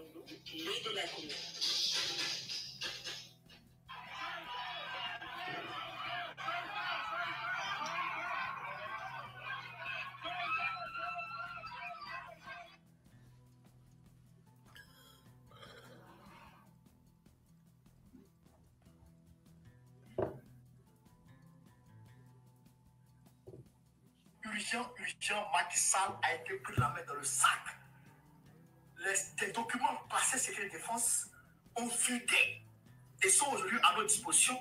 Les de la Cour. Urgent, urgent, Macky a été pris la main dans le sac les, documents classés secret défense ont futé. et sont aujourd'hui à notre disposition.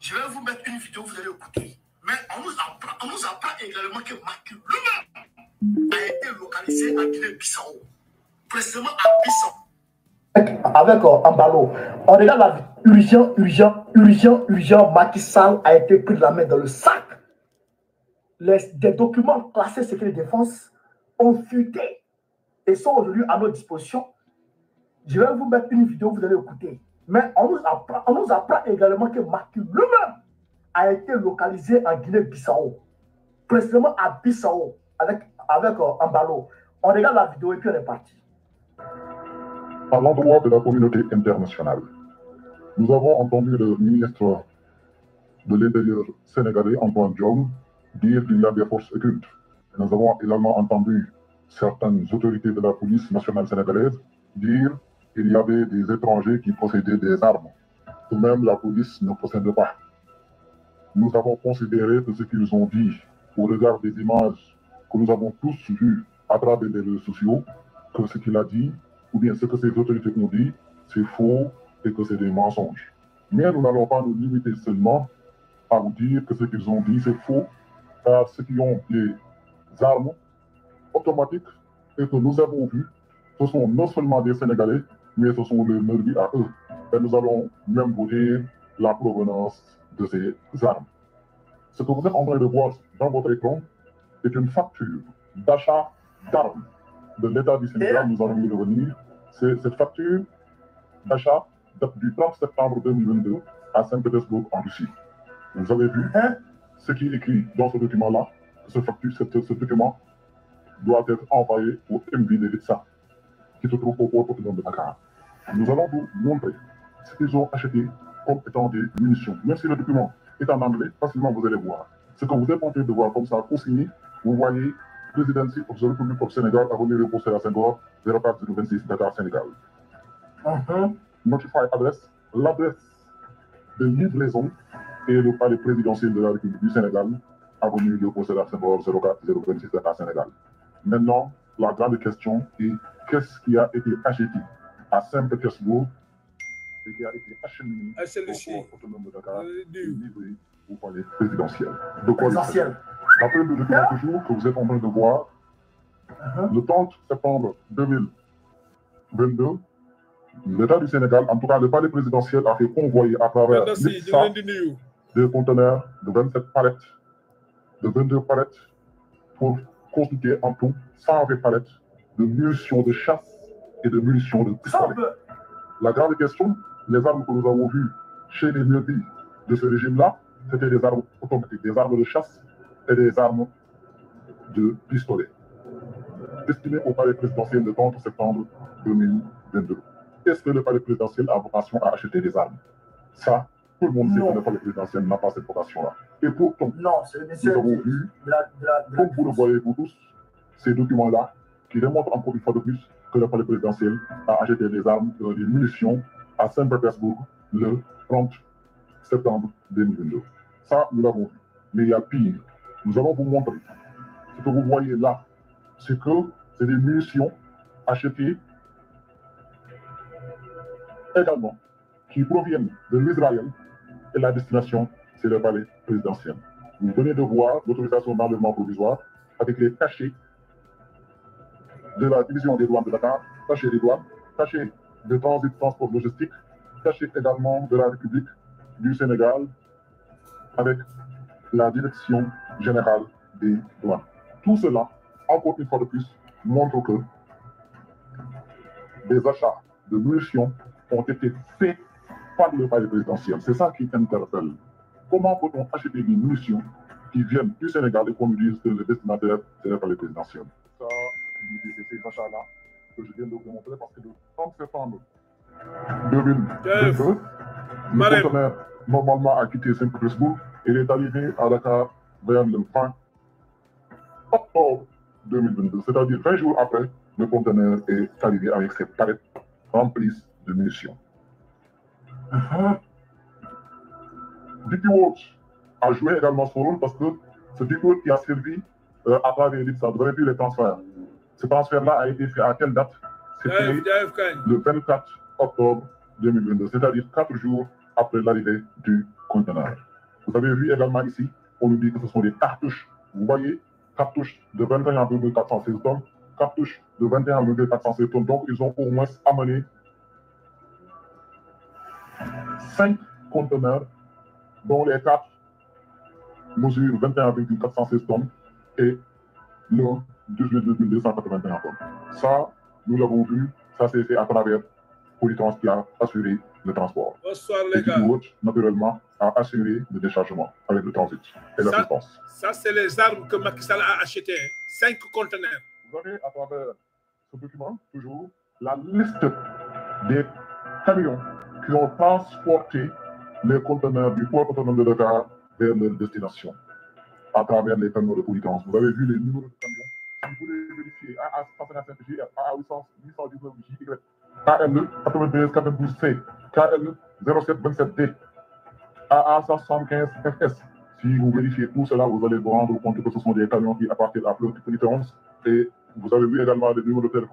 Je vais vous mettre une vidéo, vous allez écouter. Mais on nous apprend, également que Maki lui a été localisé à Guinée-Bissau, précisément à Bissau. Avec, un euh, Ambalo, on est la vie. Urgent, urgent, urgent, urgent, Macky Sall a été pris de la main dans le sac. Les, des documents classés secret défense ont fuité et sont aujourd'hui à notre disposition. Je vais vous mettre une vidéo, vous allez écouter. Mais on nous apprend, on nous apprend également que Maki lui-même a été localisé en Guinée-Bissau, précisément à Bissau, avec, avec euh, un Ambalo. On regarde la vidéo et puis on est parti. À l'endroit de la communauté internationale, nous avons entendu le ministre de l'Intérieur sénégalais, Antoine Diom, dire qu'il y a des forces occultes. Nous avons également entendu certaines autorités de la police nationale sénégalaise dire qu'il y avait des étrangers qui possédaient des armes, de même la police ne possède pas. Nous avons considéré que ce qu'ils ont dit, au regard des images que nous avons tous vues à travers les réseaux sociaux, que ce qu'il a dit, ou bien ce que ces autorités ont dit, c'est faux et que c'est des mensonges. Mais nous n'allons pas nous limiter seulement à vous dire que ce qu'ils ont dit, c'est faux, car ceux qui ont des armes automatique et que nous avons vu, ce sont non seulement des Sénégalais, mais ce sont les nervis à eux. Et nous allons même vous dire la provenance de ces armes. Ce que vous êtes en train de voir dans votre écran est une facture d'achat d'armes de l'État du Sénégal. Nous allons y revenir. Cette facture d'achat du 30 septembre 2022 à Saint-Pétersbourg, en Russie. Vous avez vu hein, ce qui est écrit dans ce document-là, ce, ce document doit être envoyé au MD de qui se trouve au port autonome de Dakar. Nous allons vous montrer ce qu'ils ont acheté comme étant des munitions. Même si le document est en anglais, facilement vous allez voir. Ce que vous êtes train de voir comme ça, consigné, vous voyez Presidency of the Republic of Sénégal »« avenue de Poussé à Senghor, 04026 Dakar, Sénégal. Enfin, uh-huh. notify adresse, l'adresse de livraison et le palais présidentiel de la République du Sénégal, avenue de Poussé à Senghor, 04026 Dakar, Sénégal. Maintenant, la grande question est qu'est-ce qui a été acheté à Saint-Pétersbourg et qui a été acheminé au autonome de Dakar euh, au palais présidentiel. De quoi présidentiel. D'après le document ah. que vous êtes en train de voir, uh-huh. le 30 septembre 2022, l'État du Sénégal, en tout cas le palais présidentiel, a fait convoyer à travers des conteneurs de 27 palettes, de 22 palettes pour consulter un tout sans palette de munitions de chasse et de munitions de pistolet. La grande question, les armes que nous avons vues chez les miotis de ce régime-là, c'était des armes automatiques, des armes de chasse et des armes de pistolet, destinées au palais présidentiel de 30 septembre 2022. Est-ce que le palais présidentiel a vocation à acheter des armes Ça, tout le monde sait que le palais présidentiel n'a pas cette vocation-là. Et pourtant, nous avons vu, comme vous le voyez vous tous, ces documents-là qui démontrent encore une fois de plus que le palais présidentiel a acheté des armes, euh, des munitions à Saint-Pétersbourg le 30 septembre 2022. Ça, nous l'avons vu. Mais il y a pire. Nous allons vous montrer. Ce que vous voyez là, c'est que c'est des munitions achetées également qui proviennent de l'Israël et la destination c'est le palais présidentiel. Vous venez de voir l'autorisation d'enlèvement provisoire avec les cachets de la division des douanes de Dakar, cachets des douanes, cachets de transit transport logistique, cachets également de la République du Sénégal avec la direction générale des douanes. Tout cela, encore une fois de plus, montre que des achats de munitions ont été faits par le palais présidentiel. C'est ça qui interpelle Comment peut-on acheter des munitions qui viennent du Sénégal et qu'on nous dise que le destinataire, la présidentielle Ça, c'est ces achats-là que je viens de vous montrer parce que le 30 septembre 2022, le partenaire normalement a quitté Saint-Pétersbourg et est arrivé à Dakar vers le fin octobre 2022, c'est-à-dire 20 jours après, le conteneur est arrivé avec ses palettes remplies de munitions. Ah, ah. Dicky Watch a joué également son rôle parce que c'est Dicky qui a servi euh, à travers l'IPSA, vous avez vu les transferts. Ce transfert-là a été fait à quelle date C'était euh, le 24 octobre 2022, c'est-à-dire quatre jours après l'arrivée du conteneur. Vous avez vu également ici, on nous dit que ce sont des cartouches. Vous voyez, cartouches de 21,416 tonnes, cartouches de 21,416 tonnes. Donc, ils ont au moins amené cinq conteneurs dont les quatre mesurent 21,416 tonnes et le 18,281 tonnes. Ça, nous l'avons vu, ça s'est fait à travers Polytrans qui a assuré le transport. Bonsoir les gars. naturellement, a assuré le déchargement avec le transit et la défense. Ça, c'est les armes que Macky Sall a achetées, 5 hein. conteneurs. Vous avez à travers ce document, toujours, la liste des camions qui ont transporté les conteneurs du port autonome de vers leur destination à travers les camions de Vous avez vu les numéros de camions. Si vous voulez vérifier aa ah, ah, aa ah, e c 0727D, e Si vous vérifiez tout cela, vous allez vous rendre compte que ce sont des camions qui appartiennent à Et vous avez vu également les numéros de des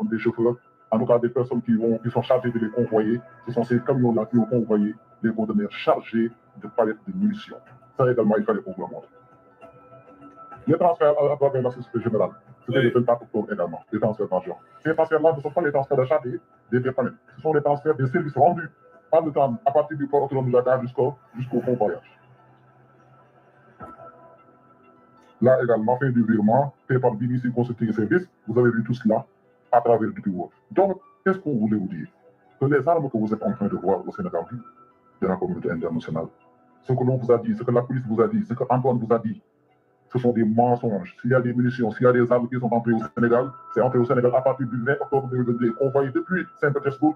en tout cas des personnes qui, sont chargées de les convoyer. Ce sont ces camions-là qui vont convoyer les conteneurs chargés de palettes de munitions. Ça également, il fallait pour le Les transferts à, à la société générale, c'était oui. le 24 octobre également, les transferts d'argent. Ces transferts-là ne sont pas les transferts d'achat des, des, Ce sont les transferts des services rendus par le temps, à partir du port autonome de la jusqu'au jusqu'au voyage. Là également, fait du virement fait par BBC Consulting Services. Vous avez vu tout cela à travers du bureau. Donc, qu'est-ce qu'on voulait vous dire Que les armes que vous êtes en train de voir au Sénégal, de la communauté internationale, ce que l'on vous a dit, ce que la police vous a dit, ce que Antoine vous a dit, ce sont des mensonges. S'il y a des munitions, s'il y a des armes qui sont entrées au Sénégal, c'est entré au Sénégal à partir du 20 octobre 2022, convoyé depuis Saint-Pétersbourg,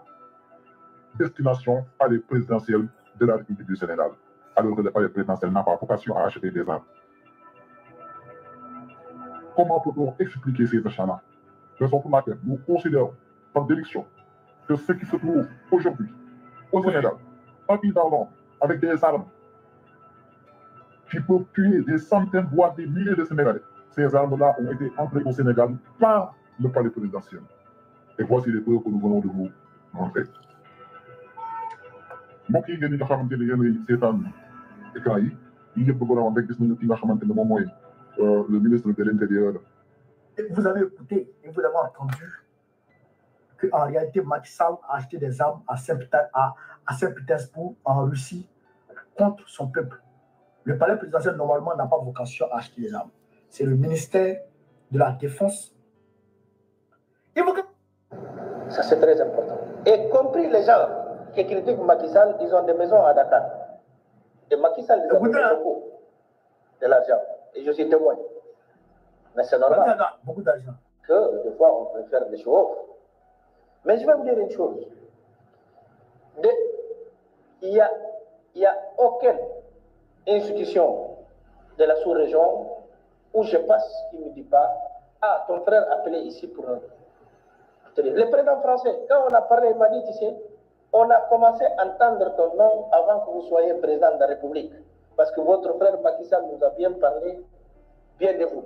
destination à les présidentielles de la République du Sénégal, alors que les palais présidentiel n'a pas vocation à acheter des armes. Comment peut-on expliquer ces achats-là Raison pour laquelle nous considérons par déduction que ceux qui se trouvent aujourd'hui au Sénégal, en pays avec des armes qui peuvent tuer des centaines, voire des milliers de Sénégalais, ces armes-là ont été entrées au Sénégal par le palais présidentiel. Et voici les preuves que nous venons de vous montrer. mbokk yi ngeen ñi nga xamante ne yéen a seetaan écran yi yi yëpp bëggoon a wax rek gis nañu ki nga xamante ne moom mooy euh, le ministre de l'intérieur vous avez écouté et vous avez entendu qu'en réalité, Macky Sall a acheté des armes à Saint-Pétersbourg, en Russie, contre son peuple. Le palais présidentiel, normalement, n'a pas vocation à acheter des armes. C'est le ministère de la Défense. Ça, c'est très important. Et compris les gens qui critiquent Macky Sall, ils ont des maisons à Dakar. Et Macky Sall, ils hein. de l'argent. Et je suis témoin. Mais c'est normal. Bah, que des fois, on peut faire des choses. Mais je vais vous dire une chose. il n'y a, aucune institution de la sous-région où je passe qui ne me dit pas Ah, ton frère a appelé ici pour nous. Le président français, quand on a parlé, il m'a dit ici, on a commencé à entendre ton nom avant que vous soyez président de la République. Parce que votre frère pakistan nous a bien parlé, bien de vous.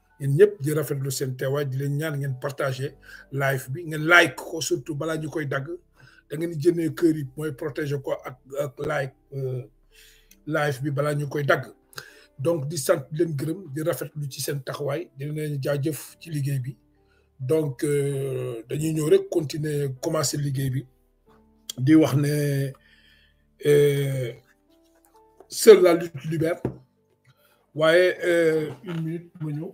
yéen ñëpp di rafetlu seen teewaay di leen ñaan ngeen partagé live bi ngeen like ko surtout balaa ñu koy dagg da ngeen di jëndee kër yi mooy protéger ko ak ak like euh, live bi balaa ñu koy dagg donc di sant leen gërëm di rafetlu ci seen taxawaay di leen jaajëf ci liggéey bi donc euh, dañuy ñëw rek continuer commencer liggéey bi di wax ne euh, seule la lutte libère waaye une minute ma ñëw.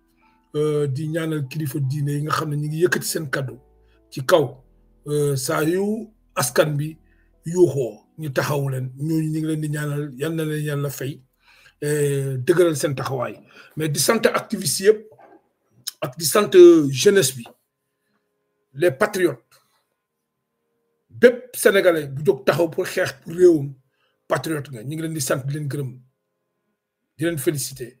Euh, di ñaanal kilifa diine yi nga xam ne ñu ngi yëkkati seen kaddu ci kaw euh, saa yu askan bi yuuxoo ñu taxaw leen ñooñu ñu ngi leen di ñaanal yal na leen yàlla fay euh, dëgëral seen taxawaay mais di sant activistes yëpp ak di sant jeunesse bi les patriotes bépp sénégalais bu jóg taxaw pour xeex pour réewum patriote nga ñu ngi leen di sant di leen gërëm di leen féliciter.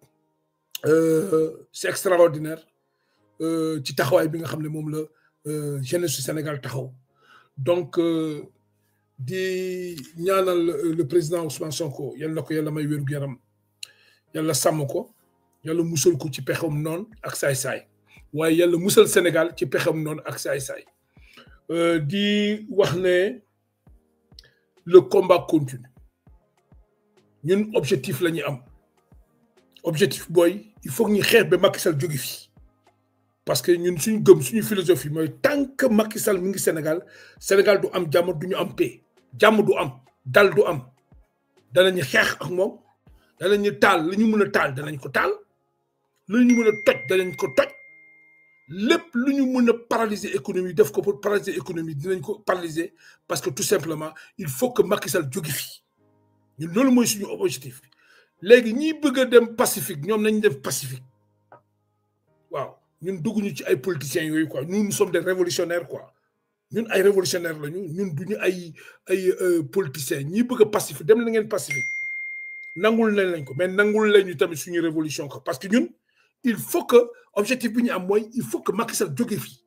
Euh, c'est extraordinaire euh, ci taxaway bi nga xam mom le euh jeunesse Sénégal taxaw donc euh, di ñaanal le président Ousmane Sonko yalla na ko yalla may wër gu yaram yàlla sàmm ko Yalla musal ko ci pexam non ak say say. waaye yalla musal Sénégal ci pexam non, ak Say. Euh di wax ne le combat continue ñun objectif lañu am objectif boy il faut que ñuy xeex ba Macky Sall jóge parce que ñun suñu gëm suñu philosophie mooy tant que Macky Sall mi Sénégal Sénégal du am jamm du ñu am paix jamm du am dal du am da danañu xeex ak moom danañu taal li ñu mëna tal da lañ ko tal lu ñu mën a toj danañ ko toj lepp lu ñu mën paralyser économie def ko pour paralyser économie dinañ ko paralyser parce que tout simplement il faut que Macky Sall jóge fii ñun loolu moy suñu objectif bi léegi ñi bëgg dem pacifique ñom nañ def pacifique waaw ñun dugguñu ci ay politiciens yoy quoi ñun nous sommes des révolutionnaires quoi ñun ay révolutionnaires lañu ñun duñu ay ay euh, politiciens ñi bëgg pacifique dem na ngeen pacifique nangul nañ lañ ko mais nangul lañu tamit suñu révolution quoi parce que ñun il faut que objectif bi ñu am mooy il faut que Macky Sall jóge fii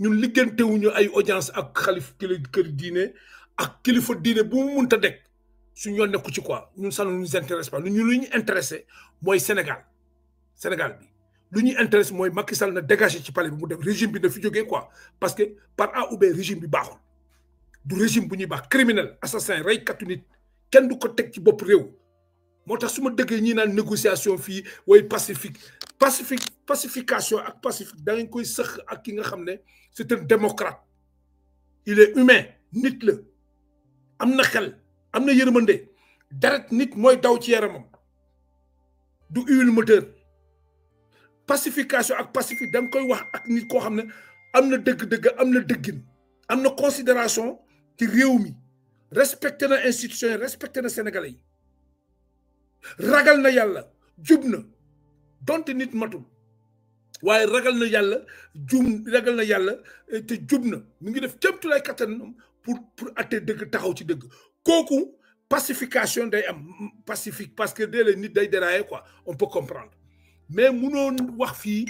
ñun liggéentewuñu ay audience ak xalif kilifa kër diine ak kilifa diiné bu mu munta dekk suñu nekku ci quoi ñun ça ne nous intéresse pas ñun lu ñu intéressé mooy Sénégal Sénégal bi lu ñu intéresse moy Macky Sall na dégager ci palais bi mu def régime bi na fi jógee quoi parce que par A ou B régime bi baxul du régime bu ñuy bax criminel assassin reykatu nit kenn du ko tek ci bop rew motax suma su ñi naan négociation fi way pacifique pacifique pacification ak pacifique da ngeen koy sëq ak ki nga xamné c'est un démocrate il est humain nit la amna xel am na yërmande deret nit mooy daw ci yaramam du huile moteur pacification ak pacifique da nga koy wax ak nit koo xam ne am na dëgg-dëgg am na dëggin am na considération ci réew mi respecté na institution yi respecté na sénégalais yi ragal na yàlla jub na donte nit matul waaye ragal na yàlla jum ragal na yàlla te jub na mu ngi def kéemtulaay kattanam pour pour atte dëgg taxaw ci dëgg kooku pacification day am mm, mm, pacifique parce que dès le nid day déraillé quoi on peut comprendre mais on wax fi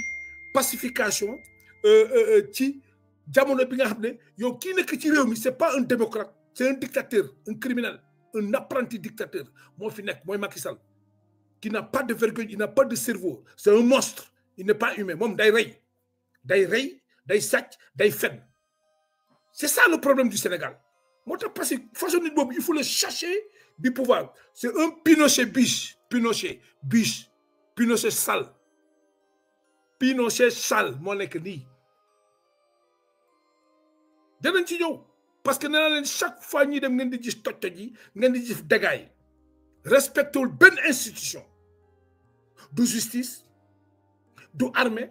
pacification euh, euh, euh, ci jamono bi nga xamné ne yow kii nekk ci rew mi c'est pas un démocrate c'est un dictateur un criminel un apprenti dictateur mo fi nek moy Macky qui n'a pas de vergogne il n'a pas de cerveau c'est un monstre il n'est pas humain mom day rey day rey day sàcc day fen c'est ça le problème du Sénégal façon il faut le chercher du pouvoir c'est un Pinochet biche Pinochet biche Pinochet sale Pinochet sale mon écrit. Demain, ci parce que nee chaque fois que nous avons di gis toj toj nous di dégâts les bonnes institutions institution de justice de armée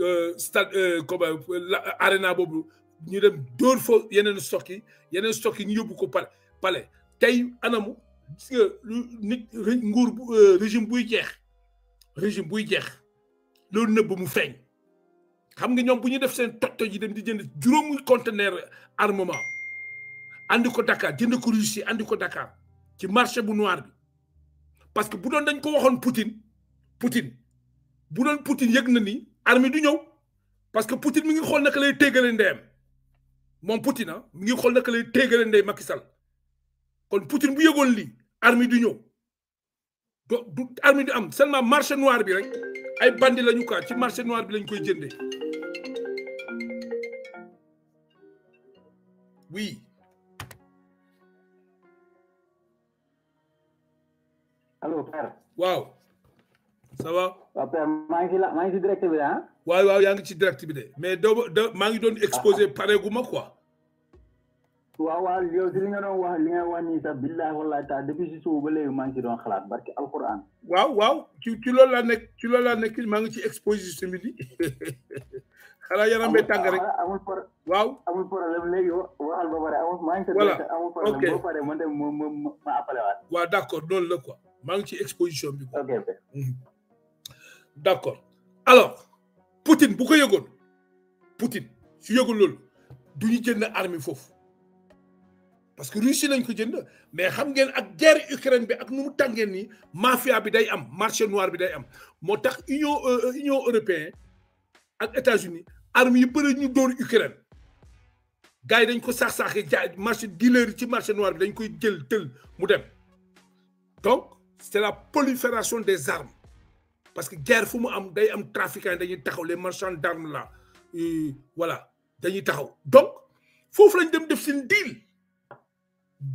Euh, stade euh, comme arena bobu ñu dem dóor fa yeneen stock yi yeneen stock yi ñu yóbbu ko pale pale tey anamu gis nga nit nguur euh, régime buy jeex régime buy jeex loolu neub mu feeñ xam nga ñom bu ñu def sen toj ji dem di jënd juroom conteneur armement andi ko Dakar jënd ko Russie andi ko Dakar ci marché bu noir bi parce que bu doon dañ ko waxoon Poutine Poutine bu doon Poutine yegg na ni armée du ñëw parce que Poutine mi ngi xool naka lay téegale moom Poutine ah mi ngi xool naka lay téegale ndey Macky Sall kon Poutine bu yëgoon lii armée du ñëw du du am seulement marché noir bi rek ay ñu lañu quoi ci marché noir bi lañ koy jëndee oui. allo Père. waaw. ça waaw maa ngi ci maa ngi ci direct bi de ah? waaw yaa ngi ci direct bi de mais doo doo maa ngi doon exposé pareegu ma quoi. waaw waaw yow si li nga doon wax li nga wax nii sax billahi wallahi taala depuis si suba ba léegi maa ngi ci doon xalaat barki alquran. waaw waaw ci ci loolu laa nekk ci loolu laa nekk maa ngi ci exposition bi xanaa yaram bee tàng rek amul problème waaw amul problème léegi waxal ba pare amul maa ngi ci amul problème ba pare ma dem ma ma ma appelé waat. waaw d'accord loolu la quoi maa ngi ci exposition bi. ok. Mhm. d'accord alors Poutine bu ko yëgoon Poutine su yëgoon loolu du ñu jënd armée fof? parce que Russie lañ ko jënd mais xam ngeen ak guerre Ukraine bi ak nu mu tàngeen ni mafia bi day marché noir bi day am moo tax union euh, euh, union européen ak États-Unis armes yi bëri ñu dóor Ukraine gars yi dañ ko saax saaxee marché dealer yi ci marché noir bi dañ koy jël tël mu dem donc c'est la prolifération des armes parce que guerre il am day am trafiquants dañuy les marchands d'armes là voilà dañuy taxaw donc faut lañ dem def un deal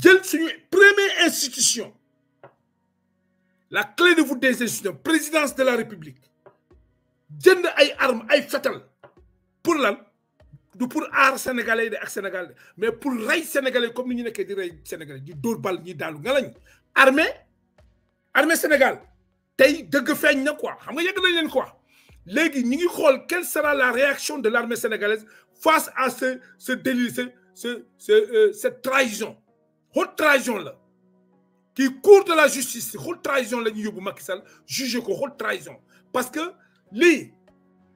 jël suñu première institution la clé de voûte des institutions présidence de la république jënd ay armes ay fetal pour lan pour aar sénégalais de ak sénégal mais pour ray sénégalais comme ñu nekk di sénégalais di dóor bal ñi daalu nga lañ armée armée sénégal tay deug feeñ na quoi xam nga yegg nañ leen quoi léegi ñu ngi xol quelle sera la réaction de l'armée sénégalaise face à ce ce délit ce ce euh, cette trahison haute trahison la qui court de la justice haute trahison la ñu yóbbu Macky Sall jugé ko haute trahison parce que li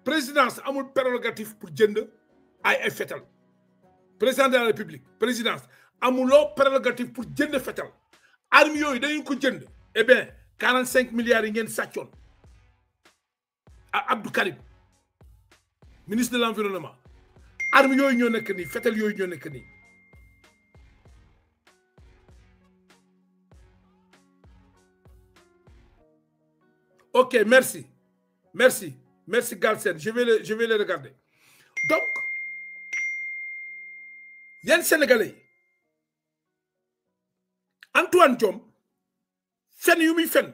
présidence amul prérogative pour jënd ay ay fétal. président de la république présidence amoul prérogative pour jënd fetal armée yoy dañ ko jënd eh bien 45 milliards yi ngeen Abdou Karim ministre de l'environnement armes yoy ñoo nekk ni fetel yoy ñoo nekk ok merci merci merci Galsen je vais le je vais il regarder donc un sénégalais Antoine Diom sen yumi muy fen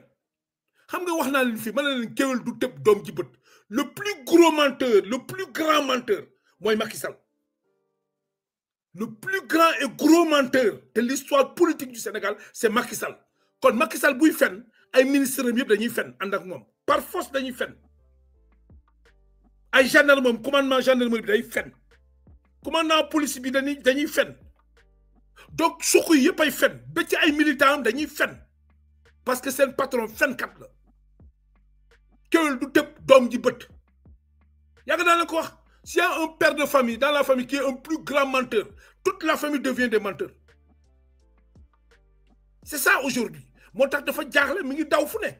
xam nga wax na len fi ma len leen du tepp dom ci beut le plus gros menteur le plus grand menteur moy Macky Sall le plus grand et gros menteur de l'histoire politique du Sénégal c'est Macky Sall kon Macky Sall buy fen ay ministres yeb dañuy fen ànd ak par force dañuy fen ay gendarme mom commandement gendarmerie bi day fen commandement police bi dañuy dañuy fen donc suq yëpp ay fen ba ci ay militants dañuy fen parce que c'est un patron 24. la kéwél doute tëb du but. Il s'il y a un père de famille dans la famille qui est un plus grand menteur toute la famille devient des menteurs c'est ça aujourd'hui Mon moo fait dafa il mi ngi daw fu ne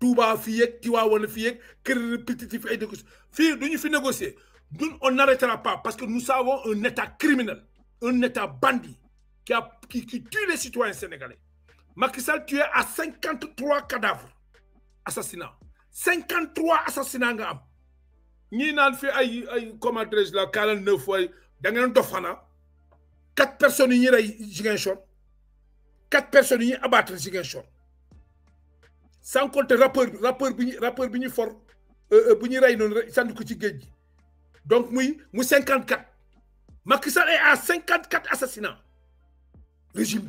Touba fii yeeg le fii yeeg kër répétitif ay nous fii fi négocier Nous on n'arrêtera pas parce que nous avons un état criminel un état bandit qui tue les citoyens sénégalais Makissal Sall tu à 53 cadavres assassinats 53 assassinats Nous avons fait 49 fois da ngeen dofana, personnes qui ont été 4 personnes qui ont abattre sans compter le rappeur bi bi ñu for euh, euh donc nous 54 Macky est à 54 assassinats régime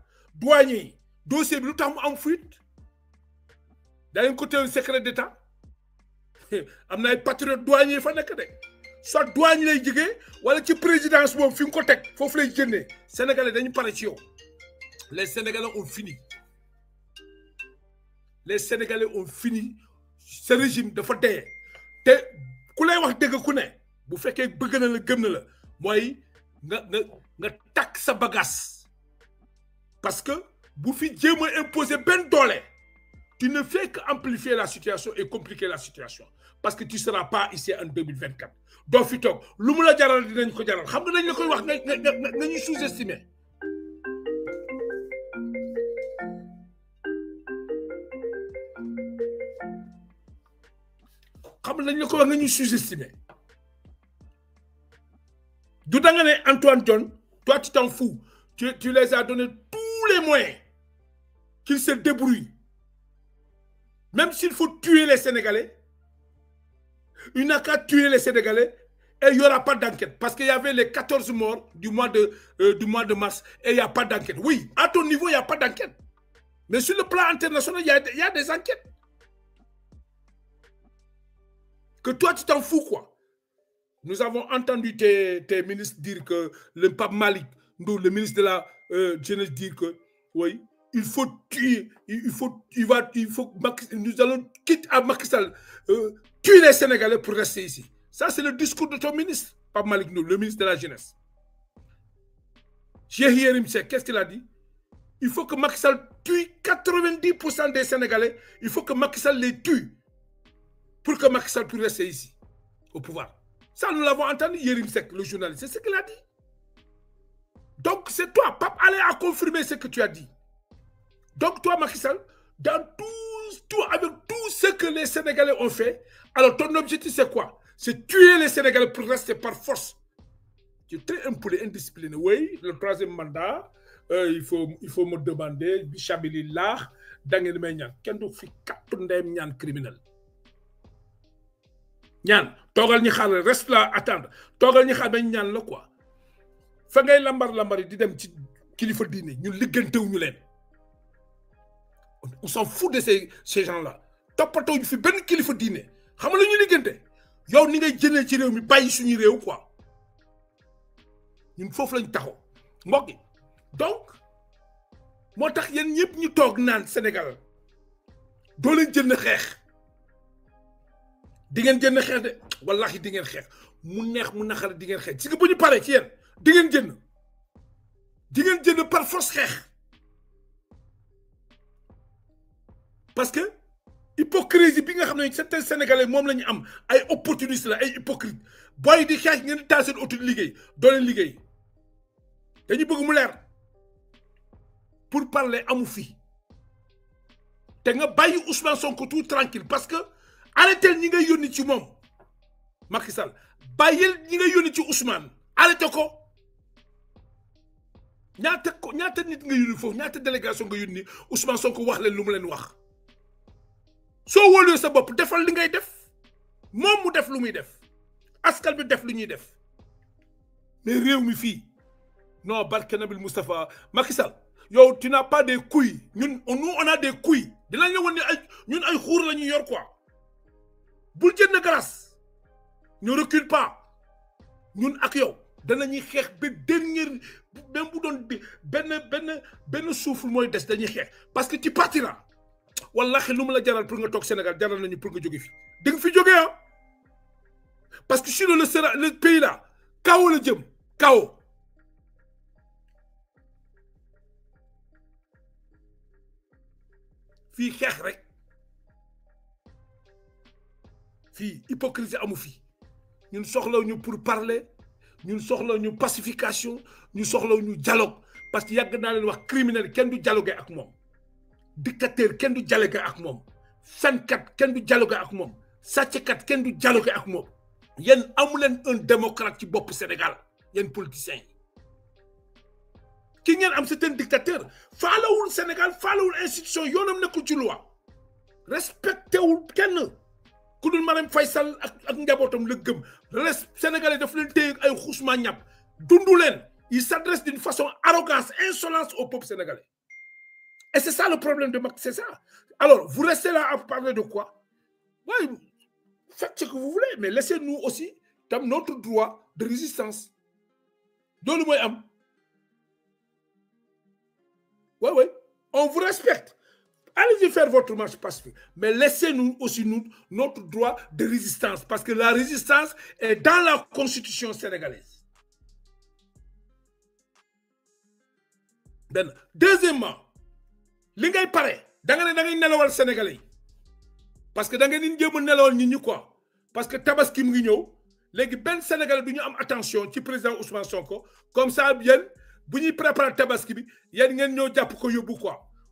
douanier dossier bi lu fuite da ko secret d'état am na ay patriotes douanier fa nek de soit douane lay les wala ci présidence mom fi ko sénégalais dañu paré ci les sénégalais ont fini les sénégalais ont fini ce régime de dee te ku lay wax ku bu bëgg na la gëm na la nga nga parce que bu Dieu m'a imposé ben tu ne fais qu'amplifier la situation et compliquer la situation parce que tu seras pas ici en 2024 Donc, fi que sous estimé xam sous Antoine toi tu t'en fous tu tu les as donné moyen qu'il se débrouille Même s'il faut tuer les Sénégalais, il n'a qu'à tuer les Sénégalais et il n'y aura pas d'enquête. Parce qu'il y avait les 14 morts du mois de, euh, du mois de mars et il n'y a pas d'enquête. Oui, à ton niveau, il n'y a pas d'enquête. Mais sur le plan international, il y a, des enquêtes. Que toi, tu t'en fous, quoi. Nous avons entendu tes, ministres dire que le pape Malik, nous, le ministre de la euh, Jeunesse, dire que oui, il faut tuer, il faut, il va, il faut, nous allons quitter à Macky euh, tuer les Sénégalais pour rester ici. Ça, c'est le discours de ton ministre, Pape Malik le ministre de la Jeunesse. Sek qu'est-ce qu'il a dit Il faut que Macky Sall tue 90% des Sénégalais. Il faut que Macky les tue pour que Macky puisse rester ici, au pouvoir. Ça, nous l'avons entendu, Jérémy Sek, le journaliste. C'est ce qu'il a dit. Donc c'est toi, Pape Allez à confirmer ce que tu as dit. Donc toi, Macky Sall, dans tout, avec tout ce que les Sénégalais ont fait, alors ton objectif c'est quoi C'est tuer les Sénégalais pour rester par force. Tu es très impoli, indiscipliné. Oui, le troisième mandat, euh, il, faut, il faut me demander, Bichabili l'art, qui Menyan, Kendo fi quatre Nyan criminel. Nyan, Togal Nihal, reste là, attendre. Togal Nyan, le quoi fa ngay lambar lambari di dem ci kilifa diine ñun nous leen on s'en fout de ces gens là topato ñu fi ben kilifa xam yow ni ngay ci réew mi bayyi suñu réew quoi ñun lañ taxo mbokk donc motax yeen ñepp ñu tok naan Sénégal do leen jënd xex di ngeen jënd de wallahi di mu neex mu di di ngeen jënd di ngeen jënd par force xeex parce que hypocrisie bi nga xam ne certains sénégalais moom la ñu am ay opportuniste la ay hypocrite booy di xeex ngeen di taal seen oto di liggéey doo leen liggéey dañu bëgg mu leer pour parler amu fi te nga bàyyi Ousmane Sonko tout tranquille parce que arrêté ñi nga yónni ci moom Macky Sall bàyyil ñi nga yónni ci Ousmane arrêté ko ñaata ko ñaata nit nga foofu ñaata délégation nga Ousmane Sonko wax leen leen wax sa def def lu def askal def lu def mais réew mi fii non barke Nabil Moustapha Makissal, tu n'as pas des couilles nous on a des couilles dinañ la on ne ay ñun ay xuur la yor quoi ne recule pas ñun ak xeex ba dernière même bu doon benn benn benn souffle des dañuy parce que tu partiras wallahi lu la jaral pour nga toog Sénégal jaral nañu pour nga jóge fi fi ah. parce que sinon le sera le pays là kaw la jëm kaw fii xeex rek fii hypocrisie amu fi ñun soxlaw ñu pour parler ñun soxla ñu pacification ñu soxla ñu dialogue parce que yag na leen wax criminel kenn du dialoguer ak moom dictateur kenn du dialoguer ak moom kat kenn du dialoguer ak moom kat kenn du dialoguer ak moom yéen amu leen un démocrate ci bopp Sénégal yéen politiciens ki ngeen am c'est un dictateur faalawul Sénégal faalawul institution yoonam nekkul ci loi respecté wul kenn sénégalais il s'adresse d'une façon arrogance insolence au peuple sénégalais et c'est ça le problème de Macky c'est ça alors vous restez là à parler de quoi oui faites ce que vous voulez mais laissez-nous aussi dans notre droit de résistance Donnez-moi am oui oui on vous respecte Allez-y faire votre marche pacifique. Mais laissez-nous aussi notre droit de résistance. Parce que la résistance est dans la constitution sénégalaise. Ben, deuxièmement ce ngay est da nga ne da sénégalais parce que parce que tabaski sénégalais attention président Ousmane Sonko comme ça bien tabaski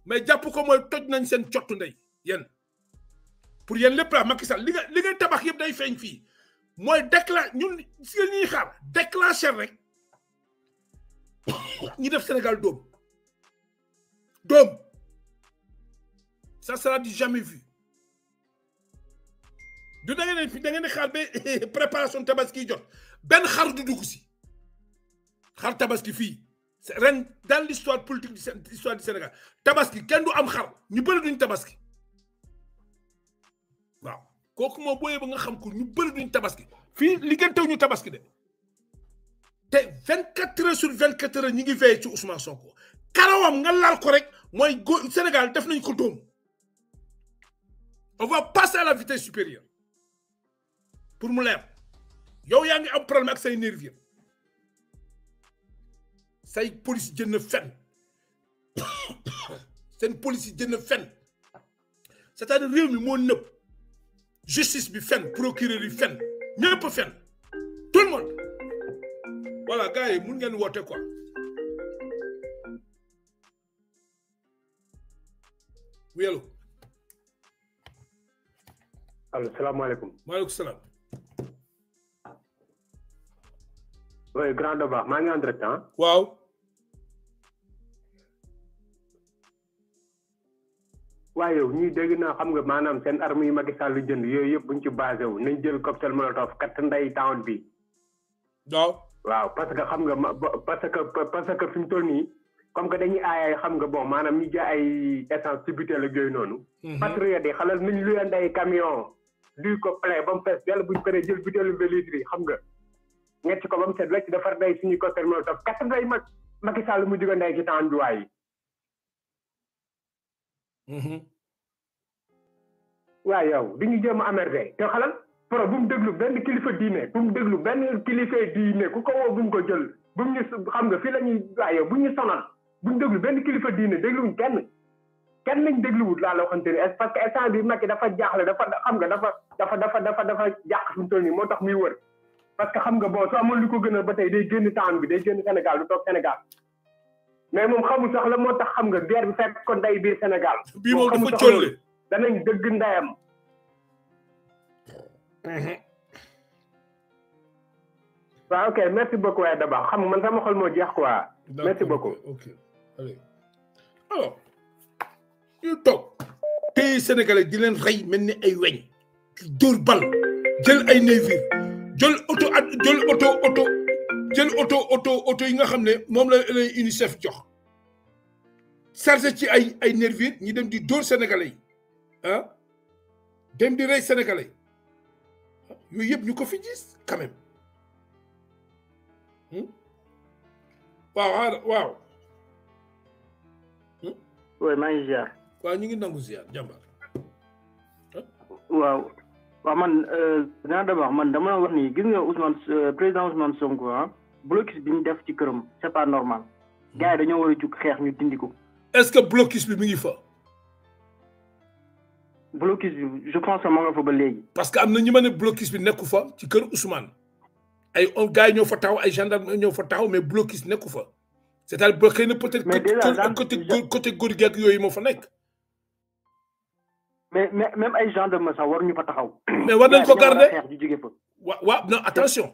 mais jàpp ko moy toj nañ sen cottu ndey yéen pour yéen lepp la Macky Sall li nga tabax yeb day feeñ fi moy déclen ñun ci la ñuy xaar déclencher rek ñi def Sénégal dom dom ça sera du jamais vu du da ngeen ne da ngeen xaar be préparation tabaski jot ben xaar du dugg ci xaar tabaski fii ren dans l'histoire politique du histoire du Sénégal tabaski kenn du am xar ñu bëri duñ tabaski waaw kooku mo boye ba nga xam ko ñu bëri duñ tabaski fi li ñu tabaski de té 24 heures sur 24 heures ñi ngi veillé ci Ousmane Sonko karawam nga laal ko rek moy Sénégal def nañ ko doom on va passer à la vitesse supérieure pour mu leer yow yaa ngi am problème ak say nervis say police jënd fen une police jeune jënd fen c'est-à-dire réew mi moo nëpp justice bi fen procureur yi fen ñëpp fen tout le monde voilà gars moun mun ngeen woote quoi oui Allô, salam alaykoum. maaleykum salam. oui grand débat je ngi en direct hein? waaw waaye yow ñuy dégg naa xam nga maanaam seen armes yi Macky Sall jënd yooyu yëpp buñ ci basé wu nañ jël cocktail molotov kat town bi waaw waaw parce que xam nga ma parce que parce que fi mu toll nii comme que dañuy aay xam nga bon maanaam ñu jaay ay essence ci butéel ak yooyu noonu. Mhm. patriote yi xalal nuñ luyande ay camion duy ko plein ba mu fees yàlla buñ paree jël butéelu ba litre yi xam nga. ñett ko ba mu set wecc defar day suñuy cocktail molotov kat nday mag Macky mu jóge nday ci temps bi Mm-hmm. waaw yow di ñu jéem a amerde te xalal pro bu mu déglu benn kilifa diine bu mu déglu benn kilifa diine ku ko woo bu mu ko jël bu mu ñu xam nga fii la ñuy waaw yow bu ñu sonal bu ñu déglu benn kilifa diine dégluwuñ kenn kenn lañ dégluwut laa la waxante ni parce que instant bi Macky dafa jaaxle dafa xam nga dafa dafa dafa dafa dafa jàq fi mu moo tax muy wër parce que xam nga boo soo amoon lu ko gën a ba tey day génn temps bi day génn Sénégal lu toog Sénégal mais moom xamul sax la moo tax xam nga guerre bi fekk kon day biir Sénégal. bii moom dafa colle danañ dëgg ndeyam. Mhm. waaw ok merci beaucoup waaye Daba xam man sama xol moo jeex ko merci beaucoup ok allez alors ñu rey mel ni ay weñ. dóor bal jël ay navire jël oto ak jël oto oto. jël oto oto oto yi nga xam ne moom la lay UNICEF jox chargé ci ay ay nervis dem di dóor sénégalais yi ah dem di rey sénégalais yooyu yëpp ñu ko fi gis quand hmm? waaw ah, waaw. Hmm? oui maa ngi ziar. waa ñu ngi nangu ziar jàmbaar. Ah? waaw waaw man euh, dinaa d'abord man dama la wax nii gis nga Ousmane euh, président Ousmane Sonko ah. blocus bi ñu def ci këram c'est pas normal hmm. gars yi dañoo war a jug xeex ñu dindi ko. est-ce que blocus bi mi ngi fa. blocus bi je pense que ma nga fa ba léegi. parce que am na ñu ma ne blocus bi nekku fa ci kër Ousmane ay gars yi ñoo fa taxaw ay gendarme ñoo fa taxaw mais blocus nekku fa c'est-à-dire bloqué na peut-être. mais déjà côté côté góor gi ak yooyu moo fa nekk. mais mais même ay gendarme sax waruñu fa taxaw. mais war nañ ko garder wa waaw non attention.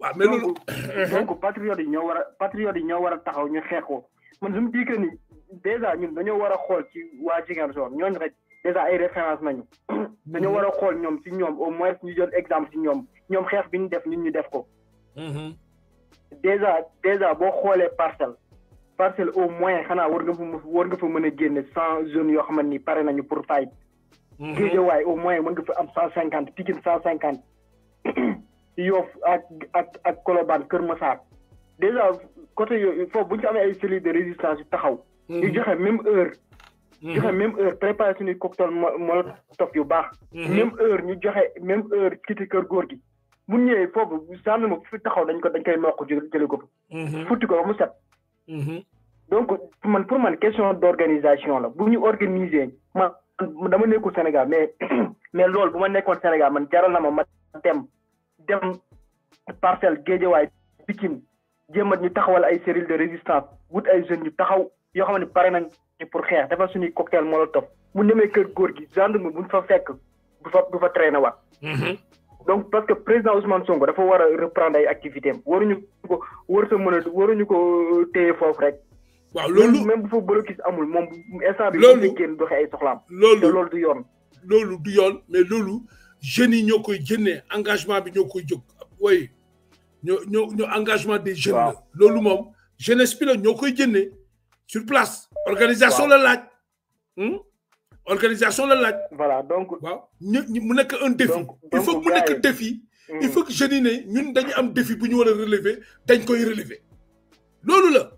waaw mais loolu donc patriote yi ñoo war a patriote yi ñoo war a taxaw ñu xeex ko man su ma di que ni dèjà ñun dañoo war a xool ci waa Ziguinchor ñooñu rek dèjà ay référence nañu dañoo war a xool ñoom si ñoom au moins ñu jël exemple ci ñoom ñoom xeex bi ñu def ñun ñu def ko mhm. dèjà dèjà boo xoolee parcelle parcelle au moins xanaa war nga fa war nga fa mën a génne cent jeunes yoo xamante ni pare nañu pour fight mhm. waaye au moins mën nga fa am cent cinquante Pikine cent cinquante Yoff ak ak ak Colobane Kër Massar déjà côté yooyu foofu bu ñu amee ay cellules de résistance yu taxaw. ñu mhm. joxe même heure. Mhm. joxe même heure préparé suñuy cocktail molotov yu baax. Mhm. même heure ñu joxe même heure kiti kër góor gi. bu ñëwee foofu gendarme bu fi taxaw dañ ko dañ koy mokk jëlee ko. futti ko mu set. donc man pour man question d' organisation la bu ñu organiser ma dama nekkul Sénégal mais mais loolu bu ma nekkoon Sénégal man jaral na ma ma dem. dem parcelle géejawaay Pikine jéem ñu taxawal ay cellule de résistance wut ay jeunes ñu taxaw yoo xam ne pare nañ pour xeex dafa suñuy cocktail molotov mu nemee kër góor gi gendarme buñ fa fekk du fa du fa traîner waat mhm. donc parce que président Ousmane Sonko dafa war a reprendre ay activités am waruñu ko war sa mën a ñu ko téye foofu rek waaw loolu même bu fa blocus amul moom instant bi loolu génn doxee ay soxlaam loolu loolu du yoon loolu du yoon mais loolu jeunes yi ñoo koy engagement bi ñoo koy jóg oui ñoo ñoo engagement des jeunes lolu mom moom jeunesse bi la ñoo koy sur place organisation la laaj hmm? organisation la laaj voilà donc mu nekk un défi il faut que mu nekk défi il hmm. faut que jeunes yi ñun dañu am défi bu ñu war relever dañ koy relever loolu la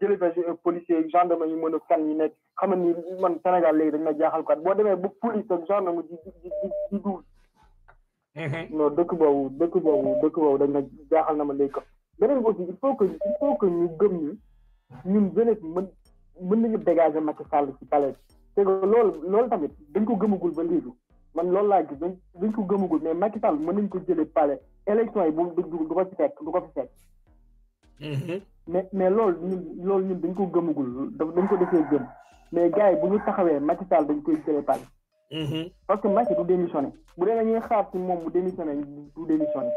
jëlee ba policiers yi gendarme yi mën a kan yi nekk xam nga ni man Sénégal léegi dañu may jaaxal quoi boo demee ba police ak gendarme di di di di duul. Mhm. non dëkk boobu dëkk boobu dëkk boobu dañ ma jaaxal na ma léegi quoi. beneen aussi il faut que il faut que ñu gëm ñu ñun jeunesse mën mën nañu dégager Macky Sall ci palais te loolu loolu tamit dañ ko gëmagul ba léegi man loolu laa gis dañ dañ ko gëmagul mais Macky Sall mën nañ ko jëlee palais élection yi bu du du ko fi fekk du ko fi fekk. Mhm. mais mais loolu ñun loolu ñun dañ gëmmagul gëmagul dañ ko defee gëm mais gars yi bu ñu taxawee Macky Sall dañ koy jëlee pal mm-hmm. parce que Macky du démissionné bu dee ñuy xaar ci moom bu démissionné du démissionné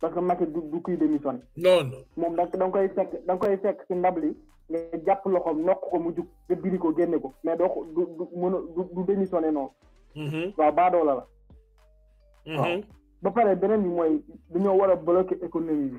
parce que Macky du du kuy démissionné. non moom da nga koy fekk da koy fekk si ndab li nga jàpp loxoom nokk ko mu jug nga diri ko génne ko mais doo du du mën a du démissionné noonu. Mm-hmm. waaw baadoola la. Mm-hmm. waaw ba pare beneen bi mooy dañoo war a bloqué économie bi.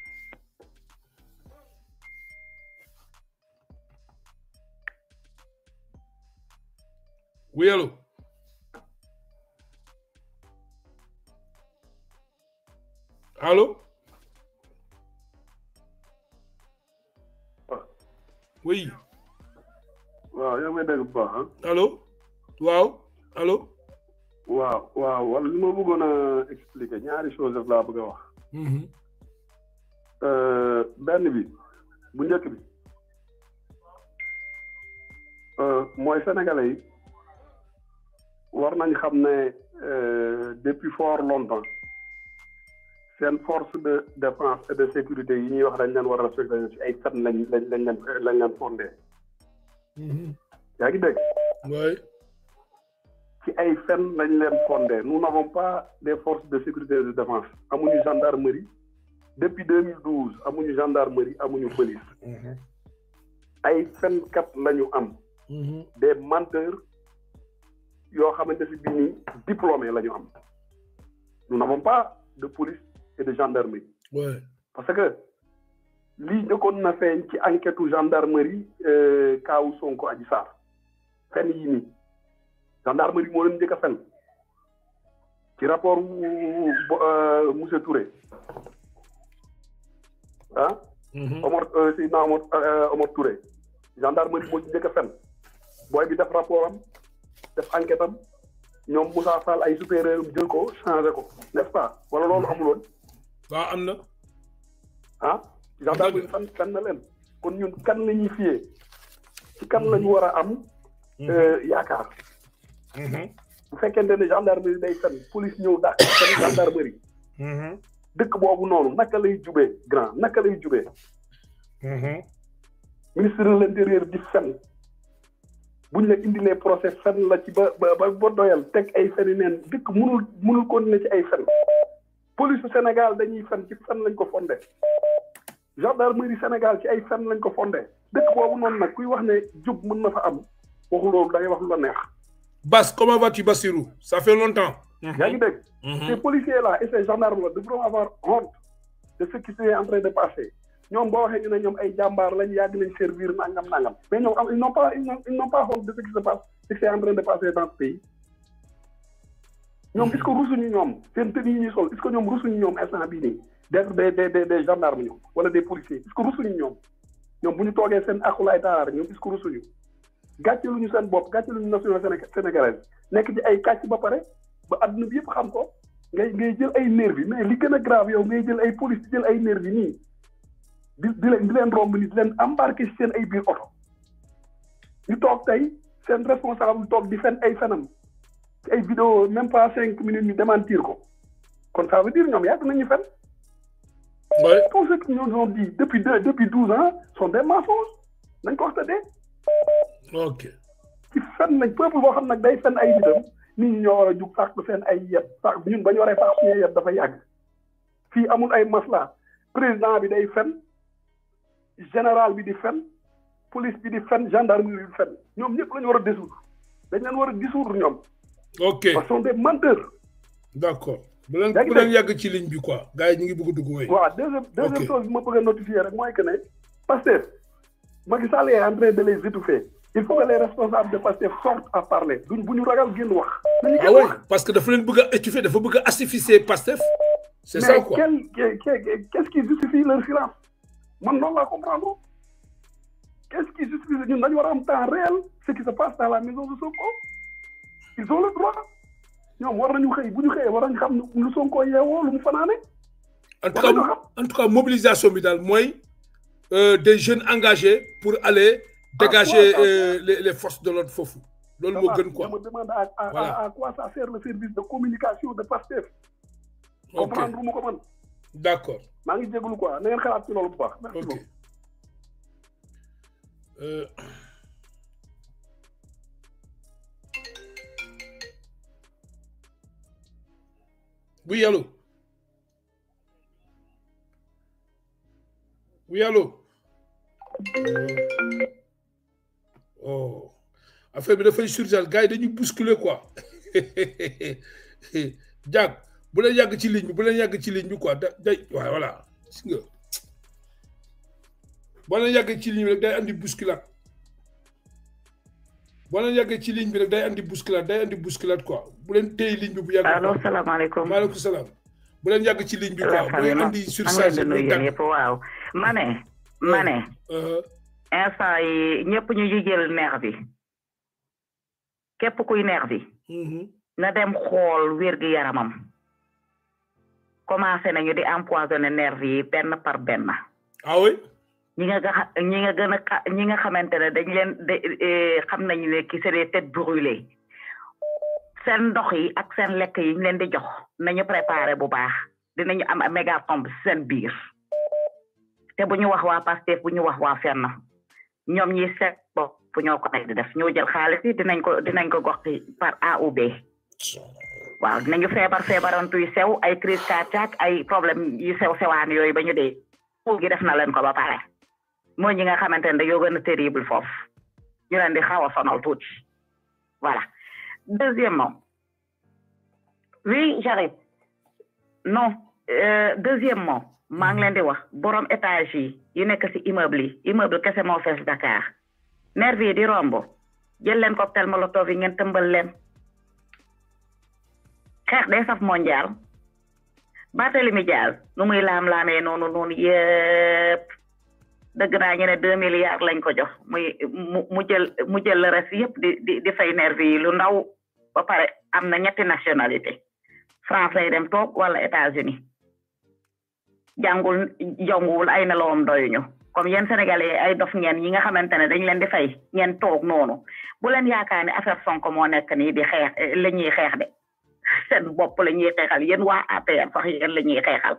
Tranquilo? Allô? oui. waaw yaa ngi may dégg bu baax waaw allo. waaw waaw wala li ma bëggoon a expliquer ñaari choses rek laa bëgg a wax. Mhm. Eh, benn bi bu njëkk bi eh, mooy sénégalais yi. Euh, depuis fort longtemps une force de défense et de sécurité a nous n'avons pas des forces de sécurité et de défense amuñu gendarmerie depuis 2012 amuñu gendarmerie amuñu police mm-hmm. ay mm-hmm. des menteurs yoo xamante si bii nii diplômé la ñu am nous n'avons pas de police et de gendarmerie parce que lii njëkkoon na feeñ ci enquête gendarmerie euh, kaawu Sonko Adji Sarr fenn yi nii gendarmerie moo leen njëkk a fen ci rapport wu euh, monsieur Touré ah Omar euh, Seydina Omar Omar Touré gendarmerie moo ci njëkk a fen booy bi def rapport am def enquête am ñoom Moussa Fall ay supérieur jël ko changé ko n'est-ce pas wala loolu amuloon. waaw am na. ah. gendarmerie fan fan na leen kon ñun kan la ñuy fiyee ci kan la ñu war a am. Mhm. Euh, yaakaar. Mhm. bu fekkente ne gendarmerie day fen police ñëw daa fen gendarmerie. Mhm. dëkk boobu noonu naka lay jubee grand naka lay jubee. ministre de l'intérieur di fen. buñ la indi indilee procès fen la ci ba ba ba doyal teg ay feni dëkk munul munul continuer ci ay fen police Sénégal dañuy fen ci fen lañ ko fondé gendarmerie Sénégal ci ay fen lañ ko fondé dëkk boobu noonu nag kuy wax ne jub mën na fa am waxu loolu day wax lu la neex. Bas comment vas-tu basirou ça fait longtemps. yaa ngi dégg. Mhm. ces policiers là et ces gendarmes là devront avoir honte de ce qui s'est en train de passer. ñoom boo waxee ñu ne ñoom ay jàmbaar lañu yàgg nañ servir nangam nangam mais ñoom am ils n'ont pas ils de ce qui se passe ce qui de passer dans pays ñoom est-ce que rusuñu ñoom seen tenue yi ñuy sol est-ce que ñoom rusuñu ñoom instant bii nii d'être des des des des gendarmes ñoom wala de policiers est-ce que rusuñu ñoom ñoom bu ñu toogee seen akulaay taaraar ñoom est-ce que rusuñu gàcceluñu seen bopp gàcceluñu nation sénégalaise nekk ci ay kàcc ba pare ba adduna yëpp xam ko ngay ngay jël ay nervi mais li gën a grave yow ngay jël ay police jël ay nervi nii di di leen di leen romb ni di leen embarquer si seen ay biir oto ñu toog tey seen responsable toog di fen ay fenam ci ay vidéo même pas cinq minutes ñu démentir ko kon ça veut dire ñoom yàgg nañu fen tout ce que nous ont dit depuis deux depuis 12 ans sont des mensonges nañ ko waxta dee ok ci fen nañ peuple boo xam nag day fen ay nitam nit ñoo war a jug sàq seen ay yeb sàq ñun ba ñu waree sàq suñu yet dafa yàgg fii amul ay masla président bi day fen général bi di fen police bi di fen gendarmerie bi di fen ñoom ñëpp lañu ñu war a dissoudre dañ leen war a dissoudre ñoom. ok parce que sont des menteurs. d' accord bu leen bu leen yàgg ci ligne bi quoi gars yi ñu ngi bëgg a dugg wéy. waaw deuxième deuxième chose bi ma bëgg a notifier rek mooy que ne pasteur Macky Sall est en train de les étouffer il faut que les responsables de pasteur sortent à parler duñ bu ñu ragal génn wax. ah oui parce que dafa leen bëgg a étouffer dafa bëgg a asphyxier Pastef. c' est ça quoi mais quel qu'est-ce qui justifie leur silence man non, laa comprendre qu'est-ce qui justifie ñun dañu war a am temps réel ce qui se passe dans la maison de Sonko ils ont le droit ñoom war nañu xëy bu ñu xëyee war nañu xam lu Sonko yeewoo lu mu fanaane en tout cas en tout cas mobilisation bi daal euh, des jeunes engagés pour aller dégager euh, les les forces de l'ordre foofu loolu moo gën quoi je me demande à à quoi ça sert le service de communication de Pastef comprendre vous me comprenez D'accord. accord maa ngi jégalu quoi na ngeen xalaat ci loolu bu baax. merci beaucoup euh, oui allô. oui allô. Euh, oh affaire bi dafay surgel gars yi dañuy bousculer quoi jag. bu leen yàgg ci ligne bi bu leen yàgg ci ligne bi quoi da day waaye voilà gis nga boo leen yàggee ci ligne bi rek day andi bousculade boo leen yàggee ci ligne bi day andi bousculade day andi bousculade quoi bu leen téye ligne bi bu yàgg. allo salaamaaleykum maaleykum salaam. bu leen yàgg ci ligne bi quoi bu leen andi surcharge yëpp waaw ma ne ma ne. instant yi ñëpp ñu ngi jël képp ku neex bi. Mm-hmm. na dem xool wér yaramam. commencé nañu di empoisonné nerf yi benn par benn. ah oui. ñi nga ñi nga gën ñi nga xamante ne dañ leen e, xam nañu ne ki c'est des têtes brûlées seen ndox yi ak seen lekk yi ñu leen di jox nañu préparer bu baax dinañu am méga seen biir te bu ñu wax waa Pastef bu ñu wax waa fenn ñoom ñi seet bopp ñoo ko di def ñoo jël xaalis yi dinañ ko dinañ ko gox par A ou waaw dinañu feebar feebarantu yu sew ay crise cardiaque ay problème yu sew sewaan yooyu ba ñu dee pour gi def na leen ko ba pare mooy ñi nga xamante ne dañoo gën a terrible foofu ñu leen di xaw a sonal tuuti voilà deuxièmement oui j'arrive non euh, deuxièmement maa ngi mm. leen di wax borom étage yi yu nekk si immeuble yi immeuble kese moo fees Dakar nervi yi di romb jël leen cocktail molotov yi ngeen tëmbal leen xeex day saf mondial Barthélemy Diaz nu muy laam-laamee noonu noonu yëpp dëgg naa ñu ne deux milliards lañ ko jox muy mu mu jël mu jël le reste yëpp di di di fay lu ndaw ba pare am na ñetti nationalité France lay dem toog wala États-Unis jàngul jonguwul ay nelawam doyuñu comme yéen sénégalais ay dof ngeen ñi nga xamante ne dañ leen di fay ngeen toog noonu bu leen yaakaar ne affaire Sonko moo nekk nii di xeex la ñuy xeex de sen bop la ñuy xeexal yeen wa APR sax yeen la ñuy xeexal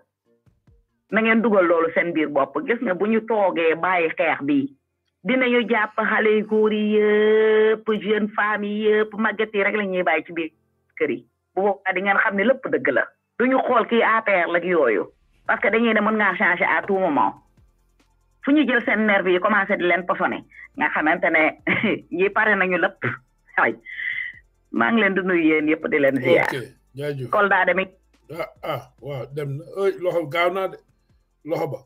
na ngeen dugal lolu sen bir bop gis nga buñu ñu toogee bàyyi bi dinañu japp xalé goor góor yi yëpp jeune femme yi yëpp màgget rek la ñuy bàyyi ci biir kër yi bu boobaa di ngeen xamni lepp deug la duñu xol ki APR la yooyu parce que dañuy ne mën nga changer à tout moment fu ñu jël sen nerve yi commencé di len pofoné nga xamantene ñi paré nañu lepp maa ngi leen di nuyu yéen yëpp di leen ziar. ok jaajëf Kolda demit. ah ah waaw dem loxo gaaw naa de loxo ba.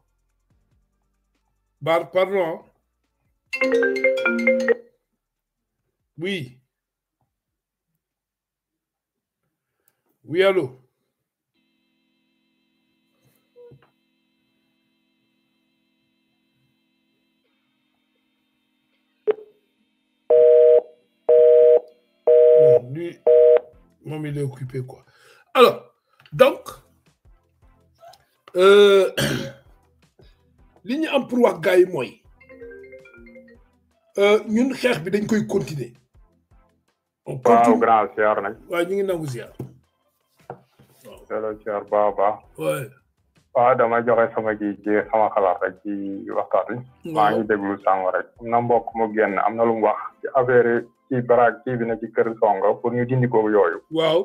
bar pardon. oui. oui allo. lui, même donc, euh, li ñu am pour wax gars yi mooy euh, ñun xeex bi dañ koy continuer. on continue waaw grand ziar nañ. waaw ñu ngi nangu ziar. waaw ziar baax a baax. waaw sama ji ji sama xalaat rek ci waxtaan wi. maa ngi déglu sànq rek. am na mbokk mu génn am na lu mu wax ci baraag kii bi ci kër songo pour ñu dindi ko yoyu waaw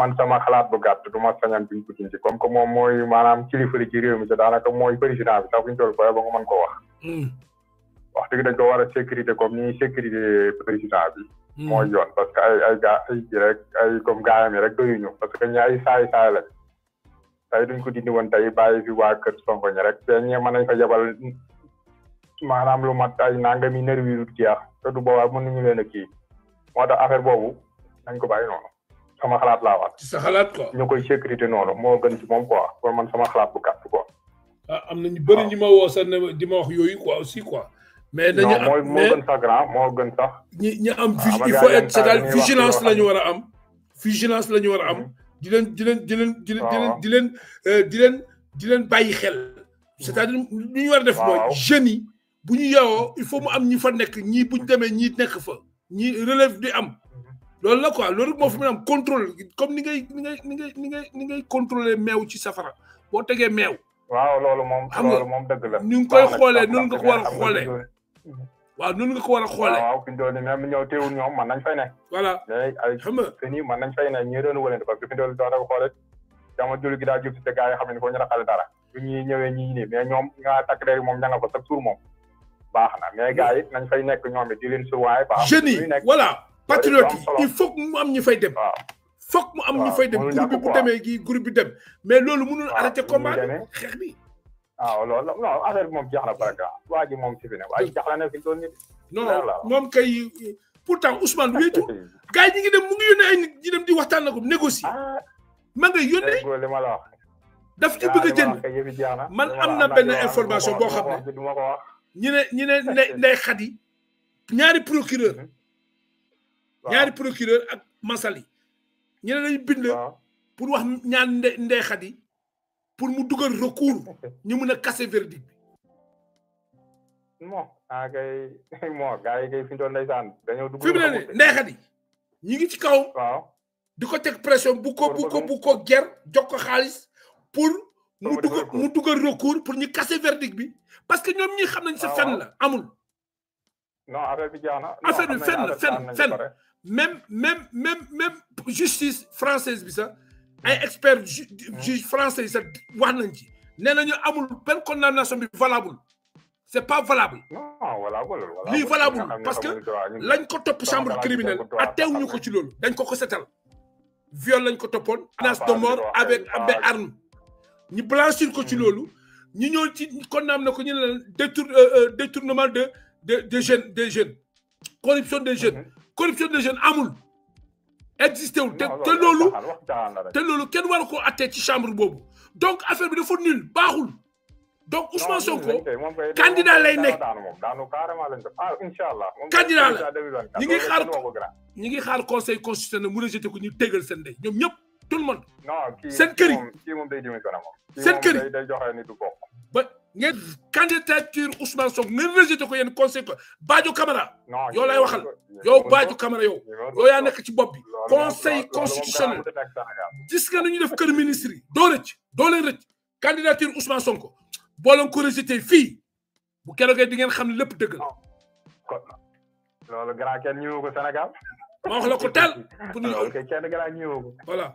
man sama xalaat bu gatt du ma sañan buñ ko dindi comme que mom moy manam kilifa ci réew mi te daanaka moy président bi taw buñ tol ba ba nga man ko wax hmm. wax deug dañ ko wara sécurité comme ni sécurité président bi hmm. mooy yoon parce que ay ay gars ay ji rek ay comme gars yi rek ñu parce que ñi ay saay saay lañ tey duñ ko dindi won tay baye fi wa kër songo ñi rek te ñe man nañ fa jabal manam lu mat tay nangami nervi yu jeex te du boba mu nañu leen ki mo da affaire bobu dañ ko bàyyi sama xalaat la wax ci sa xalaat ko ñukoy sécurité noonu mo gën ci mom quoi pour man sama xalaat bu kat quoi ah, am na ñu bëri ñi ma wo sa ne di ma wax yooyu quoi aussi quoi mais dañu am mais gën sax grand moo gën sax ñi ñi am ah, il faut être c'est daal vigilance la ñu am vigilance am hmm. di di di di di di euh, di xel c'est à dire ñu war def bu ñu yeewoo il faut mu am ñi fa nekk ñii bu ñu demee ñii nekk fa ñi relève di am loolu la quoi loolu moo fi mën am contrôle comme ni ngay ni ngay ni ngay ni meew ci safara boo tegee meew. waaw loolu moom loolu moom dëgg la. ñu ngi koy xoolee nun ko war a xoolee. waaw nun nga ko war a xoolee. waaw fi mu toll nii ñoom man nañ fay ne. voilà xam nga te ñii mën nañ fay ne ñii doon wële parce que fi mu toll nii doo ko xoolee jamono gi daa jub te gars yi xam ne ko ñu raqale dara. bu ñuy ñëwee ñii mais ñoom nga takk moom ña nga fa sax suur moom baax na mais gars yi nañ fay nekk ñoom it di leen baax jeunes yi voilà patriote yi il faut que mu am ñu fay dem foog mu am ñu fay dem groupe bi bu demee gi groupe dem mais loolu mënul arrêté combat bi xeex bi waaw ah, loolu non affaire moom jeex na baraka waa ji moom ci fi ne waa ji jax na ne kay pourtant Ousmane wéetu gars yi ñu ngi dem mu ngi yónnee ay nit dem di waxtaan na ko négocier ah. ma nga yónnee daf ci bëgg a jënd man am na benn information boo xam ne ñu ne ñu ne nday xadi ñaari procureur mhm. ñaari procureur ak masali ñu ne lañu bind pour wax ñaan nde ndey xadi pour mu dugal recours ñu mun a casser verdict bi mo a ah, kay mo gars yi kay fi doon ne ne xadi ñi ngi ci kaw di ko teg pression bu ko bu ko bu ger jox xaalis pour Nous avons recours pour nous casser verdict parce que nous ñi xam nañ sa ah, non bi même justice française bi expert hmm. juge français nous condamnation valable pas valable. non valable valable parce que lañ ko chambre criminelle ñu ko ci dañ ah, menace de mort avec ah, ni blanchir ko ci mm. loolu ñëw ci na ko ñu euh, euh, détournement de de des jeunes des jeunes corruption des jeunes corruption des jeunes amul existé te loolu kenn war ko atté ci chambre donc affaire bi dafa nul baaxul donc Ousmane Sonko candidat lay nekk ah, candidat la ñi ngi xaar ñi ngi conseil constitutionnel mu ñu tout le monde. seen kër yi non kii moom day démissionné moom. seen kër yi day joxe nit du bokk. ba ngeen candidature Ousmane Sonko ngeen rejeté ko yéen conseil ko Badio Camara. yow lay waxal yow Badio Camara yow. que yaa nekk ci bopp bi conseil constitutionnel. gis nga nu ñu def kër ministre yi doo rëcc candidature Ousmane Sonko boo leen ko rejeté fii bu keroogee di ngeen que ne lépp dëgg la. o oh, grand kenn ñëwoo ko Sénégal. ma wax la ko teel. pour ñu kenn grand ñëwoo ko voilà.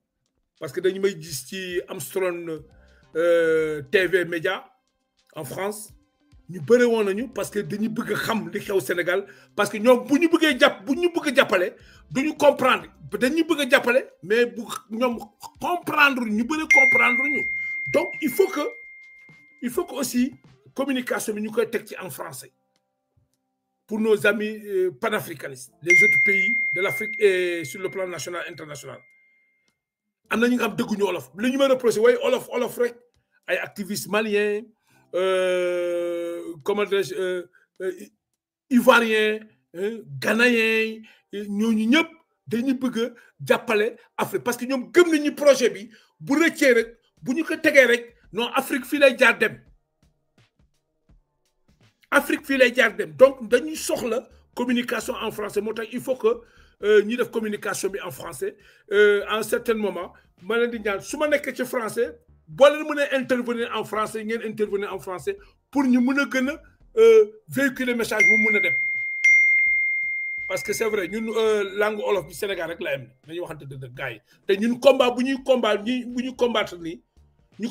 parce que dañuy may gis ci Amstron euh, TV Média en France ñu bëri woon nañu parce que dañuy bëgg xam li xew Sénégal parce que nous, nous bëggé japp buñu nous bëgg jappalé duñu comprendre Nous bëgg jappalé mais bu ñom comprendre ñu bëri comprendre ñu donc il faut que il faut que aussi communication nous ñu koy ci en français pour nos amis euh, panafricanistes les autres pays de l'Afrique et sur le plan national international amna ñu nga xam dëgguñu olof li ñu mën a way olof olof rek ay activiste malien euh, comment dirais-je euh, euh, ivoirien hein, ghanéen ñooñu ñëpp dañuy bëgg jappalé Afrique parce que ñom gëm nañu projet bi bu rëccee rek bu ñu ko tegee rek non Afrique fi lay jaar dem Afrique fi lay jaar dem donc dañuy soxla communication en français moo il faut que euh, ñi def communication mais en français à euh, un certain moment ma leen di ñaan su ma ci français boo leen mën intervenir en français ngeen intervenir en français pour ñu nous a gën a euh, véhiculer message bu mën parce que c'est vrai ñun langue olof Sénégal rek la am dañuy waxante dëgg gars yi ñun combat bu ñuy combat ñi bu combattre ni ñu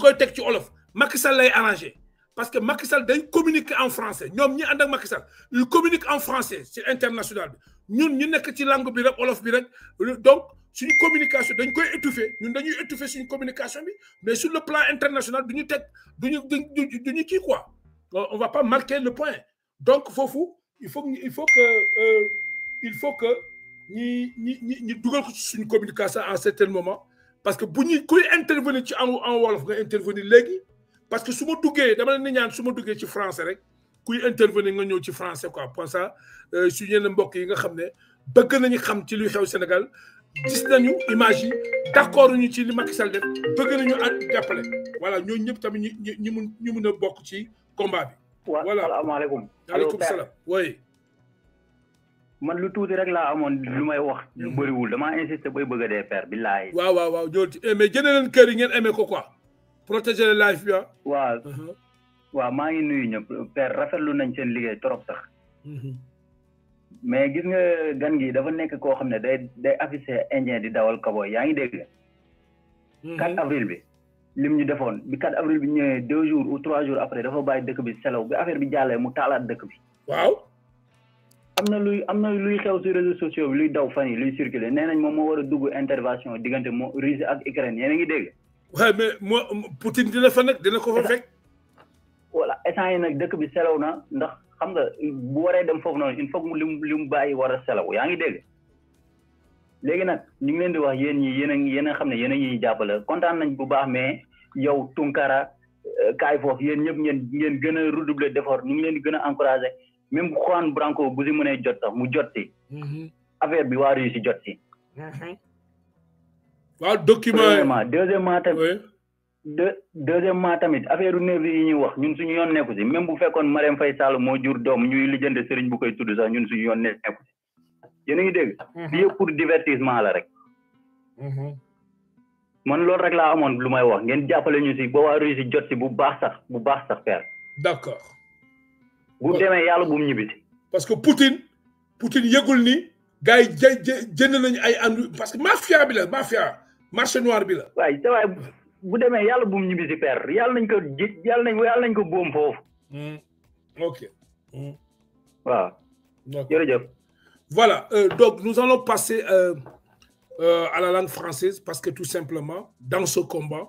olof Macky Sall est arrangé parce que Macky Sall dañ communiquer en français ñoom ñi ànd ak Macky Sall Il communique en français c'est international ñun ñu nekk ci langue bi rek olof bi rek donc suñu communication dañ koy étouffer ñun dañuy étouffer suñu communication bi mais sur le plan international duñu tek duñu duñu ñu quoi euh, on va pas marquer le point donc fofu il faut il faut que euh, il faut que ñi ñi ñi ñi dugal ko suñu communication à un certain moment parce que buñu ñuy kuy intervenir ci en wolof nga intervenir légui parce que suma duggé dama la ñaan suma duggé ci français rek kuy intervenir nga ñëw ci français quoi pour ça su yenn mbokk yi nga xam ne bëgg nañu xam ci luy xew Sénégal gis nañu image yi d'accord ñu ci li Macky Sall def bëgg nañu ak jàppale voilà ñoo ñëpp tamit ñu ñi mu ñu mun a bokk ci combat bi. waaw salaamaaleykum aleykum salaam oui. man lu tuuti rek laa amoon lu may wax mhm. a dee père billaay. waaw waaw waaw ñoo ci eh, mais jënd leen kër yi ngeen amee ko quoi protéger la life bi ah. waaw maa ngi nuyu ñëpp père rafetlu nañ seen liggéey trop sax. Mm-hmm. mais gis nga gan gi dafa nekk koo xam ne day day affiché indien di dawal kaboy yaa ngi dégg. 4 mm-hmm. avril bi lim ñu defoon bi 4 avril bi ñëwee deux jour ou trois jours après dafa bàyyi dëkk bi selaw bi affaire bi jàllee mu taalaat dëkk bi. waaw. am na luy am na luy xew si réseaux sociaux bi luy daw fan yi luy circuler nee nañ moom moo war a dugg intervention diggante moo Russie ak Ukraine yéen a ngi dégg. waaye mais moo voilà essence yi dëkk bi selaw na ndax xam nga bu waree dem foofu noonu il faut mu li mu li mu bàyyi war a selaw yaa ngi dégg. léegi nag ñu ngi leen di wax yéen ñi yéen a yéen a xam ne yéen a ñuy jàppale kontaan nañ bu baax mais yow Tunkara euh, kaay foofu yéen ñëpp ngeen ngeen gën a redoubler d'effort ñu ngi leen di gën a encouragé même Juan Branco bu si mënee jot sax mu jot si. Mm-hmm. affaire bi waa Russie jot si. Mm-hmm. waaw document deuxièmement de deuxièmement tamit affaire neuf yi ñu wax ñun suñu yoon nekku ci même bu fekkoon Mariam Fay Sall mo jur doom ñuy lijjante Serigne bu koy tudd sax ñun suñu yoon nekku ci yéen ngi dégg mhm. yepp pour divertissement la rek mhm. man lool rek la amoon lu may wax ngeen jàppale ñu ci bo wa réussi jot ci bu baax sax bu baax sax père d'accord bu démé yalla bu mu ñibbisi parce que Poutine Poutine yegul ni gars jënd nañ ay andu parce que mafia bi la mafia marché noir bi la waaye sa bu Voilà, euh, donc nous allons passer euh, euh, à la langue française parce que tout simplement, dans ce combat,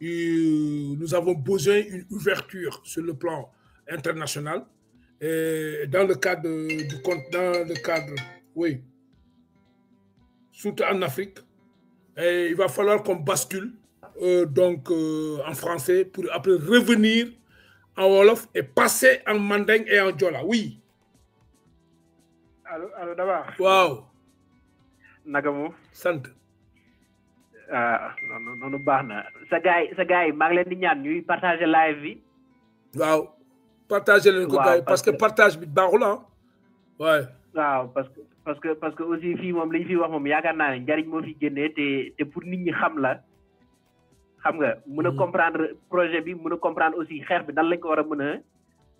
nous avons besoin d'une ouverture sur le plan international et dans le cadre du dans le cadre, oui, surtout en Afrique. Et il va falloir qu'on bascule euh, donc euh, en français pour après revenir en Wolof et passer en Manding et en Jola. Oui. alors d'abord. Waouh. Nagamu. Sant. Ah, non, non, non, bah, non. partage live. Partagez le wow, parce, parce que, partage, barre ah. Ouais. waaw parce que parce que parce que aussi fi mom li fi wax mom yaaka fi pour nit ñi xam nga mën a mm. comprendre projet bi mën a comprendre aussi xeex bi nan lañ ko war a mën a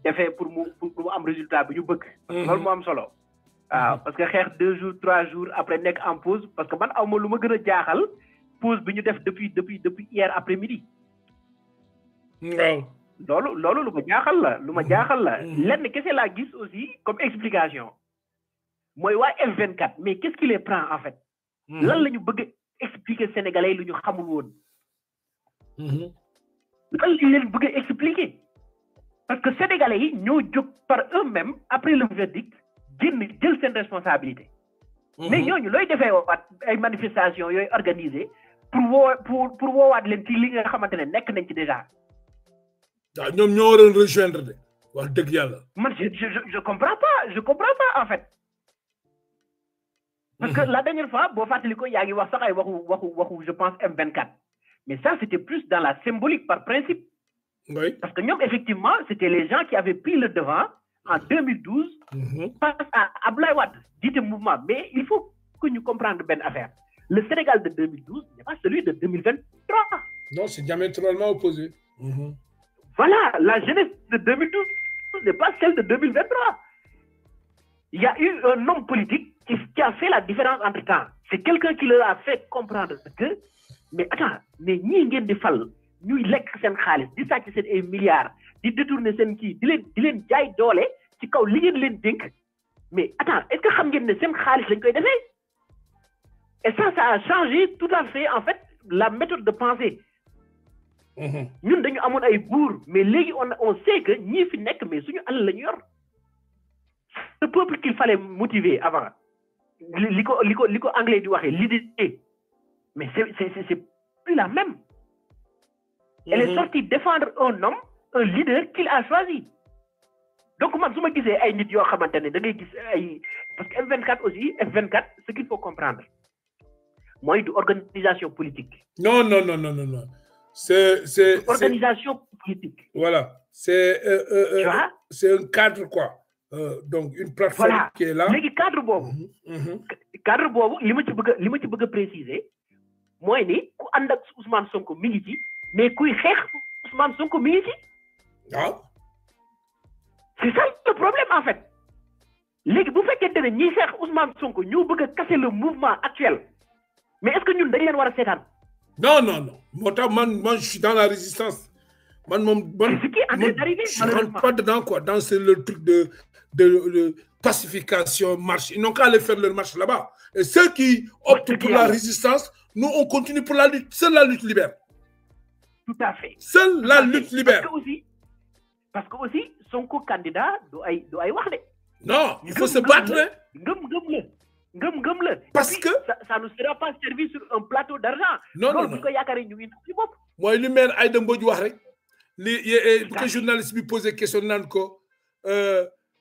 defee pour mu pour mu am résultat bi ñu bëgg. Mm-hmm. loolu moo am solo. waaw mm-hmm. parce que xeex deux jours trois jours après nekk en pause parce que man awma lu ma gën a jaaxal pause bi ñu def depuis depuis depuis hier après midi. Non. loolu loolu lu ma jaaxal la lu ma jaaxal la. Mm-hmm. lenn kese laa gis aussi comme explication. mooy waa F24 mais qu'est-ce qui les prend en fait. lan la ñu bëgg expliquer sénégalais lu ñu xamul woon loolu mhm. lañ ne bëgg a expliquer parce que sénégalais yi ñoo jóg par eux-mêmes après le verdict génn jël seen responsabilité. Mhm. mais ñooñu looy defee waat ay manifestations yooyu organisées pour woo pour pour woowaat leen ci li nga xamante ne nekk nañ ci déjà. waaw ah, ñoom ñoo waroon rejoindre de wax dëgg yàlla. man je je je comprends pas je comprends pas en fait. parce que mhm. la dernière fois boo fàttali ko yaa ngi wax sax ay waxu waxu waxu je pense M24. Mais ça, c'était plus dans la symbolique par principe. Parce que nous, effectivement, c'était les gens qui avaient pris le devant en 2012 mhm. à Ablaïwad, dit le mouvement. Mais il faut que nous comprenions bien affaire. Le Sénégal de 2012 n'est pas celui de 2023. Non, c'est diamétralement opposé. Mhm. Voilà, la jeunesse de 2012 n'est pas celle de 2023. Il y a eu un homme politique qui a fait la différence entre temps. C'est quelqu'un qui leur a fait comprendre que mais attends mais ñi ngeen di fal ñuy lekk seen xaalis di sàcc seen ay milliards di détourner seen kii di leen di leen jaay doole ci kaw li ngeen leen dénk mais attends est-ce que xam ngeen ne seen xaalis lañ koy defee et ça ça a changé tout à fait en fait la méthode de pensée mm-hmm. ñun dañu amoon ay bour mais léegi on on sait que ñii fi nekk mais suñu àll la ñu yor le peuple qu'il fallait motiver avant li ko li ko li ko anglais di waxee l'idée mais c'est plus la même. Elle est mhm. sortie défendre un homme, un leader qu'il a choisi. Donc, moi, je me disais, Parce que F24 aussi, F24, ce qu'il faut comprendre, moi, une organisation politique. Non, non, non, non, non, non. C'est. Organisation politique. Voilà. C'est euh, euh, euh c'est un cadre, quoi. Euh, donc, une plateforme voilà. qui est là. Le cadre, bon. Mmh. Mhm, mmh. cadre, bon, faut je veux préciser, mooy ni ku ànd ak Ousmane Sonko mi ngi ci mais kuy xeex Ousmane Sonko mi ngi ci. waaw. c'est ça le problème en fait léegi bu fekkente ne ñiy xeex Ousmane Sonko ñu bëgg a casser le mouvement actuel mais est-ce que ñun dañ leen war a seetaan. non non non moo tax man man je suis dans la résistance man moom. man je rentre pas dedans quoi dans le truc de de pacification, marche. Ils n'ont qu'à aller faire leur marche là-bas. Et ceux qui optent pour la résistance, nous, on continue pour la lutte. Seule la lutte libère. Tout à fait. Seule la lutte libère. Parce que aussi, parce que aussi son co-candidat doit y Non, il faut se battre. Hein. Parce que ça, ne sera pas servi sur un plateau d'argent. Non, non, non. Moi, lui-même, Aïda pour eh, eh, que journaliste lui pose question, euh,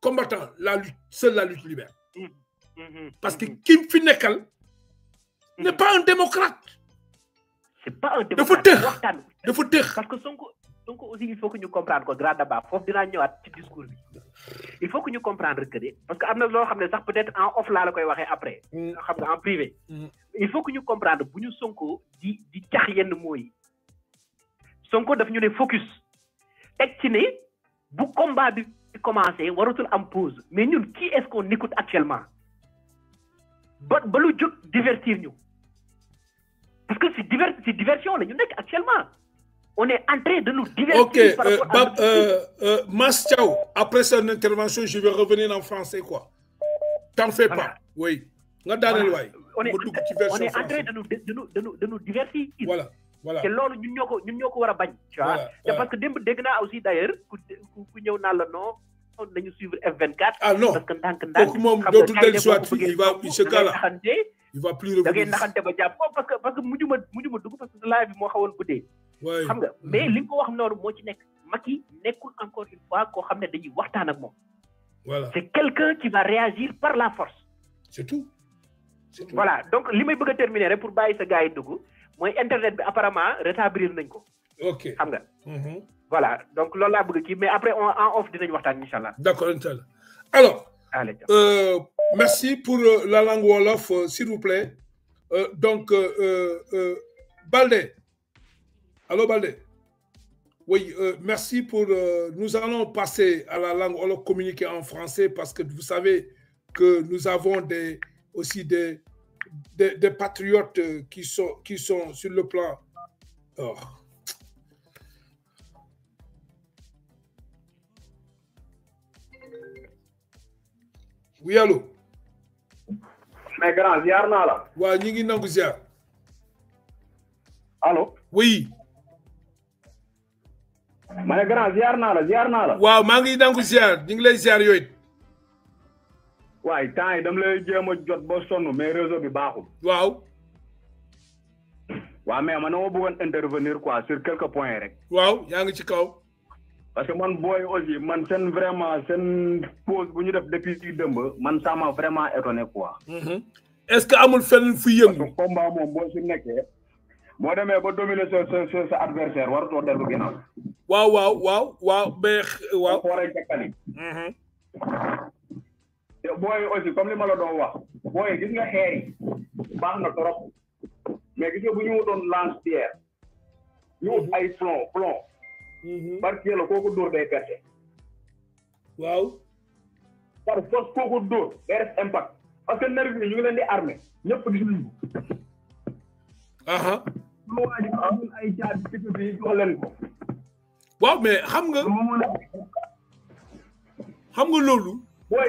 combattant la lutte seule la lutte libère mm-hmm. Mm-hmm. parce que mm-hmm. Kim fi n'est pas un démocrate c'est pas un démocrate De foutre. dafa parce que Sonko Sonko aussi il faut que nous comprenions ko grand débat ñëwaat discours il faut que nous comprenions que parce que am peut-être en off là, la koy après mm. en privé mm. il faut que nous comprenions que nous Sonko di di cax yenn Sonko daf ñu focus Et ci est, bu combat commencé waratul am pause mais ñun qui est-ce qu'on écoute actuellement ba ba lu divertir ñu parce que c'est diversion la ñu actuellement on est en train de nous divertir. ok euh, euh, euh, Mas après cette intervention je vais revenir en français quoi. t'en fais pas oui. on est en train de nous de nous de nous divertir. voilà voilà te loolu ñun ñoko ñun ñoko wara bañ. tu vois te parce que demb dégg naa aussi d'ailleurs ku ku ñëw naa la non. nañu suivre F24. ah non parce que ndank ndank kooku moom dootul dellu si il va il se là il va plus revenir da ngay naxante ba japp parce que parce que mujj ma mujj ma dugg parce que live bi moo xawoon guddee. xam nga mais mm-hmm. li ko wax non mo ci nek Macky nekul encore une fois ko xam dañuy waxtan ak mom voilà c'est quelqu'un qui va réagir par la force. c'est tout. voilà donc limay bëgg terminer rek pour bàyyi sa gaay yi dugg mooy internet apparemment rétablir nañ ok xam nga. Mhm. voilà donc loolu laa bëgg mais après on en off dinañ waxtaan incha allah. d' alors. Euh, merci pour euh, la langue wolof euh, s'il vous plaît euh, donc euh, euh Balde allô Balde oui merci pour nous allons passer à la langue wolof communiquée en français parce que vous savez que nous avons des aussi des des, des, patriotes qui sont, qui sont sur le plan. Oh. Oui, allô? mais grand ziar Arna la. waaw ñu ngi nangu ziar. oui. mais grand ziar Arna la ziar naa la. waaw maa ngi ziar waaye temps yi dama lay jéem a jot ba sonn mais réseau bi baaxul. waaw. waaw mais man dama bëggoon intervenir quoi sur quelques points rek. waaw yaa ngi ci kaw. parce que man booy aussi man seen vraiment seen pause bu ñu def depuis ci dëmb man ça m'a vraiment étonné quoi. Mhm. est-ce que amul fenn fu yëngu. parce que combat moom boo si nekkee. boo demee ba dominer sa sa sa adversaire warutoo dellu ginnaaw. waaw waaw waaw waaw mais waaw. booy aussi comme li ma la doon wax booy gis nga xeer yi baax na trop mais gis nga bu ñu wutoon lance-pierre ñu wut ay plomb plomb parce que la kooku dóor day perte waaw par force kooku dóor day def impact parce que nerf ñu ngi leen di armé ñëpp gis nañu aha lu waa ji waaw mais xam nga xam nga loolu booy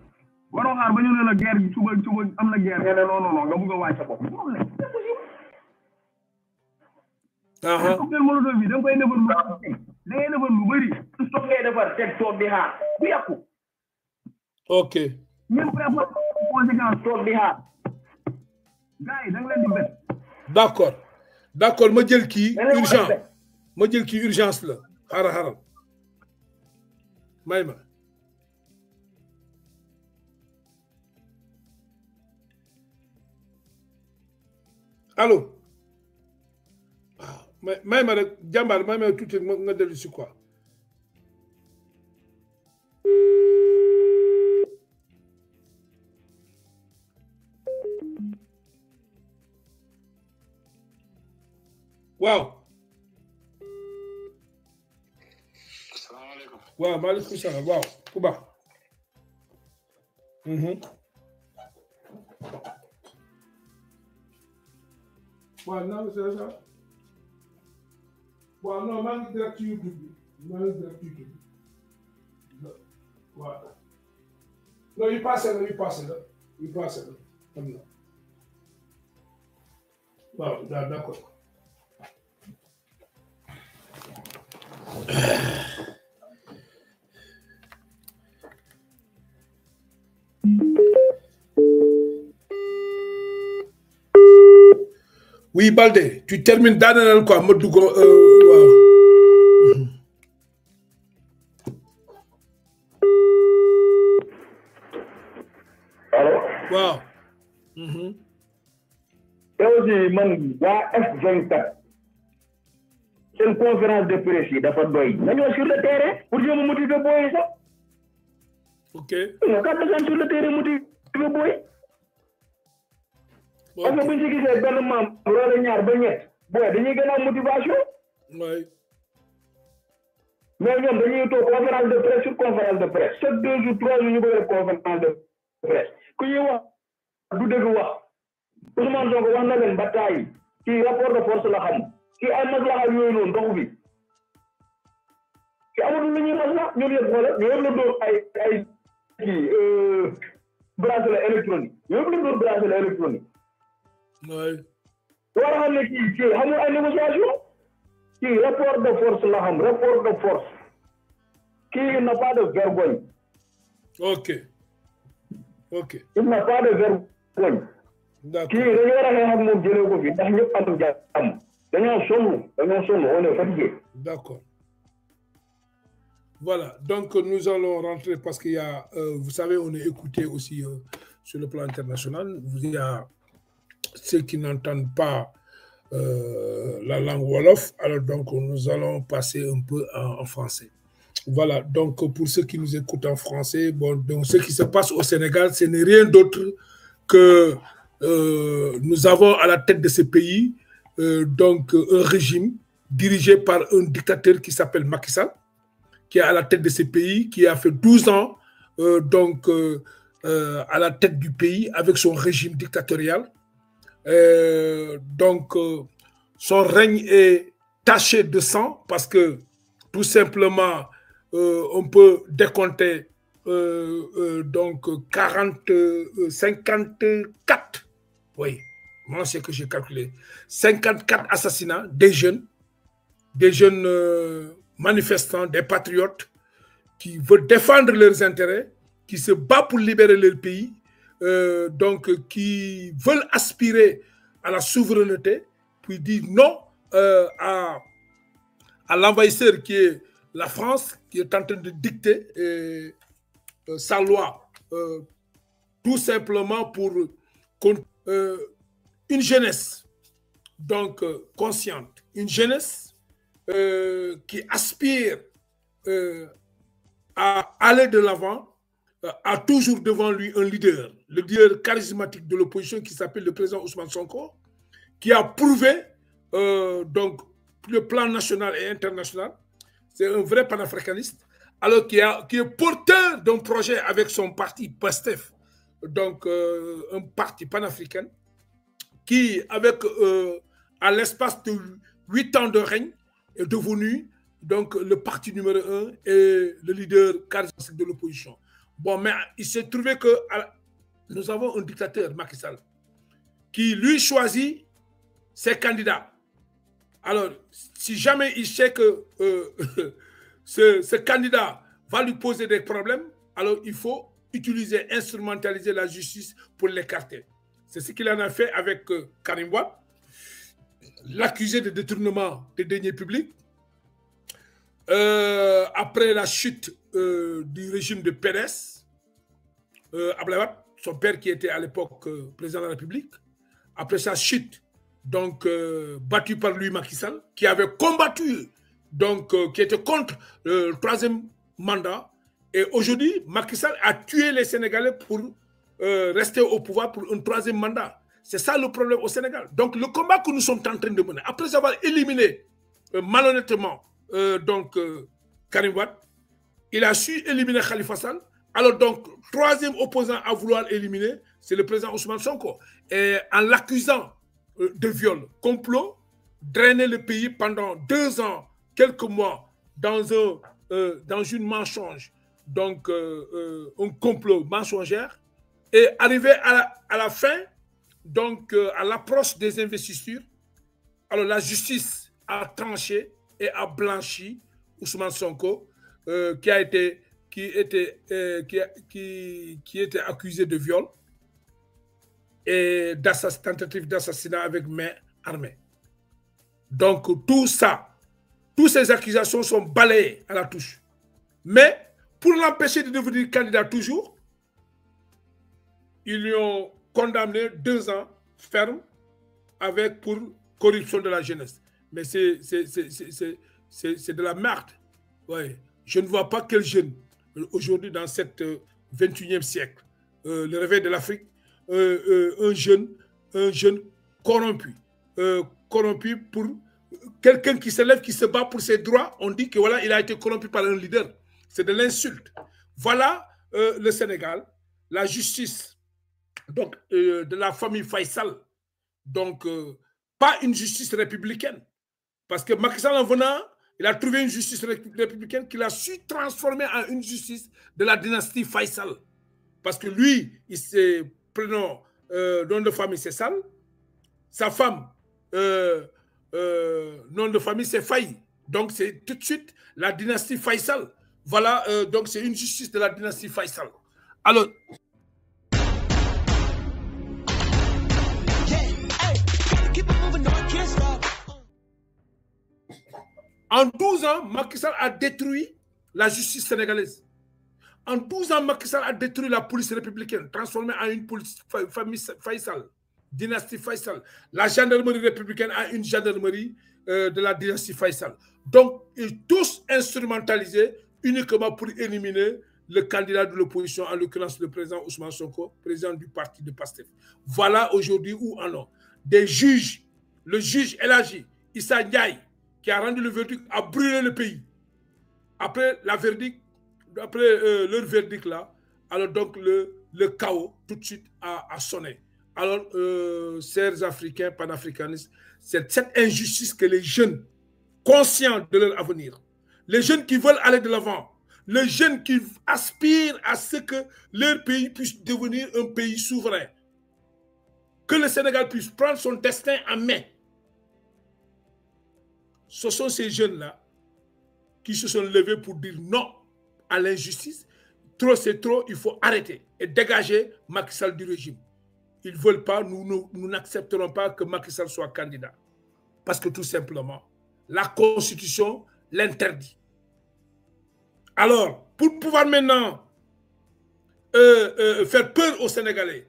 waroo xaar ba ñu ne la guerre bi suba suba am na guerre nga ne non non non nga bugg a wàcc bopp problème. ah. cocktail molotov bi da nga koy defar lu bëri da ngay defar lu bëri. su soog ngay defar teg toog di xaar bu yàqu. ok. ñun prévoir conséquence toog di xaar. gars yi da nga leen di bet. d' accord d' accord ma jël kii urgence ma jël kii urgence la xaaral xaaral may ma. Allô, ah, Mais may may ma rek jàmbaar may quoi Waouh, Waouh, waaw boa boa não não seja de sasa, Bwana mangi datu yudubi, mangi não yudubi. Bwana. No, ipase no, não no, ipase no, amna. Wow, da, d'accord. Oui, Baldé, tu termines Danel quoi, Modougo. Euh, wow. Allô? Waaw. Ça aussi man waa F24 une conférence de presse yi dafa doy nous sur le terrain pour jéem a de boy, ça ok. non quand sur le terrain de boy. parce que bu ñu ci gisee benn membre wala ñaar ba ñett booy dañuy gën a am motivation. mais ñoom dañuy toog conférence de presse sur conférence de presse chaque deux jours trois jours ñu bëgg a def conférence de presse ku ñuy wax du dëgg wax Ousmane Sonko wax na leen ba taay ci rapport de force la xam ci ay maslaxa yooyu noonu ndoxu bi ci amatul lu ñuy masla ñun yëpp xoolal ñu la dóor ay ay kii bracelet électronique ñu la dóor bracelet électronique waay Voilà a qui, ne qui kii négociation rapport de force la xam rapport de force Qui n'a pas de vergogne ok ok il n'a pas de vergogne Qui regarde les a xeex ak moom jëlee ko fi ndax On am on est fatigué d'accord Voilà, donc nous allons rentrer parce qu'il y a, euh, vous savez, on est écouté aussi euh, sur le plan international. Il y a ceux qui n'entendent pas euh, la langue Wolof, alors donc nous allons passer un peu en, français. Voilà, donc pour ceux qui nous écoutent en français, bon, donc ce qui se passe au Sénégal, ce n'est rien d'autre que euh, nous avons à la tête de ce pays euh, donc un régime dirigé par un dictateur qui s'appelle Macky Sall, qui est à la tête de ce pays, qui a fait 12 ans donc à la tête du pays avec son régime dictatorial euh, donc, euh, son règne est taché de sang parce que tout simplement, euh, on peut décompter donc 40, 54, oui, moi que j'ai calculé, 54 assassinats des jeunes, des jeunes manifestants, des patriotes qui veulent défendre leurs intérêts, qui se battent pour libérer leur pays, euh, donc, qui veulent aspirer à la souveraineté, puis dire non euh, à, à l'envahisseur qui est la France, qui est en train de dicter euh, sa loi, tout simplement pour une jeunesse donc consciente, une jeunesse qui aspire à aller de l'avant, euh, a toujours devant lui un leader, le leader charismatique de l'opposition qui s'appelle le président Ousmane Sonko, qui a prouvé euh, donc le plan national et international. C'est un vrai panafricaniste, alors qui, est porteur d'un projet avec son parti PASTEF, donc euh, un parti panafricain, qui, avec à l'espace de huit ans de règne, est devenu donc le parti numéro un et le leader charismatique de l'opposition. Bon, mais il s'est trouvé que nous avons un dictateur, Macky Sall, qui lui choisit ses candidats. Alors, si jamais il sait que euh, ce, candidat va lui poser des problèmes, alors il faut utiliser, instrumentaliser la justice pour l'écarter. C'est ce qu'il en a fait avec euh, Karim l'accusé de détournement des deniers publics. Euh, après la chute euh, du régime de Pérez, euh, son père qui était à l'époque euh, président de la République, après sa chute, donc euh, battu par lui Macky Sall, qui avait combattu, donc qui était contre le troisième mandat. Et aujourd'hui, Macky Sall a tué les Sénégalais pour rester au pouvoir pour un troisième mandat. C'est ça le problème au Sénégal. Donc le combat que nous sommes en train de mener, après avoir éliminé malhonnêtement donc Karim Watt, il a su éliminer Khalifa Sall. Alors donc, troisième opposant à vouloir éliminer, c'est le président Ousmane Sonko. Et en l'accusant euh, de viol, complot, drainer le pays pendant deux ans, quelques mois, dans, un, euh, dans une mensonge, donc euh, un complot mensongère, et arriver à la, fin, donc à l'approche des investitures, alors la justice a tranché et a blanchi Ousmane Sonko euh, qui, a été, qui, était, euh, qui, était accusé de viol et tentative d'assassinat avec main armée. Donc tout ça, toutes ces accusations sont balayées à la touche. Mais pour l'empêcher de devenir candidat toujours, ils lui ont condamné deux ans ferme avec pour corruption de la jeunesse. Mais c'est de la merde. Ouais. Je ne vois pas quel jeune, euh, aujourd'hui, dans cette 21e euh, siècle, euh, le réveil de l'Afrique, un jeune, un jeune corrompu, corrompu pour quelqu'un qui se lève, qui se bat pour ses droits. On dit que voilà, il a été corrompu par un leader. C'est de l'insulte. Voilà le Sénégal, la justice donc de la famille Faisal. Donc pas une justice républicaine, parce que Macky Sall en venant il a trouvé une justice républicaine qu'il a su transformer en une justice de la dynastie Faisal. Parce que lui, il s'est prenant euh, nom de famille, c'est Sal. Sa femme, euh, euh, nom de famille, c'est Faï. Donc, c'est tout de suite la dynastie Faisal. Voilà, donc c'est une justice de la dynastie Faisal. Alors, En 12 ans, Macky Sall a détruit la justice sénégalaise. En 12 ans, Macky Sall a détruit la police républicaine, transformée en une police famille dynastie Faisal. La gendarmerie républicaine a une gendarmerie euh, de la dynastie Faisal. Donc, ils tous instrumentalisés uniquement pour éliminer le candidat de l'opposition, en l'occurrence le président Ousmane Sonko, président du parti de PASTEF. Voilà aujourd'hui où en ont. Des juges, le juge Elagi, Issa Ndiaye, qui a rendu le verdict, a brûlé le pays. Après la verdict, après euh, leur verdict là, alors donc le, chaos tout de suite a, sonné. Alors, euh, chers Africains, panafricanistes, c'est cette injustice que les jeunes, conscients de leur avenir, les jeunes qui veulent aller de l'avant, les jeunes qui aspirent à ce que leur pays puisse devenir un pays souverain, que le Sénégal puisse prendre son destin en main, ce sont ces jeunes-là qui se sont levés pour dire non à l'injustice. Trop, c'est trop, il faut arrêter et dégager Macky Sall du régime. Ils ne veulent pas, nous n'accepterons pas que Macky Sall soit candidat. Parce que tout simplement, la Constitution l'interdit. Alors, pour pouvoir maintenant euh, euh, faire peur aux Sénégalais,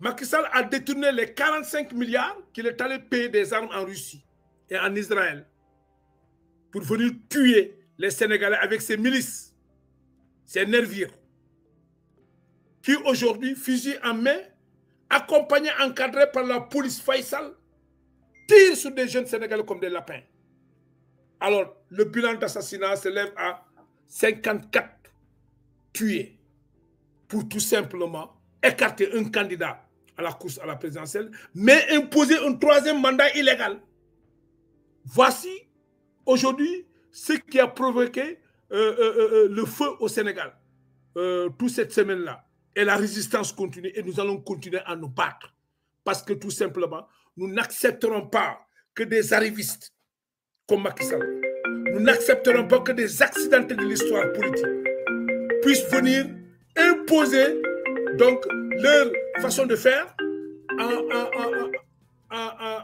Macky Sall a détourné les 45 milliards qu'il est allé payer des armes en Russie et en Israël pour venir tuer les Sénégalais avec ses milices, ses nerviers, qui aujourd'hui, fusil en main, accompagné encadré par la police Faisal, tirent sur des jeunes Sénégalais comme des lapins. Alors, le bilan d'assassinat s'élève à 54 tués pour tout simplement écarter un candidat à la course à la présidentielle, mais imposer un troisième mandat illégal. Voici Aujourd'hui, ce qui a provoqué euh, euh, euh, le feu au Sénégal, toute cette semaine-là, et la résistance continue, et nous allons continuer à nous battre. Parce que tout simplement, nous n'accepterons pas que des arrivistes comme Macky nous n'accepterons pas que des accidentés de l'histoire politique puissent venir imposer donc leur façon de faire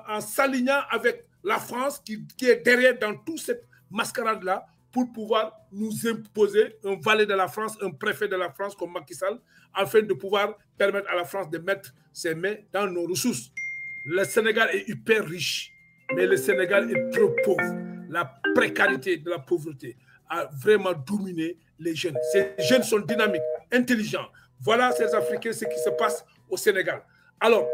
en s'alignant avec la France qui, est derrière dans toute cette mascarade-là pour pouvoir nous imposer un valet de la France, un préfet de la France comme Macky Sall, afin de pouvoir permettre à la France de mettre ses mains dans nos ressources. Le Sénégal est hyper riche, mais le Sénégal est trop pauvre. La précarité de la pauvreté a vraiment dominé les jeunes. Ces jeunes sont dynamiques, intelligents. Voilà, ces Africains, ce qui se passe au Sénégal. Alors,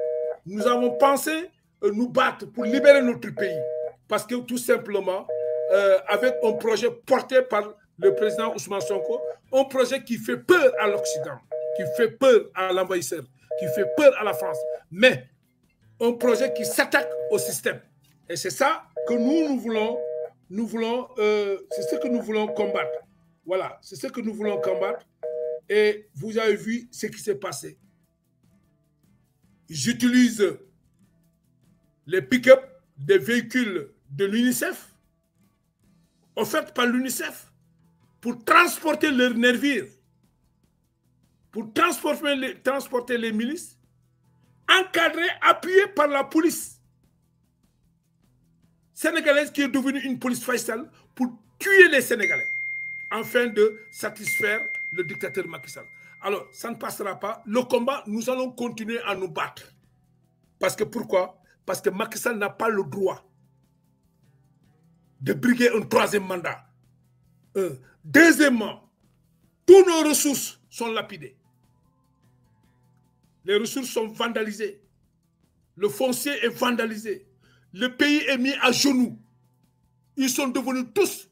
nous avons pensé euh, nous battre pour libérer notre pays. Parce que tout simplement, euh, avec un projet porté par le président Ousmane Sonko, un projet qui fait peur à l'Occident, qui fait peur à l'envahisseur, qui fait peur à la France, mais un projet qui s'attaque au système. Et c'est ça que nous, nous voulons, nous voulons, euh, c'est ce que nous voulons combattre. Voilà, c'est ce que nous voulons combattre. Et vous avez vu ce qui s'est passé. J'utilise les pick-up des véhicules de l'UNICEF, offerts par l'UNICEF, pour transporter leurs nervures, pour transporter les, transporter les milices, encadrées, appuyées par la police sénégalaise qui est devenue une police faciale pour tuer les Sénégalais, afin de satisfaire le dictateur Macky Alors, ça ne passera pas. Le combat, nous allons continuer à nous battre. Parce que pourquoi parce que Macky Sall n'a pas le droit de briguer un troisième mandat. deuxièmement, tous nos ressources sont lapidées. Les ressources sont vandalisées. Le foncier est vandalisé. Le pays est mis à genoux. Ils sont devenus tous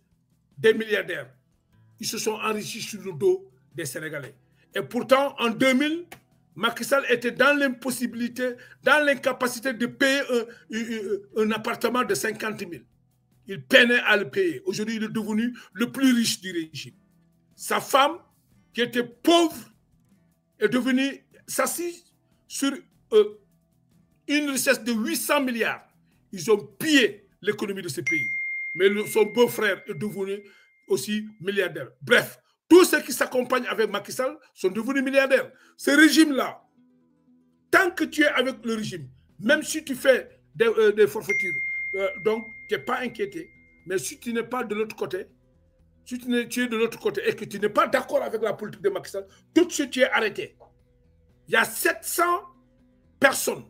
des milliardaires. Ils se sont enrichis sur le dos des Sénégalais. Et pourtant, en 2000, Macky était dans l'impossibilité, dans l'incapacité de payer un, appartement de 50 000. Il peinait à le payer. Aujourd'hui, il est devenu le plus riche du régime. Sa femme, qui était pauvre, est devenue, sassise sur euh, une richesse de 800 milliards. Ils ont pillé l'économie de ce pays. Mais son beau-frère est devenu aussi milliardaire. Bref, tous ceux qui s'accompagnent avec Macky Sall sont devenus milliardaires. Ce régime-là, tant que tu es avec le régime, même si tu fais des, euh, des forfaitures, euh, donc tu n'es pas inquiété. Mais si tu n'es pas de l'autre côté, si tu, es, tu de l'autre côté et que tu n'es pas d'accord avec la politique de Macky Sall, tout de suite tu es arrêté. Il y a 700 personnes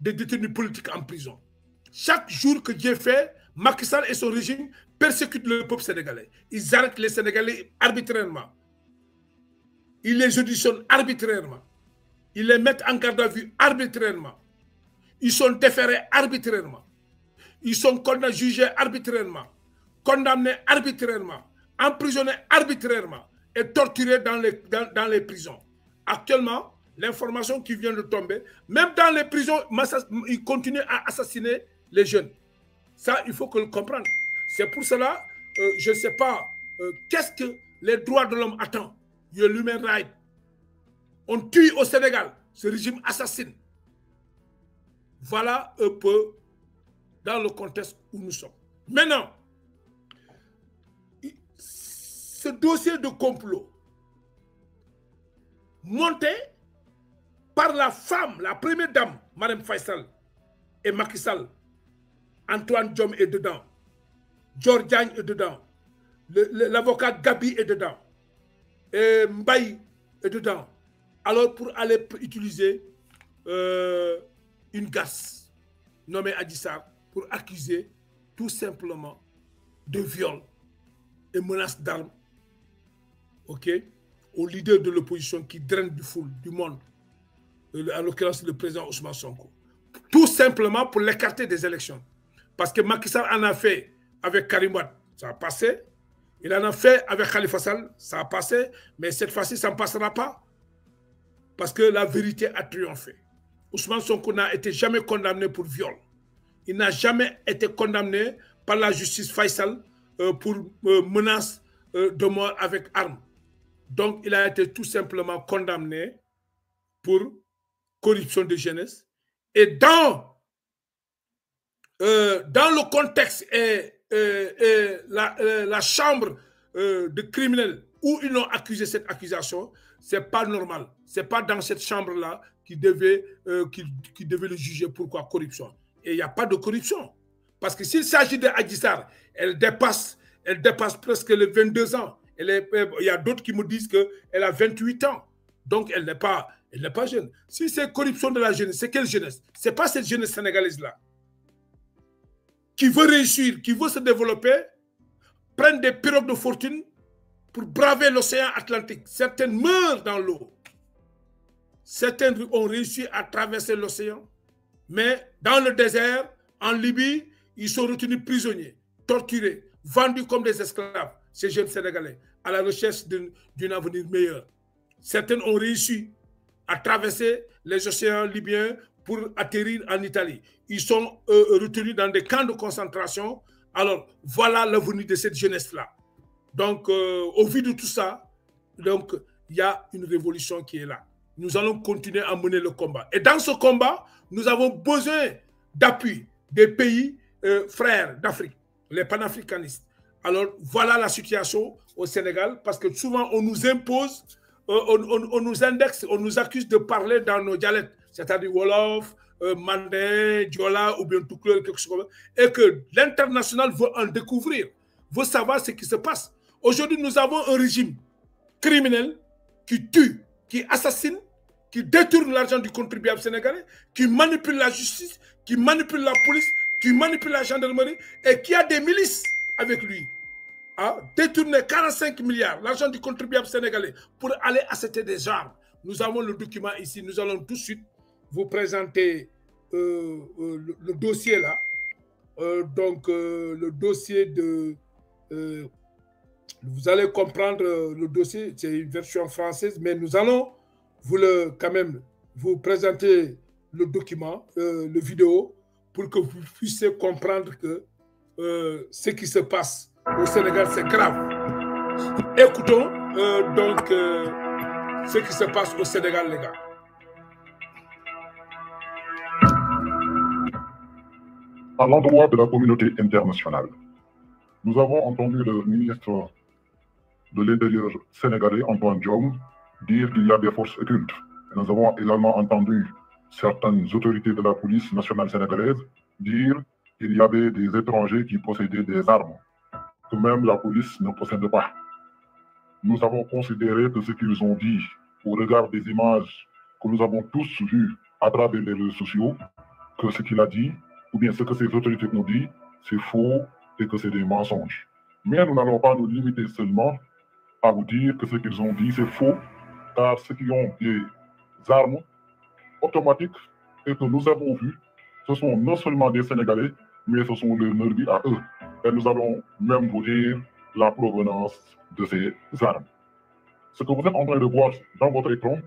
de détenus politiques en prison. Chaque jour que Dieu fait, Macky Sall et son régime persécutent le peuple sénégalais. Ils arrêtent les Sénégalais arbitrairement. Ils les auditionnent arbitrairement. Ils les mettent en garde à vue arbitrairement. Ils sont déférés arbitrairement. Ils sont condamnés, jugés arbitrairement, condamnés arbitrairement, emprisonnés arbitrairement et torturés dans les, les prisons. Actuellement, l'information qui vient de tomber, même dans les prisons, ils continuent à assassiner les jeunes. Ça, il faut que le comprenne. C'est pour cela, euh, je ne sais pas euh, qu'est-ce que les droits de l'homme attendent. Il y a On tue au Sénégal. Ce régime assassine. Voilà un peu dans le contexte où nous sommes. Maintenant, ce dossier de complot monté par la femme, la première dame, Madame Faisal et Macky Antoine Diom est dedans. Jordan est dedans. L'avocat Gabi est dedans. Et Mbaye est dedans. Alors pour aller utiliser euh, une gasse nommée Adissa pour accuser tout simplement de viol et menace d'armes ok, au leader de l'opposition qui draine du foule, du monde, en l'occurrence le président Ousmane Sonko. Tout simplement pour l'écarter des élections. Parce que Macky en a fait avec Karim ça a passé. Il en a fait avec Khalifa Sall, ça a passé. Mais cette fois-ci, ça ne passera pas. Parce que la vérité a triomphé. Ousmane Sonko n'a été jamais condamné pour viol. Il n'a jamais été condamné par la justice Faisal euh, pour euh, menace euh, de mort avec arme. Donc, il a été tout simplement condamné pour corruption de jeunesse. Et dans, dans le contexte et la, la, chambre euh, de criminels où ils ont accusé cette accusation, c'est pas normal. C'est pas dans cette chambre-là qu'ils devaient, euh, le juger. Pourquoi corruption Et il n'y a pas de corruption. Parce que s'il s'agit de elle dépasse, elle dépasse presque les 22 ans. Euh, il y a d'autres qui me disent qu'elle a 28 ans. Donc, elle n'est pas, elle pas jeune. Si c'est corruption de la jeunesse, c'est quelle jeunesse Ce n'est pas cette jeunesse sénégalaise-là qui veut réussir, qui veut se développer, prennent des pirogues de fortune pour braver l'océan Atlantique. Certaines meurent dans l'eau. Certaines ont réussi à traverser l'océan, mais dans le désert, en Libye, ils sont retenus prisonniers, torturés, vendus comme des esclaves, ces jeunes Sénégalais, à la recherche d'un avenir meilleur. Certaines ont réussi à traverser les océans libyens pour atterrir en Italie. Ils sont euh, retenus dans des camps de concentration. Alors, voilà l'avenir de cette jeunesse-là. Donc, euh, au vu de tout ça, donc, il y a une révolution qui est là. Nous allons continuer à mener le combat. Et dans ce combat, nous avons besoin d'appui des pays euh, frères d'Afrique, les panafricanistes. Alors, voilà la situation au Sénégal, parce que souvent, on nous impose, on nous indexe, on nous accuse de parler dans nos dialectes c'est-à-dire Wolof, euh, Mandé, Diola ou bien quelque chose comme ça, et que l'international veut en découvrir, veut savoir ce qui se passe. Aujourd'hui, nous avons un régime criminel qui tue, qui assassine, qui détourne l'argent du contribuable sénégalais, qui manipule la justice, qui manipule la police, qui manipule la gendarmerie et qui a des milices avec lui. Détourner 45 milliards, l'argent du contribuable sénégalais, pour aller acheter des armes. Nous avons le document ici, nous allons tout de suite vous présenter euh, euh, le, dossier là. Euh, donc, le dossier de. vous allez comprendre le dossier, c'est une version française, mais nous allons vous le, quand même vous présenter le document, le vidéo, pour que vous puissiez comprendre que ce qui se passe au Sénégal, c'est grave. Écoutons donc ce qui se passe au Sénégal, les gars. à l'endroit de la communauté internationale. Nous avons entendu le ministre de l'Intérieur sénégalais, Antoine Diom, dire qu'il y a des forces occultes. nous avons également entendu certaines autorités de la police nationale sénégalaise dire qu'il y avait des étrangers qui possédaient des armes, que même la police ne possède pas. Nous avons considéré que ce qu'ils ont dit, au regard des images que nous avons tous vues à travers les réseaux sociaux, que ce qu'il a dit ou bien ce que ces autorités nous disent, c'est faux et que c'est des mensonges. Mais nous n'allons pas nous limiter seulement à vous dire que ce qu'ils ont dit, c'est faux, car ceux qui ont des armes automatiques et que nous avons vu, ce sont non seulement des Sénégalais, mais ce sont les nervis à eux. Et nous allons même vous dire la provenance de ces armes. Ce que vous êtes en train de voir dans votre écran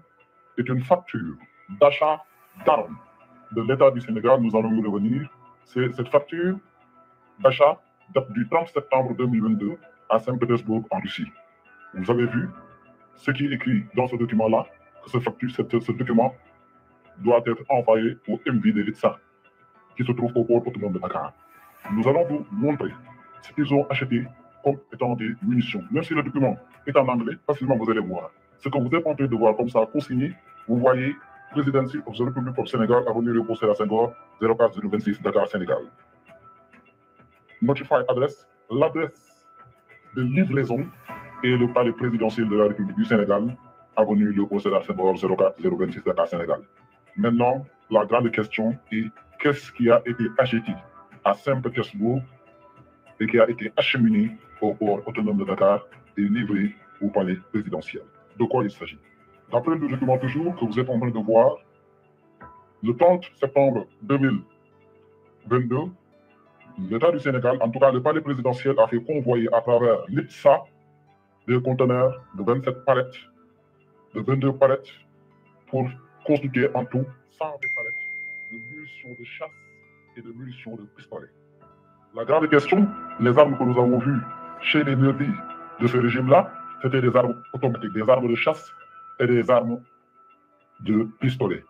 est une facture d'achat d'armes de l'État du Sénégal. Nous allons y revenir cette facture d'achat date du 30 septembre 2022 à Saint-Pétersbourg, en Russie. Vous avez vu ce qui est écrit dans ce document-là, que ce, facture, ce document doit être envoyé au MV de l'ITSA, qui se trouve au port autonome de Dakar. Nous allons vous montrer ce qu'ils ont acheté comme étant des munitions. Même si le document est en anglais, facilement vous allez voir. Ce que vous êtes en de voir comme ça, consigné, vous voyez présidentielle of the Republic of Senegal, Avenue Repos à Senghor, 04026, Dakar, Sénégal. Notify adresse, l'adresse de livraison et le palais présidentiel de la République du Sénégal, Avenue Repos à Senghor, 04026, Dakar, Sénégal. Maintenant, la grande question est qu'est-ce qui a été acheté à Saint-Pétersbourg et qui a été acheminé au port autonome de Dakar et livré au palais présidentiel. De quoi il s'agit D'après le document toujours que vous êtes en train de voir, le 30 septembre 2022, l'État du Sénégal, en tout cas le palais présidentiel, a fait convoyer à travers l'IPSA des conteneurs de 27 palettes, de 22 palettes, pour constituer en tout 100 palettes de munitions de chasse et de munitions de pistolet. La grande question, les armes que nous avons vues chez les meubles de ce régime-là, c'était des armes automatiques, des armes de chasse et des armes de pistolet,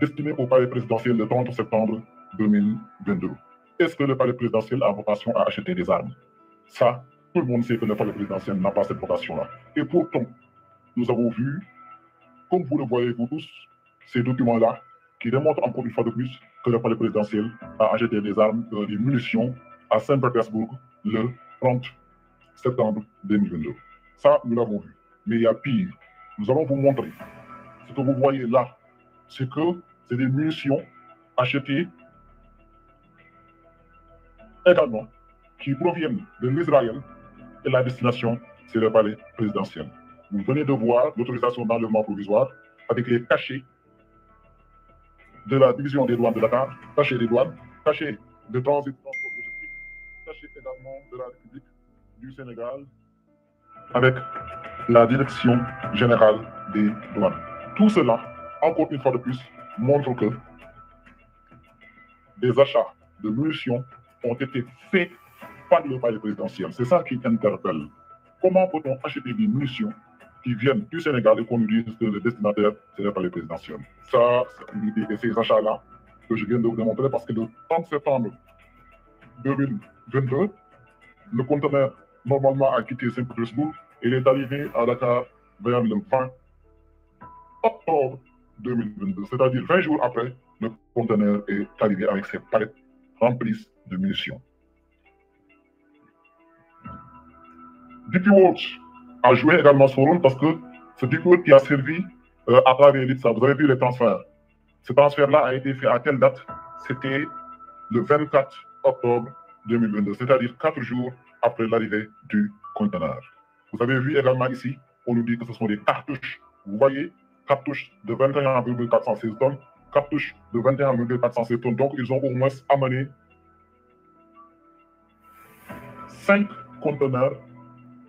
destinées au palais présidentiel le 30 septembre 2022. Est-ce que le palais présidentiel a vocation à acheter des armes Ça, tout le monde sait que le palais présidentiel n'a pas cette vocation-là. Et pourtant, nous avons vu, comme vous le voyez vous tous, ces documents-là qui démontrent encore une fois de plus que le palais présidentiel a acheté des armes, euh, des munitions à Saint-Pétersbourg le 30 septembre 2022. Ça, nous l'avons vu. Mais il y a pire nous allons vous montrer. Ce que vous voyez là, c'est que c'est des munitions achetées également qui proviennent de l'Israël et la destination, c'est le palais présidentiel. Vous venez de voir l'autorisation d'enlèvement provisoire avec les cachets de la division des douanes de la Dakar, cachets des douanes, cachets de transit cachets également de la République du Sénégal avec la Direction générale des douanes. Tout cela, encore une fois de plus, montre que des achats de munitions ont été faits par le palais présidentiel. C'est ça qui interpelle. Comment peut-on acheter des munitions qui viennent du Sénégal et qu'on nous dise que le destinataire, c'est le palais présidentiel Ça, c'est ces achats-là que je viens de vous démontrer, parce que le 30 septembre 2022, le conteneur normalement a quitté Saint-Pétersbourg il est arrivé à Dakar vers le 20 octobre 2022, c'est-à-dire 20 jours après, le conteneur est arrivé avec ses palettes remplies de munitions. DP a joué également son rôle parce que c'est DP qui a servi euh, à travers l'ITSA. Vous avez vu les transferts. Ce transfert-là a été fait à telle date C'était le 24 octobre 2022, c'est-à-dire quatre jours après l'arrivée du conteneur. Vous avez vu également ici, on nous dit que ce sont des cartouches. Vous voyez, cartouches de 21,416 tonnes, cartouches de 21,416 tonnes. Donc, ils ont au moins amené 5 conteneurs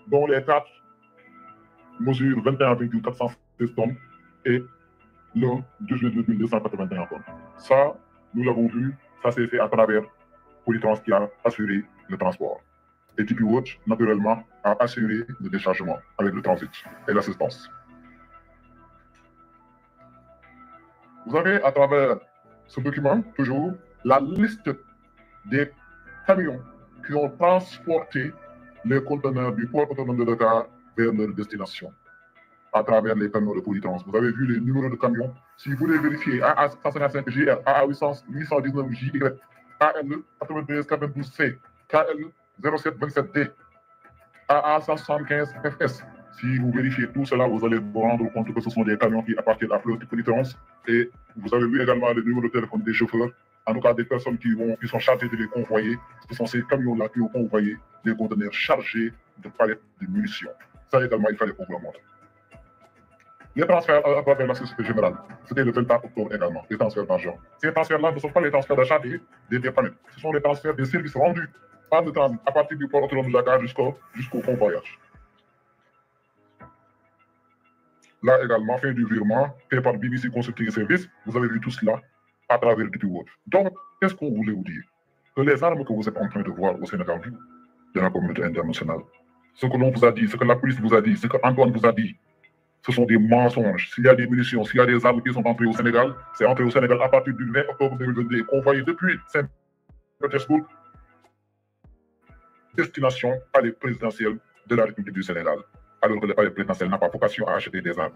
dont les quatre mesurent 21,416 tonnes et l'un 18,281 tonnes. Ça, nous l'avons vu, ça s'est fait à travers Polytrans qui a assuré le transport et du Watch, naturellement, a assuré le déchargement avec le transit et l'assistance. Vous avez à travers ce document, toujours, la liste des camions qui ont transporté les conteneurs du port autonome de Dakar vers leur destination à travers les panneaux de polytrans. Vous avez vu les numéros de camions. Si vous voulez vérifier aa 155 GR, AA819JY, al 92 c KL 0727D AA175 FS. Si vous vérifiez tout cela, vous allez vous rendre compte que ce sont des camions qui appartiennent à la flotte de Pénitence. Et vous avez vu également les numéros de téléphone des chauffeurs, en tout cas des personnes qui, vont, qui sont chargées de les convoyer. Ce sont ces camions-là qui ont convoyé des conteneurs chargés de palettes de munitions. Ça également, il fallait qu'on vous le montre. Les transferts à la Société Générale, c'était le 20 octobre également, les transferts d'argent. Ces transferts-là ne sont pas les transferts d'achat des, des, ce sont les transferts des services rendus à partir du port autonome de Dakar jusqu'au jusqu'au convoyage. voyage. Là également, fin du virement fait par BBC Consulting Service. Vous avez vu tout cela à travers du World. Donc, qu'est-ce qu'on voulait vous dire Que les armes que vous êtes en train de voir au Sénégal, de la communauté internationale, ce que l'on vous a dit, ce que la police vous a dit, ce que Antoine vous a dit, ce sont des mensonges. S'il y a des munitions, s'il y a des armes qui sont entrées au Sénégal, c'est entré au Sénégal à partir du 20 octobre 2022, convoyé depuis Saint-Pétersbourg destination les présidentiel de la République du Sénégal, alors que le palais présidentiel n'a pas vocation à acheter des armes.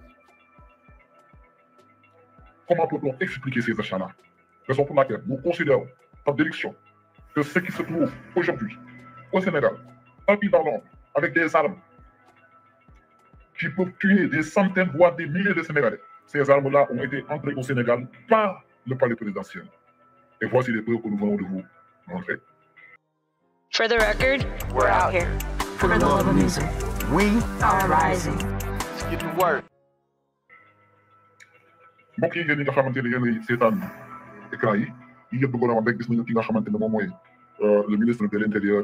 Comment peut-on expliquer ces achats-là Raison pour laquelle nous considérons, par direction que ce qui se trouve aujourd'hui au Sénégal, un pays dans l'ombre, avec des armes qui peuvent tuer des centaines, voire des milliers de Sénégalais, ces armes-là ont été entrées au Sénégal par le palais présidentiel. Et voici les preuves que nous venons de vous montrer. For the record, we're out here. For the love of music, we are rising. Let's get to work. mbokk yi nga xamante ne yéen ay seetaan écran yi yi yëpp bëggoon a wax rek gis nañu ki nga xamante ne moom mooy euh, le ministre de l' intérieur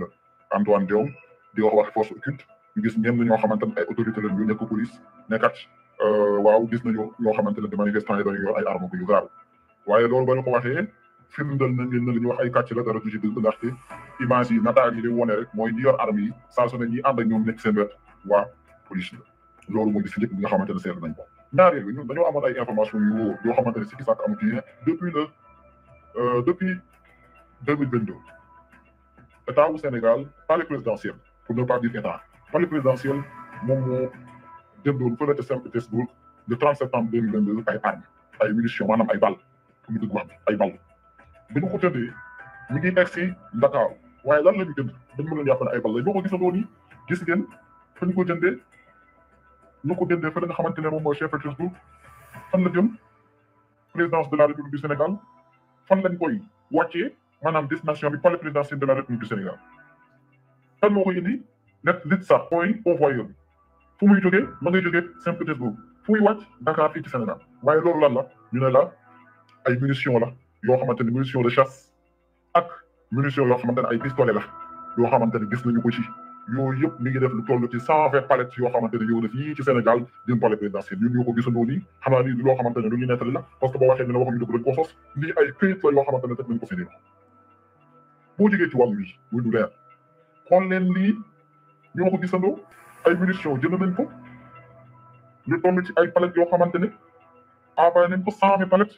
Antoine di wax wax force occulte gis ñenn ñoo xamante ne ay autorité lañu nekk police nekkat euh, waaw gis nañu ñoo xamante ne de manifestant yi dañu yor ay armes yu grave waaye loolu ba ko waxee firndal na na li wax ay kàcc la dara du ci dëgg ndaxte image yi wone rek mooy ñi yor armes yi saa su ne ñi ànd ak ñoom nekk seen wet waa police la loolu mooy li si njëkk bi nga xamante ne seetlu nañ ko ñaareel bi ñun dañoo amoon ay information yu wóor yoo xamante ne si euh, depuis deux mille vingt deux état wu Sénégal palais présidentiel pour ne pas dire état palais présidentiel moom moo dem doon fële ca Saint-Pétersbourg le 30 septembre deux mille vingt deux ay armes bi ñu ko tëddee ñu ngi nekk si Ndakaaru waaye lan la ñu jënd dañ ma leen yàppale ay bal la boo ko gisandoo gis ngeen fa ñu ko jëndee ko jëndee fa la nga xamante ne moom mooy chef bu fan la jëm présidence de la république du Sénégal fan lañ koy wàccee maanaam destination bi palais présidentiel de la république du Sénégal fan moo koy indi net lit sax mooy pourvoyeur bi fu muy jógee ma ngay jógee Saint Pétersbourg fu muy wàcc Dakar fii ci Sénégal waaye loolu lan la ñu ne la ay munitions la yoo xamante ni munition de chasse ak munition yoo xamante ne ay pistolet la yoo xamante ni gis nañu ko ci yooyu yëpp mi ngi def lu toll ci cent vingt yoo xamante ne yow na fii ci Sénégal di palais présidentiel ñun ñoo ko gisandoo nii xam naa nii ko sos lii ay këyit la yoo ko seen yoon boo jegee ci wàllu yi muy lu leer leen lii ñoo ko gisandoo ay munition jënd nañ ko lu toll ci ay palettes yoo xamante ne a nañ ko cent vingt palettes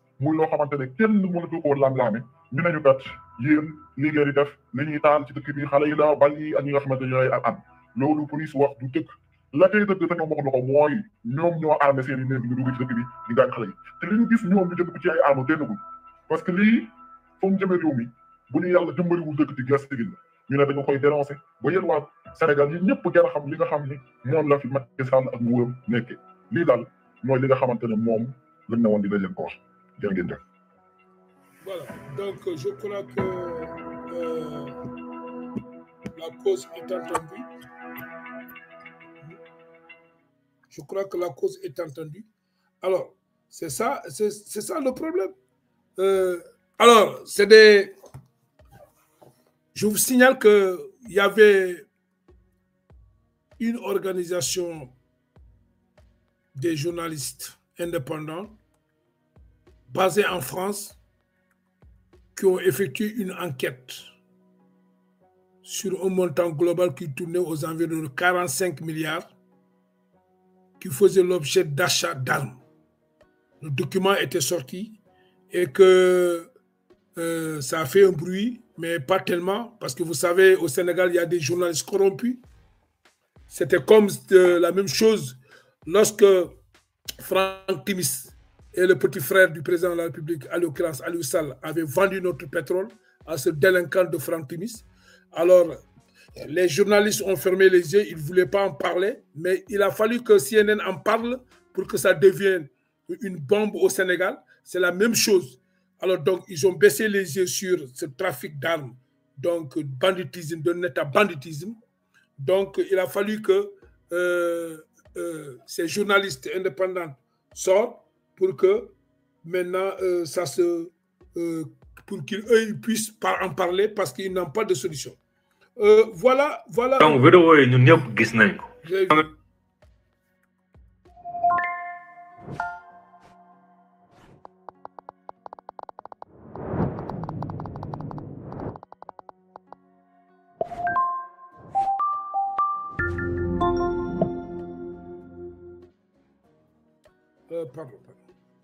muy loo xamante ne kenn mënatu koo laam-laame ñu nañu kat yéen lii ci dëkk bi xale yi la bal yi ak ñi nga xamante ne ñooy loolu police wax du dëkk la koy dëgg te ñoom waxoon na ko mooy ñoom ñoo armé seen i néeg ñu dugg ci dëkk bi ñu gaañ xale yi te li ñu gis ñoom ñu jëm ko ci ay arme génnagul parce que lii fa mu jëmee réew mi bu ñu yàlla dimbaliwul dëkk ci guerre civile ba yéen ñëpp gën li nga xam ni moom la fi Macky Sall daal li nga xamante ne ne woon dina leen Voilà, donc je crois que euh, la cause est entendue. Je crois que la cause est entendue. Alors, c'est ça, c'est ça le problème. Euh, alors, c'est des. Je vous signale que il y avait une organisation des journalistes indépendants basés en France qui ont effectué une enquête sur un montant global qui tournait aux environs de 45 milliards qui faisait l'objet d'achats d'armes. Le document était sorti et que euh, ça a fait un bruit, mais pas tellement, parce que vous savez, au Sénégal, il y a des journalistes corrompus. C'était comme euh, la même chose lorsque Franck Timis et le petit frère du président de la République, à l'occurrence Aliou avait vendu notre pétrole à ce délinquant de Franck Timis. Alors, les journalistes ont fermé les yeux, ils ne voulaient pas en parler, mais il a fallu que CNN en parle pour que ça devienne une bombe au Sénégal. C'est la même chose. Alors, donc, ils ont baissé les yeux sur ce trafic d'armes, donc banditisme, d'un à banditisme. Donc, il a fallu que euh, euh, ces journalistes indépendants sortent pour que maintenant euh, ça se euh, pour qu'ils puissent en parler parce qu'ils n'ont pas de solution. Euh, voilà, voilà.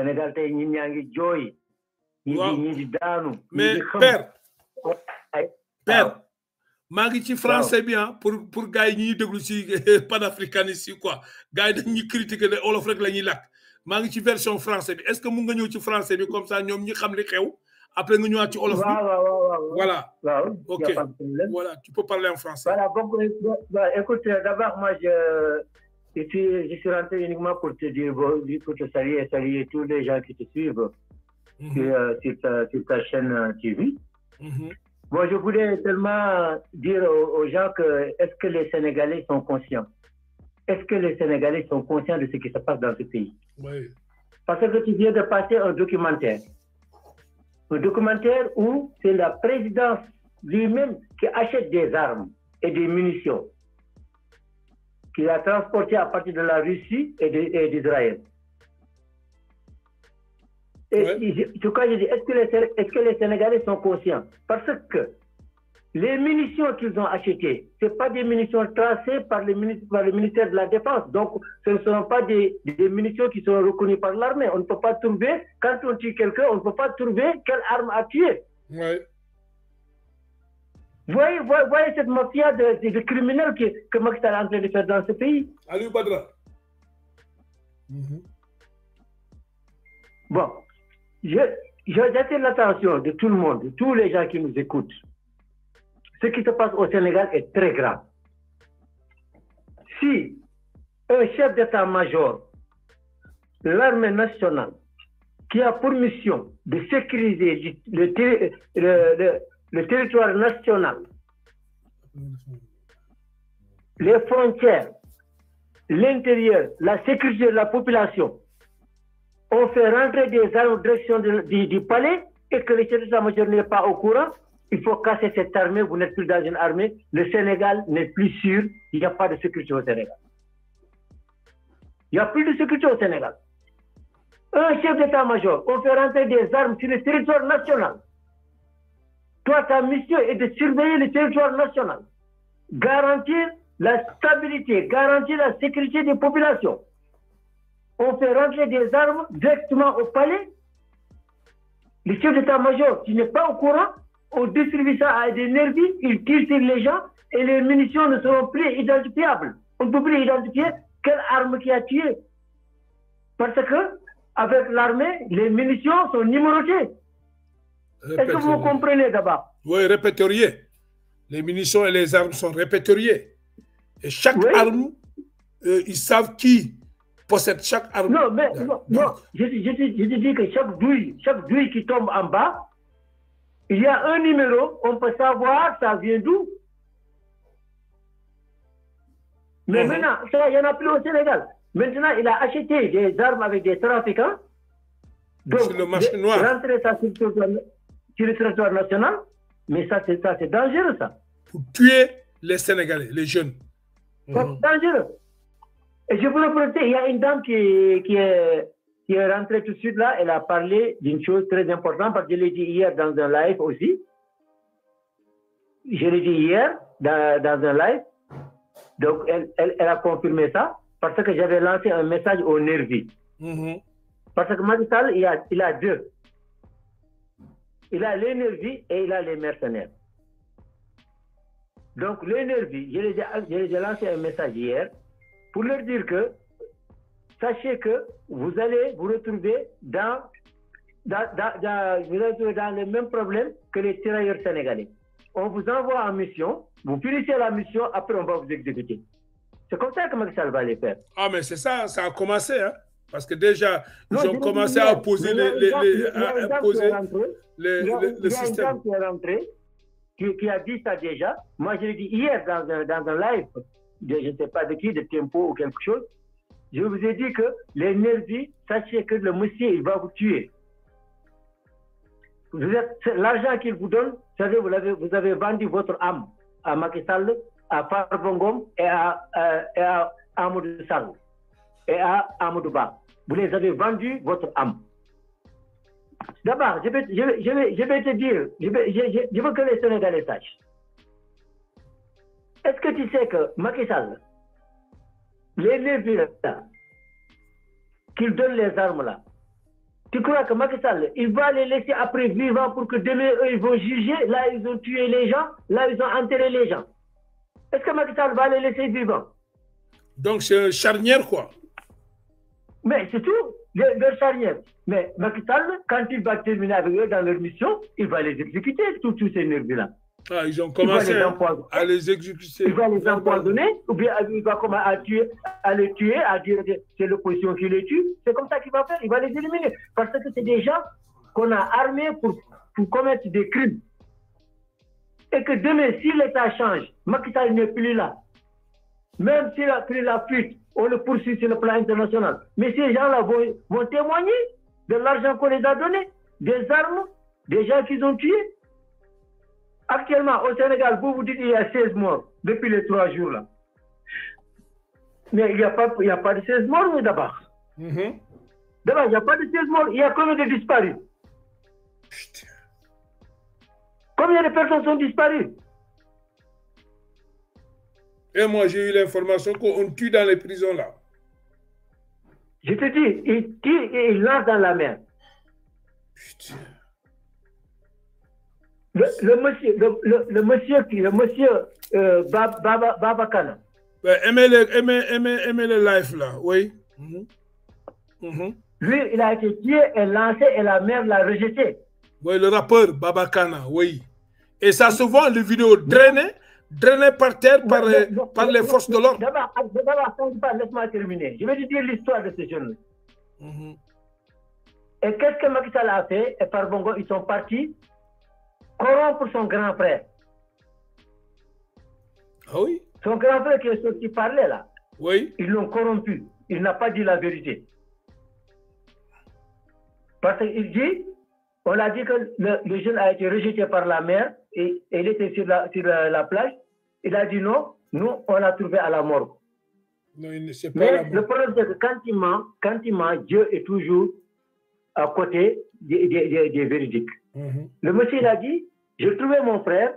Sénégal tay ñin ñangi joy ñi ñi di daanu. mais père oh, père. ma ngi ci français bien ah, pour pour gars yi ñuy déglu si euh, panafricaniste yi quoi gars yi ñi critiquer né olof rek lañuy lak ma ngi ci version français bi est-ce que mu nga ñëw ci français bi comme ça ñom ñi xam li xew après nga ñëwaat ci olof bi. voilà. ok voilà tu peux parler en français. voilà donc écoute d'abord moi je je suis rentré uniquement pour te dire, pour saluer et saluer tous les gens qui te suivent mhm. euh, sur, ta, chaîne euh, TV. Moi, mhm. je voulais seulement euh, dire aux, gens que est-ce que les Sénégalais sont conscients Est-ce que les Sénégalais sont conscients de ce qui se passe dans ce pays Parce que tu viens de passer un documentaire. Un documentaire où c'est la présidence lui-même qui achète des armes et des munitions qu'il a transporté à partir de la Russie et d'Israël. Et, est-ce que, les, Sénégalais sont conscients Parce que les munitions qu'ils ont achetées, ce pas des munitions tracées par, les, par le ministère de la Défense. Donc, ce ne sont pas des, munitions qui sont reconnues par l'armée. On ne peut pas trouver, quand on tue quelqu'un, on ne peut pas trouver quelle arme a tué. Ouais. Voyez, voyez, cette mafia de, criminels que, que est en train de faire dans ce pays. Allez, Badra. Mhm. Bon, je, j'attire l'attention de tout le monde, de tous les gens qui nous écoutent. Ce qui se passe au Sénégal est très grave. Si un chef d'état-major, l'armée nationale, qui a pour mission de sécuriser le, le, le territoire national, les frontières, l'intérieur, la sécurité de la population, on fait rentrer des armes en direction du, palais et que le chef de la n'est pas au courant, il faut casser cette armée, vous n'êtes plus dans une armée, le Sénégal n'est plus sûr, il n'y a pas de sécurité au Sénégal. Il n'y a plus de sécurité au Sénégal. Un chef d'état-major, on fait rentrer des armes sur le territoire national. Toi, mission est de surveiller le territoire national, garantir la stabilité, garantir la sécurité des populations. On fait rentrer des armes directement au palais. Le chef d'état-major, qui n'est pas au courant, on distribue ça à des nervis, ils tirent les gens et les munitions ne seront plus identifiables. On ne peut plus identifier quelle arme qui a tué. Parce que, avec l'armée, les munitions sont numérotées. Est-ce que vous comprenez d'abord Oui, répéteriez. Les munitions et les armes sont répéteries. Et chaque arme, euh, ils savent qui possède chaque arme. Non, mais ah, Je, dis que chaque douille, chaque douille qui tombe en bas, il y a un numéro, on peut savoir ça vient d'où. Mais maintenant, il n'y en a plus au Sénégal. Maintenant, il a acheté des armes avec des trafiquants. Donc, le marché noir. Rentrer sa sur le territoire national. Mais ça, c'est ça, c'est dangereux, ça. Pour tuer les Sénégalais, les jeunes. C'est mhm. dangereux. Et je vous promets il y a une dame qui, qui, est, qui est rentrée tout de suite là, elle a parlé d'une chose très importante, parce que je l'ai dit hier dans un live aussi. Je l'ai dit hier dans, un live. Donc, elle, elle, a confirmé ça, parce que j'avais lancé un message au nervi. Mhm. Parce que il, il a deux. Il a l'énergie et il a les mercenaires. Donc l'énergie, je lancé un message hier pour leur dire que sachez que vous allez vous retrouver dans, dans, dans, dans, les mêmes problèmes que les tirailleurs sénégalais. On vous envoie en mission, vous finissez la mission, après on va vous exécuter. C'est comme ça que Macky va les faire. Ah, mais c'est ça, ça a commencé. Hein? Parce que déjà, nous ils ont commencé à poser les, le système. Il y qui est rentré, qui, a dit ça déjà. Moi, je l'ai dit hier dans un, live, de, je ne sais pas de qui, de Tempo ou quelque chose. Je vous ai dit que les sachez que le monsieur, il va vous tuer. L'argent qu'il vous donne, vous, savez, vous, avez, vous avez vendu votre âme à Macky à Farbongom et à, euh, à, à et à Amadouba. Vous les avez vendus votre âme. D'abord, je, vais, te dire, je, veux que les Sénégalais sachent. Est-ce que tu sais que Macky Sall, les vivants, là, qu'il donne les armes là, tu crois que Macky Sall, il va les laisser après vivants pour que demain, ils vont juger. Là, ils ont tué les gens. Là, ils ont enterré les gens. Est-ce que Macky Sall va les laisser vivants Donc, c'est charnière, quoi. Mais c'est tout, leur le Mais Macky quand il va terminer avec eux dans leur mission, il va les exécuter, tous ces nerfs-là. Ah, ils ont commencé à les exécuter. Il va les empoisonner, ou bien euh, il va commencer à, tuer, à les tuer, à dire que c'est l'opposition qui les tue. C'est comme ça qu'il va faire, il va les éliminer. Parce que c'est des gens qu'on a armés pour, commettre des crimes. Et que demain, si l'État change, Macky n'est plus là. Même s'il a pris la fuite, on le poursuit sur le plan international. Mais ces gens-là vont, témoigner de l'argent qu'on les a donné, des armes, des gens qu'ils ont tués. Actuellement, au Sénégal, vous vous dites qu'il y a 16 morts depuis les trois jours-là. Mais il n'y a, pas, a de 16 morts, mais d'abord. D'abord, il n'y a pas de 16 mhm. morts. Il y a combien de disparus Combien de personnes sont disparues et moi, j'ai eu l'information qu'on tue dans les prisons là. Je te dis, il tue et il lance dans la mer. Putain. Le, monsieur, le, monsieur qui, le monsieur euh, Babacana. Baba ben, Bah, aimez, le, aimez, life là, oui. Mm Lui, il a été tué et lancé et la mer l'a rejeté. Oui, le rappeur Babacana, oui. Et ça se voit, les vidéos drainées drainé par terre par, par les forces de l'ordre. D'abord, ah, laisse-moi terminer. Je vais te dire l'histoire de ces jeunes mhm. Et qu'est-ce que Macky a fait Et par Bongo, ils sont partis corrompre son grand frère. Ah oui Son grand frère qui est sorti parler là. Oui. Ils l'ont corrompu. Il n'a pas dit la vérité. Parce qu'il dit, on a dit que le, jeune a été rejeté par la mer et, il était sur la, sur la plage. Il a dit non, nous, on l'a trouvé à la mort. le problème, c'est que quand il, ment, Dieu est toujours à côté des, véridiques. Mhm. Le monsieur, il a dit, j'ai trouvé mon frère.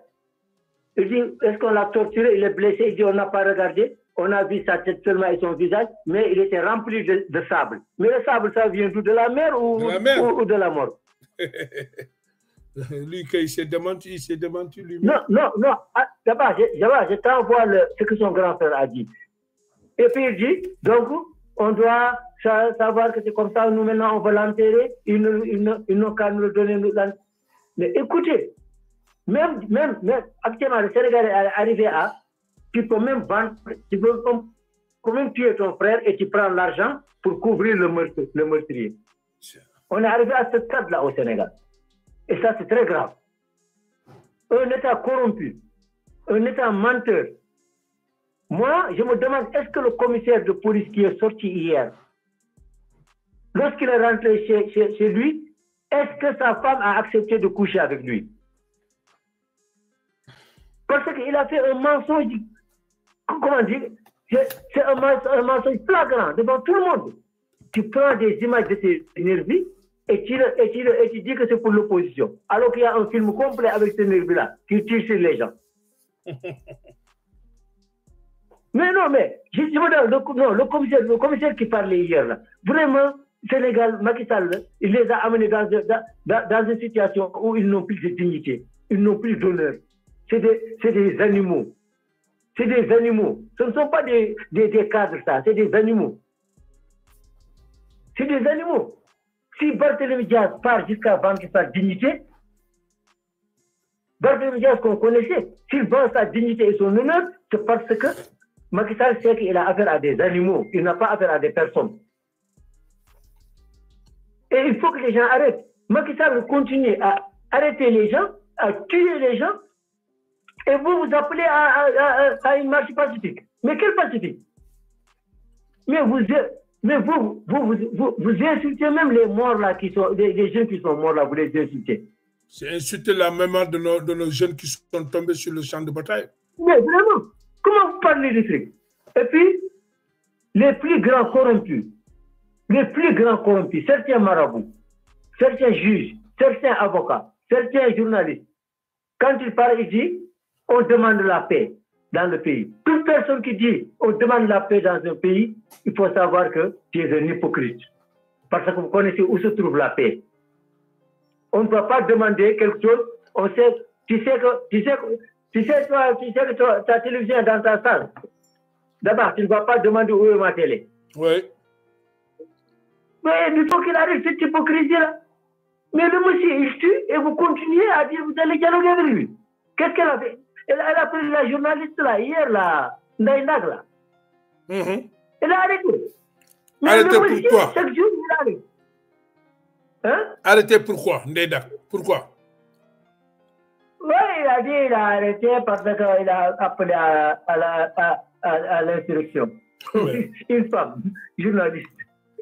Il dit, est-ce qu'on l'a torturé Il est blessé. Il dit, on n'a pas regardé. On a vu sa tête seulement et son visage, mais il était rempli de, sable. Mais le sable, ça vient d'où De la mer ou de la mort lui, il s'est démenti, il s'est démenti lui-même. Non, non, non. Ah, D'abord, je, t'envoie ce que son grand frère a dit. Et puis il dit, donc, on doit savoir que c'est comme ça, nous maintenant, on va l'enterrer, ils n'ont qu'à nous le donner. mais écoutez, même, même, même, actuellement, le Sénégal est arrivé à, tu peux même tu peux, même tuer ton frère et tu prends l'argent pour couvrir le, meurtrier. On est arrivé à ce stade-là au Sénégal. Et ça, c'est très grave. Un État corrompu, un État menteur. Moi, je me demande, est-ce que le commissaire de police qui est sorti hier, lorsqu'il est rentré chez, lui, est-ce que sa femme a accepté de coucher avec lui Parce qu'il a fait un mensonge, comment dire, c'est un, mensonge flagrant devant tout le monde. Tu prends des images de ses énergies, et tu, et, dis que c'est pour l'opposition. Alors qu'il y a un film complet avec ces nerf-là qui tire sur les gens. mais non, mais, je, le, le, commissaire, le commissaire qui parlait hier, là, vraiment, Sénégal, Macky il les a amenés dans, dans, dans une situation où ils n'ont plus de dignité, ils n'ont plus d'honneur. C'est des, des, animaux. C'est des animaux. Ce ne sont pas des, des, des cadres, ça, c'est des animaux. C'est des animaux. Si Barthélémy Diaz part jusqu'à vendre sa dignité, Barthélémy Diaz qu'on connaissait, s'il vend sa dignité et son honneur, c'est parce que Macky sait qu'il a affaire à des animaux, il n'a pas affaire à des personnes. Et il faut que les gens arrêtent. Macky Sall continue à arrêter les gens, à tuer les gens, et vous vous appelez à, une marche pacifique. Mais quelle pacifique Mais vous mais vous, vous, vous, insultez même les morts là qui sont, les, jeunes qui sont morts là, vous les insultez. C'est insulter la mémoire de nos, de nos jeunes qui sont tombés sur le champ de bataille. Mais vraiment, comment vous parlez de truc Et puis, les plus grands corrompus, les plus grands corrompus, certains marabouts, certains juges, certains avocats, certains journalistes, quand ils parlent ici, on demande la paix dans le pays. Toute personne qui dit on demande la paix dans un pays, il faut savoir que tu es un hypocrite. Parce que vous connaissez où se trouve la paix. On ne peut pas demander quelque chose. On sait, tu sais que, tu sais que, tu sais, toi, tu ta télévision est dans ta salle. D'abord, tu ne vas pas demander où est ma télé. Oui. Mais il faut qu'il arrive cette hypocrisie-là. Mais le monsieur, il tue et vous continuez à dire vous allez dialoguer avec lui. Qu'est-ce qu'elle a fait elle, a pris la journaliste là, hier là, Ndaïnag là. Mhm. Elle a arrêté. pourquoi Chaque jour, Arrêté hein? pourquoi, Ndaïnag Pourquoi Oui, il a dit qu'il a arrêté parce qu'il a appelé à, l'insurrection. Une femme, journaliste.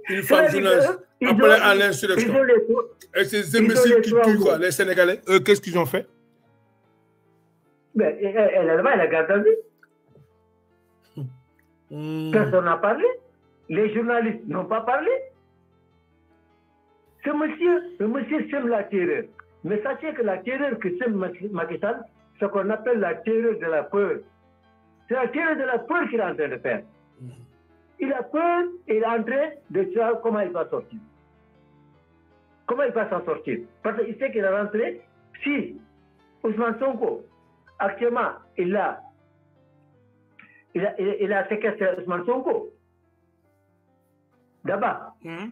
Une femme journaliste. Hein? appelé à l'insurrection. Et ces imbéciles qui tuent quoi Les Sénégalais, qu'est-ce qu'ils ont fait elle elle, là-bas, elle gardé la vie. Hmm. Personne n'a parlé. Les journalistes n'ont pas parlé. Ce monsieur, le monsieur sème la terreur. Mais sachez que la terreur que sème Macky ce qu'on appelle la terreur de la peur. C'est la terreur de la peur qu'il est en train de faire. Hmm. Il a peur et il est en train de savoir comment il va sortir. Comment il va s'en sortir Parce qu'il sait qu'il est rentré. Si Ousmane Sonko actuellement, il a, il a, séquestré Ousmane Sonko. D'abord. Hein?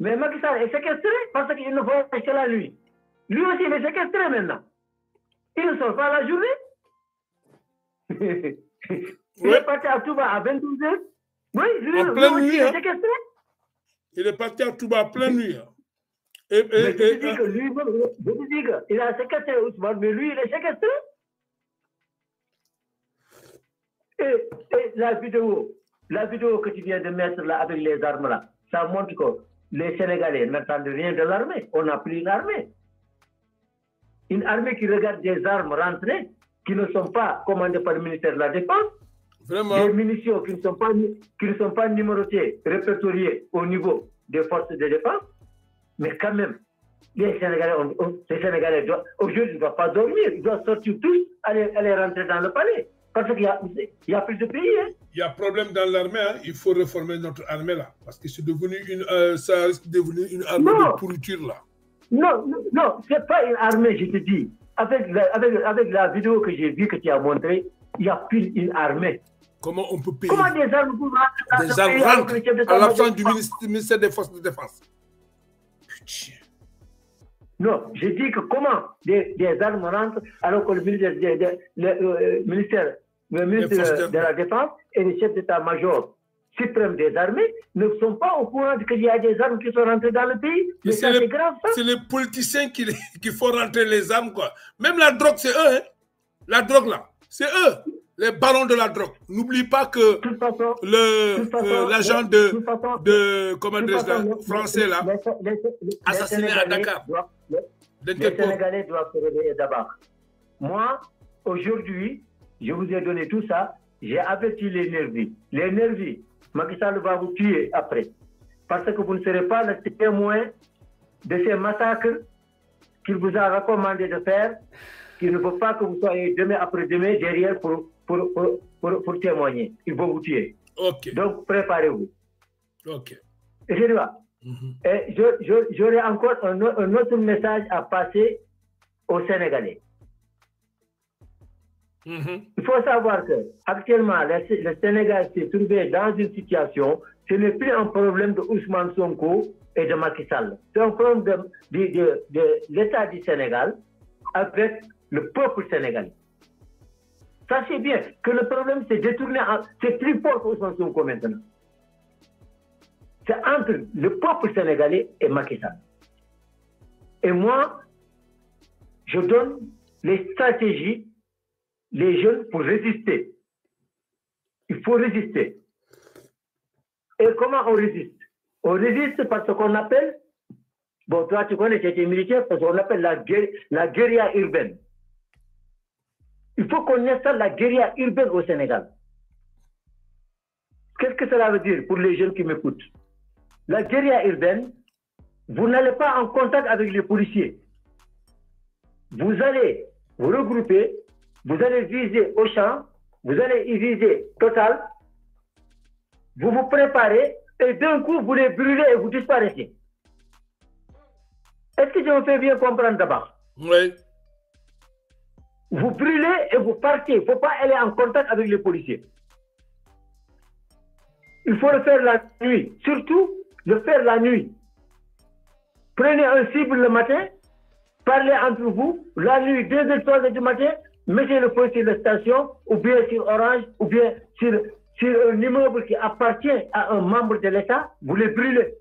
Mais Macky est séquestré parce qu'il ne voit pas cela lui. Lui aussi, il est séquestré maintenant. Il ne sort pas la journée. il est parti à Touba à 22h. Oui, lui, en il est hein. séquestré. Il est parti à Touba à pleine nuit. Hein. je vous dis que lui a séquestré Ousmane, mais lui, il est séquestré. Et, eh, eh, la vidéo, la vidéo que tu viens de mettre là avec les armes là, ça montre que les Sénégalais n'attendent rien de l'armée. On n'a plus une armée. Une armée qui regarde des armes rentrées qui ne sont pas commandées par le ministère de la Défense. Vraiment. Des munitions qui ne sont pas, qui ne sont pas numérotées, répertoriées au niveau des forces de défense. Mais quand même, les Sénégalais, aujourd'hui, ne doivent pas dormir. Ils doivent sortir tous, aller rentrer dans le palais. Parce qu'il y, a plus de pays. Hein. Il y a problème dans l'armée. Hein. Il faut réformer notre armée là. Parce que c'est devenu une, euh, ça risque de devenir une armée de pourriture là. Non, non, non c'est pas une armée, je te dis. Avec la, avec, avec la vidéo que j'ai vue, que tu as montrée, il n'y a plus une armée. Comment on peut payer Comment des armes vous Des armes à l'absence du ministère des Forces de Défense. Putain. Non, je dis que comment des, armes rentrent alors que le ministère, de, de la Défense et le chef d'état-major suprême des armées ne sont pas au courant qu'il y a des armes qui sont rentrées dans le pays. c'est C'est les politiciens qui, font rentrer les armes, quoi. Même la drogue, c'est eux, hein. La drogue, là, c'est eux, les ballons de la drogue. N'oublie pas que le l'agent de, de, de, français, là, assassiné à Dakar. Les Sénégalais doivent se réveiller d'abord. Moi, aujourd'hui, je vous ai donné tout ça. J'ai averti les L'énergie. Les nervis, Macky va vous tuer après. Parce que vous ne serez pas le témoin de ces massacres qu'il vous a recommandé de faire, Il ne faut pas que vous soyez demain après-demain derrière pour, pour, pour, pour, témoigner. Il va vous tuer. Donc, préparez-vous. OK. Et là. Et j'aurais encore un, autre message à passer aux Sénégalais. Mm-hmm. Il faut savoir que actuellement, le, Sénégal s'est trouvé dans une situation, ce n'est plus un problème de Ousmane Sonko et de Macky Sall. C'est un problème de, l'État du Sénégal avec le peuple sénégalais. Sachez bien que le problème s'est détourné, c'est plus fort qu'Ousmane Sonko maintenant c'est entre le peuple sénégalais et Macky Sall. Et moi, je donne les stratégies, les jeunes pour résister. Il faut résister. Et comment on résiste On résiste parce qu'on appelle, bon, toi tu connais, es militaire, parce qu'on appelle la, guerre, la guérilla urbaine. Il faut qu'on installe la guérilla urbaine au Sénégal. Qu'est-ce que cela veut dire pour les jeunes qui m'écoutent la guérilla urbaine, vous n'allez pas en contact avec les policiers. Vous allez vous regrouper, vous allez viser au champ, vous allez y viser Total, vous vous préparez et d'un coup vous les brûlez et vous disparaissez. Est-ce que je vous fais bien comprendre d'abord Oui. Vous brûlez et vous partez. Il ne faut pas aller en contact avec les policiers. Il faut le faire la nuit. Surtout de faire la nuit. Prenez un cible le matin, parlez entre vous, la nuit, deux h 3 heures du matin, mettez le feu sur la station, ou bien sur Orange, ou bien sur, un immeuble qui appartient à un membre de l'État, vous les brûlez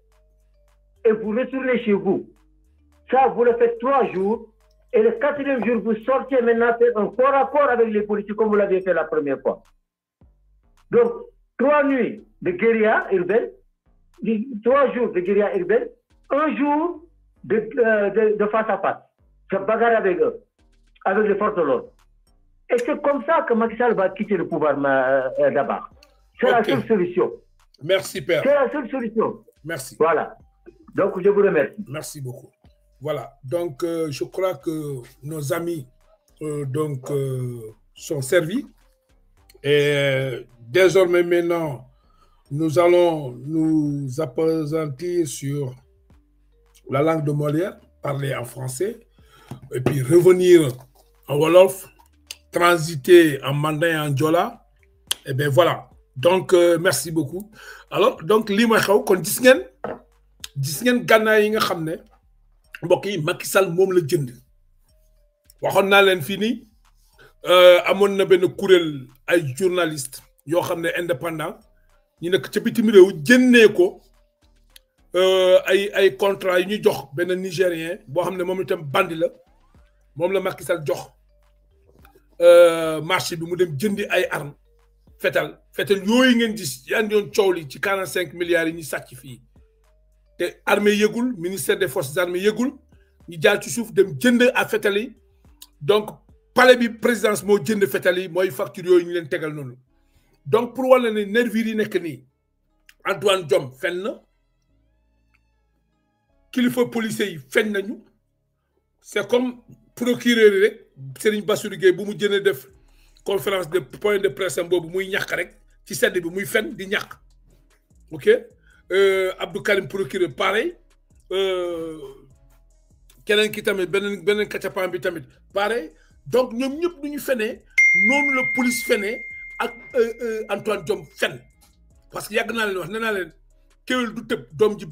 et vous retournez chez vous. Ça, vous le faites trois jours, et le quatrième jour, vous sortez maintenant faire un corps à avec les politiques comme vous l'aviez fait la première fois. Donc, trois nuits de guérilla urbaine, trois jours de guérilla urbaine, un jour de, euh, de, de, face à face. Je bagarre avec eux, avec les forces de l'ordre. Et c'est comme ça que Macky va quitter le pouvoir euh, euh, d'abord. C'est la seule solution. Merci, Père. C'est la seule solution. Merci. Voilà. Donc, je vous remercie. Merci beaucoup. Voilà. Donc, je crois que nos amis donc, sont servis. Et désormais, maintenant, nous allons nous présenter sur la langue de Molière, parler en français, et puis revenir en Wolof, transiter en Mandin et en Jola. Et eh bien voilà. Donc, euh, merci beaucoup. Alors, donc, li ma kon gis gis vous savez, yi nga Macky Sall la jënd euh, journaliste ñu nekk ca bitim réew jëndee ko euh, ay ay contrat yu ñu jox benn nigérien boo xam ne moom itam bandi la moom la Macky jox euh, marché bi mu dem jëndi ay arme fetal fetal yooyu ngeen gis yan yoon ci 45 milliards yi ñu sàcc fii te armée yëgul ministère des forces armées yëgul ñu jaar ci suuf dem jënd à fetal yi donc palais bi présidence moo jënd fetal yi mooy facture yooyu ñu leen tegal noonu donc pour wala ne nek ni Antoine Diome fen kilifa policiers yi c'est comme procureur Serigne Bassirou Gueye bu jëne def conférence de point de presse bobu muy rek ci sedd bi muy di ok euh, Abdou Karim procureur pareil euh, keneen ki tamit benen benen pareil donc nous, nous nous la police euh, euh, Antoine Diom fen parce que yàgg naa leen wax nee naa leen du ji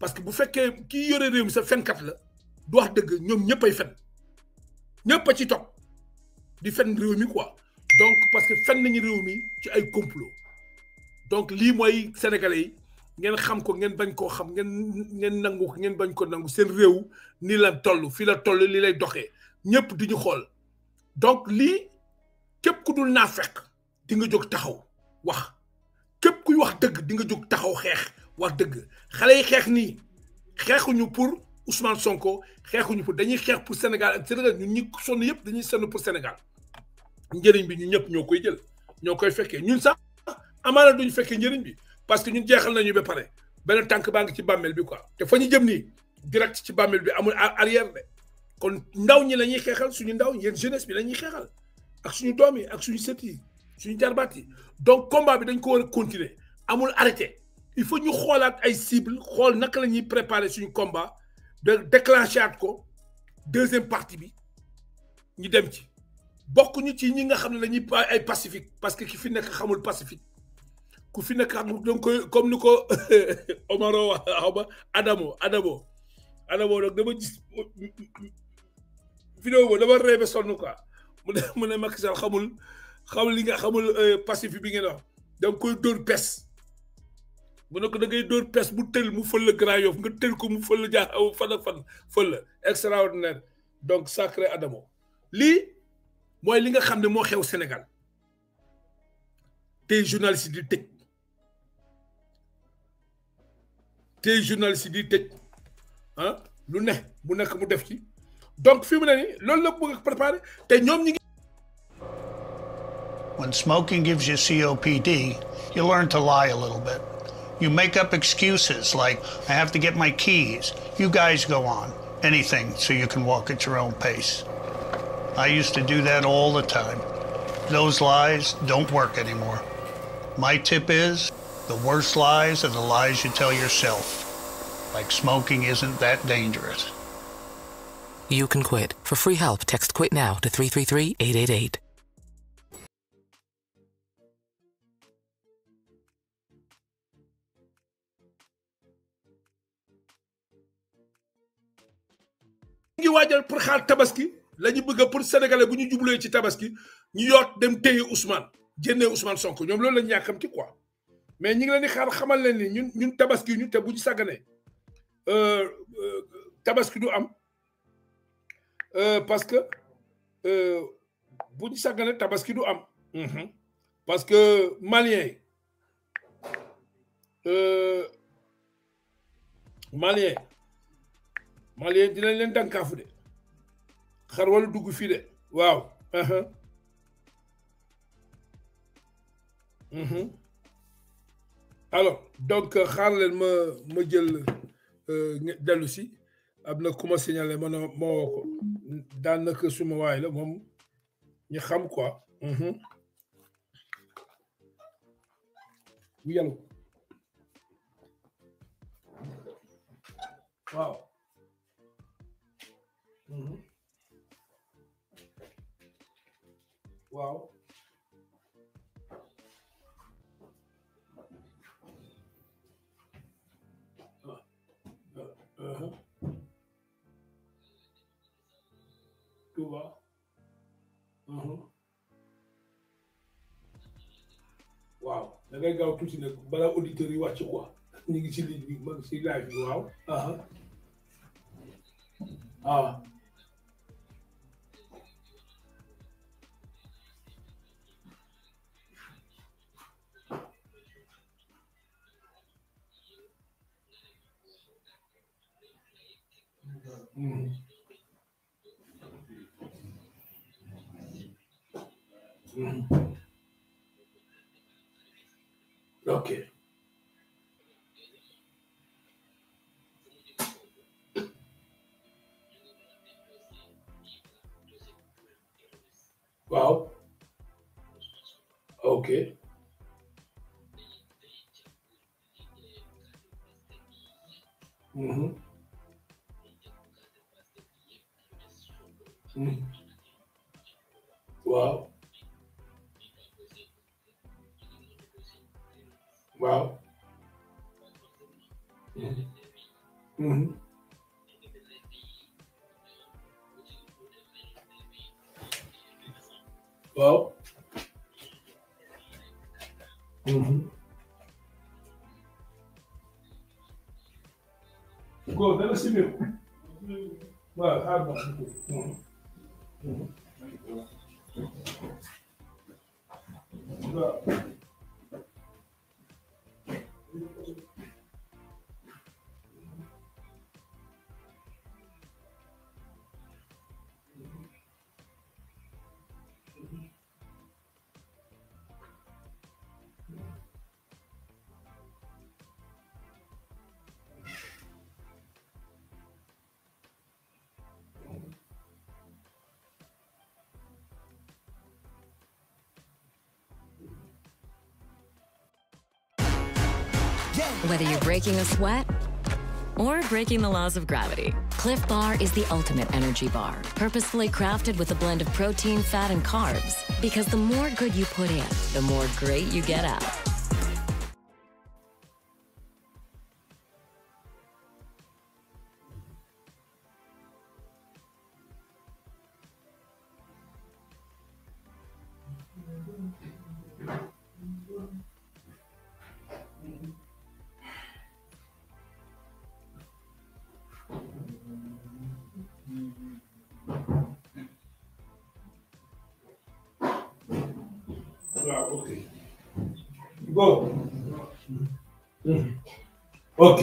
parce que bu fekkee kii yore réew mi sa fenkat la du wax dëgg ci top, di quoi donc parce que fen nañu réew ci ay complot donc sénégalais xam ko bañ xam bañ ko la donc di nga jóg taxaw wax képp kuy wax dëgg di nga jóg taxaw xeex wax dëgg xale yi xeex nii xeexuñu pour Ousmane Sonko xeexuñu pour dañuy xeex pour Sénégal ak Sénégal ñun ñi sonn yëpp dañuy sonn pour Sénégal njëriñ bi ñun ñëpp ñoo koy jël ñoo koy fekkee ñun sax amaana duñu fekkee njëriñ bi parce que ñun jeexal nañu ba pare benn tànk baa ngi ci bàmmeel bi quoi te fa ñu jëm nii direct ci bàmmeel bi amul arrière de kon ndaw ñi la ñuy xeexal suñu ndaw yéen jeunesse bi la ñuy xeexal ak suñu doom yi ak suñu sët yi suñu jarbaat donc combat bi dañ ko war a continuer amul arrêté il faut ñu xoolaat ay cible xool naka la ñuy préparer suñu combat de déclenché ko deuxième partie bi ñu dem ci bokk ñu ci ñi nga xam ne ay pacifique parce que ki fi nekk xamul pacifique ku fi nekk xamul donc euh, comme ni ko Omaro xaw ma Adamo Adamo Adamo donc dama gis euh, euh, vidéo boobu dama reebe sonn quoi mu ne mu ne Macky xamul xam li nga xamul euh, pacifique bi ngeen wax da nga koy dóor pes mu ne ko da ngay dóor pes mu tël mu fël la Grand Yoff nga tël ko mu fël la jaax aw fan ak fan fël la extraordinaire donc sacré Adamo lii mooy li nga xam ne moo xew senegal te journaliste di tëj te journaliste di tëj ah lu ne mu nekk mu def ci donc fi mu ne nii loolu la bëgg a te ñoom ñi When smoking gives you COPD, you learn to lie a little bit. You make up excuses like, I have to get my keys. You guys go on. Anything so you can walk at your own pace. I used to do that all the time. Those lies don't work anymore. My tip is the worst lies are the lies you tell yourself. Like smoking isn't that dangerous. You can quit. For free help, text quit now to 333 888. ngi waajal pour xaar tabaski la ñu bëgg pour sénégalais bu ñu jublee ci tabaski ñu yoot dem téye Ousmane jénnee Ousmane Sonko ñoom loolu la ñu yàkkamti koi mais ñi ngi leen ni xaar xamal leen ni ñun ñun tabaski ñu te bu ñu sàgganee euh, euh, tabaski du am euh, parce que bu ñu sàgganee tabaski du am mhm. parce que malien malien malien dinañ leen dànkaafu de xar wala dugg fii de waaw uh-huh. mm-hmm. alors donc euh, xaar leen ma ma jël euh, dellu si am na ku ma ma ne ma woo ko daanaka la moom ñu xam quoi mm-hmm. yàlla waaw Mm-hmm. Okay. Well, uh, uh, uh-huh. Tu vas? Mm-hmm. waaw da ngay gaaw tuuti nag balaa auditeurs yi wàcc quoi ñu ngi ci ligne bi mag si live bi waaw. ah. Hum. Hum. Ok. Wow. Okay. Mm-hmm. Hum. Uau. Uau. Uhum. Uhum. Uau. Uhum. Governo civil. Uau, Thank you. Whether you're breaking a sweat or breaking the laws of gravity, Cliff Bar is the ultimate energy bar, purposefully crafted with a blend of protein, fat, and carbs. Because the more good you put in, the more great you get out. Ok.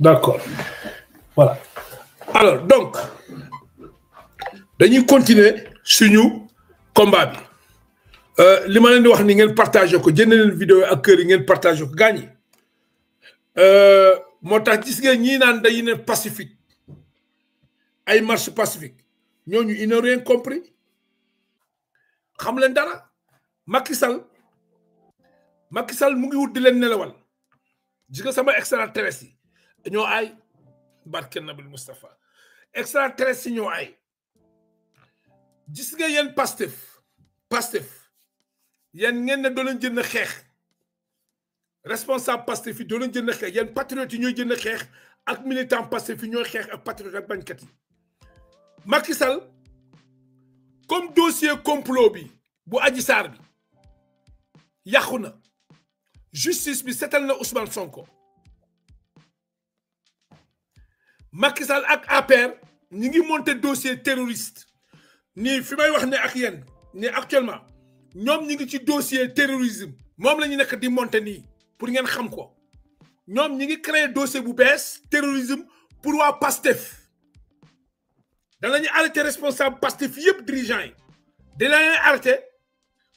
D'accord. Voilà. Alors, donc, dañuy continuer suñu combat bi euh, li ma leen di wax ni ngeen partagé ko jënd vidéo ak kër yi ngeen partagé ko gaañi euh, moo tax gis ngeen ñii naan dañuy ne pacifique ay marche pacifique nous ils rien compris xam leen dara Macky Sall Macky Sall mu ngi wut di leen nelawal gis nga sama extraterrestre yi ñoo ay barke nabil Moustapha extraterrestre yi ñoo ay gis nga yéen Pastef Pastef yéen ngeen ne doo leen jënd xeex responsable Pastef yi doo leen jënd xeex yéen patriotes yi jën jënd xeex ak militant Pastef yi ñooy xeex ak patriote ak bañkat yi Macky Sall comme dossier complot bi bu Adji Sarr bi yàqu na justice bi setal na Ousmane Sonko Macky Sall ak APR ñi ngi monter dossier terroriste ni fi may wax ne ak ni actuellement ñom ñi ngi ci dossier terrorisme mom lañu nek di monter ni pour ngeen xam ko ñom ñi ngi créer dossier bu bees terrorisme pour wa PASTEF lañu arrêter responsable PASTEF yépp dirigeant yi lañu arrêter.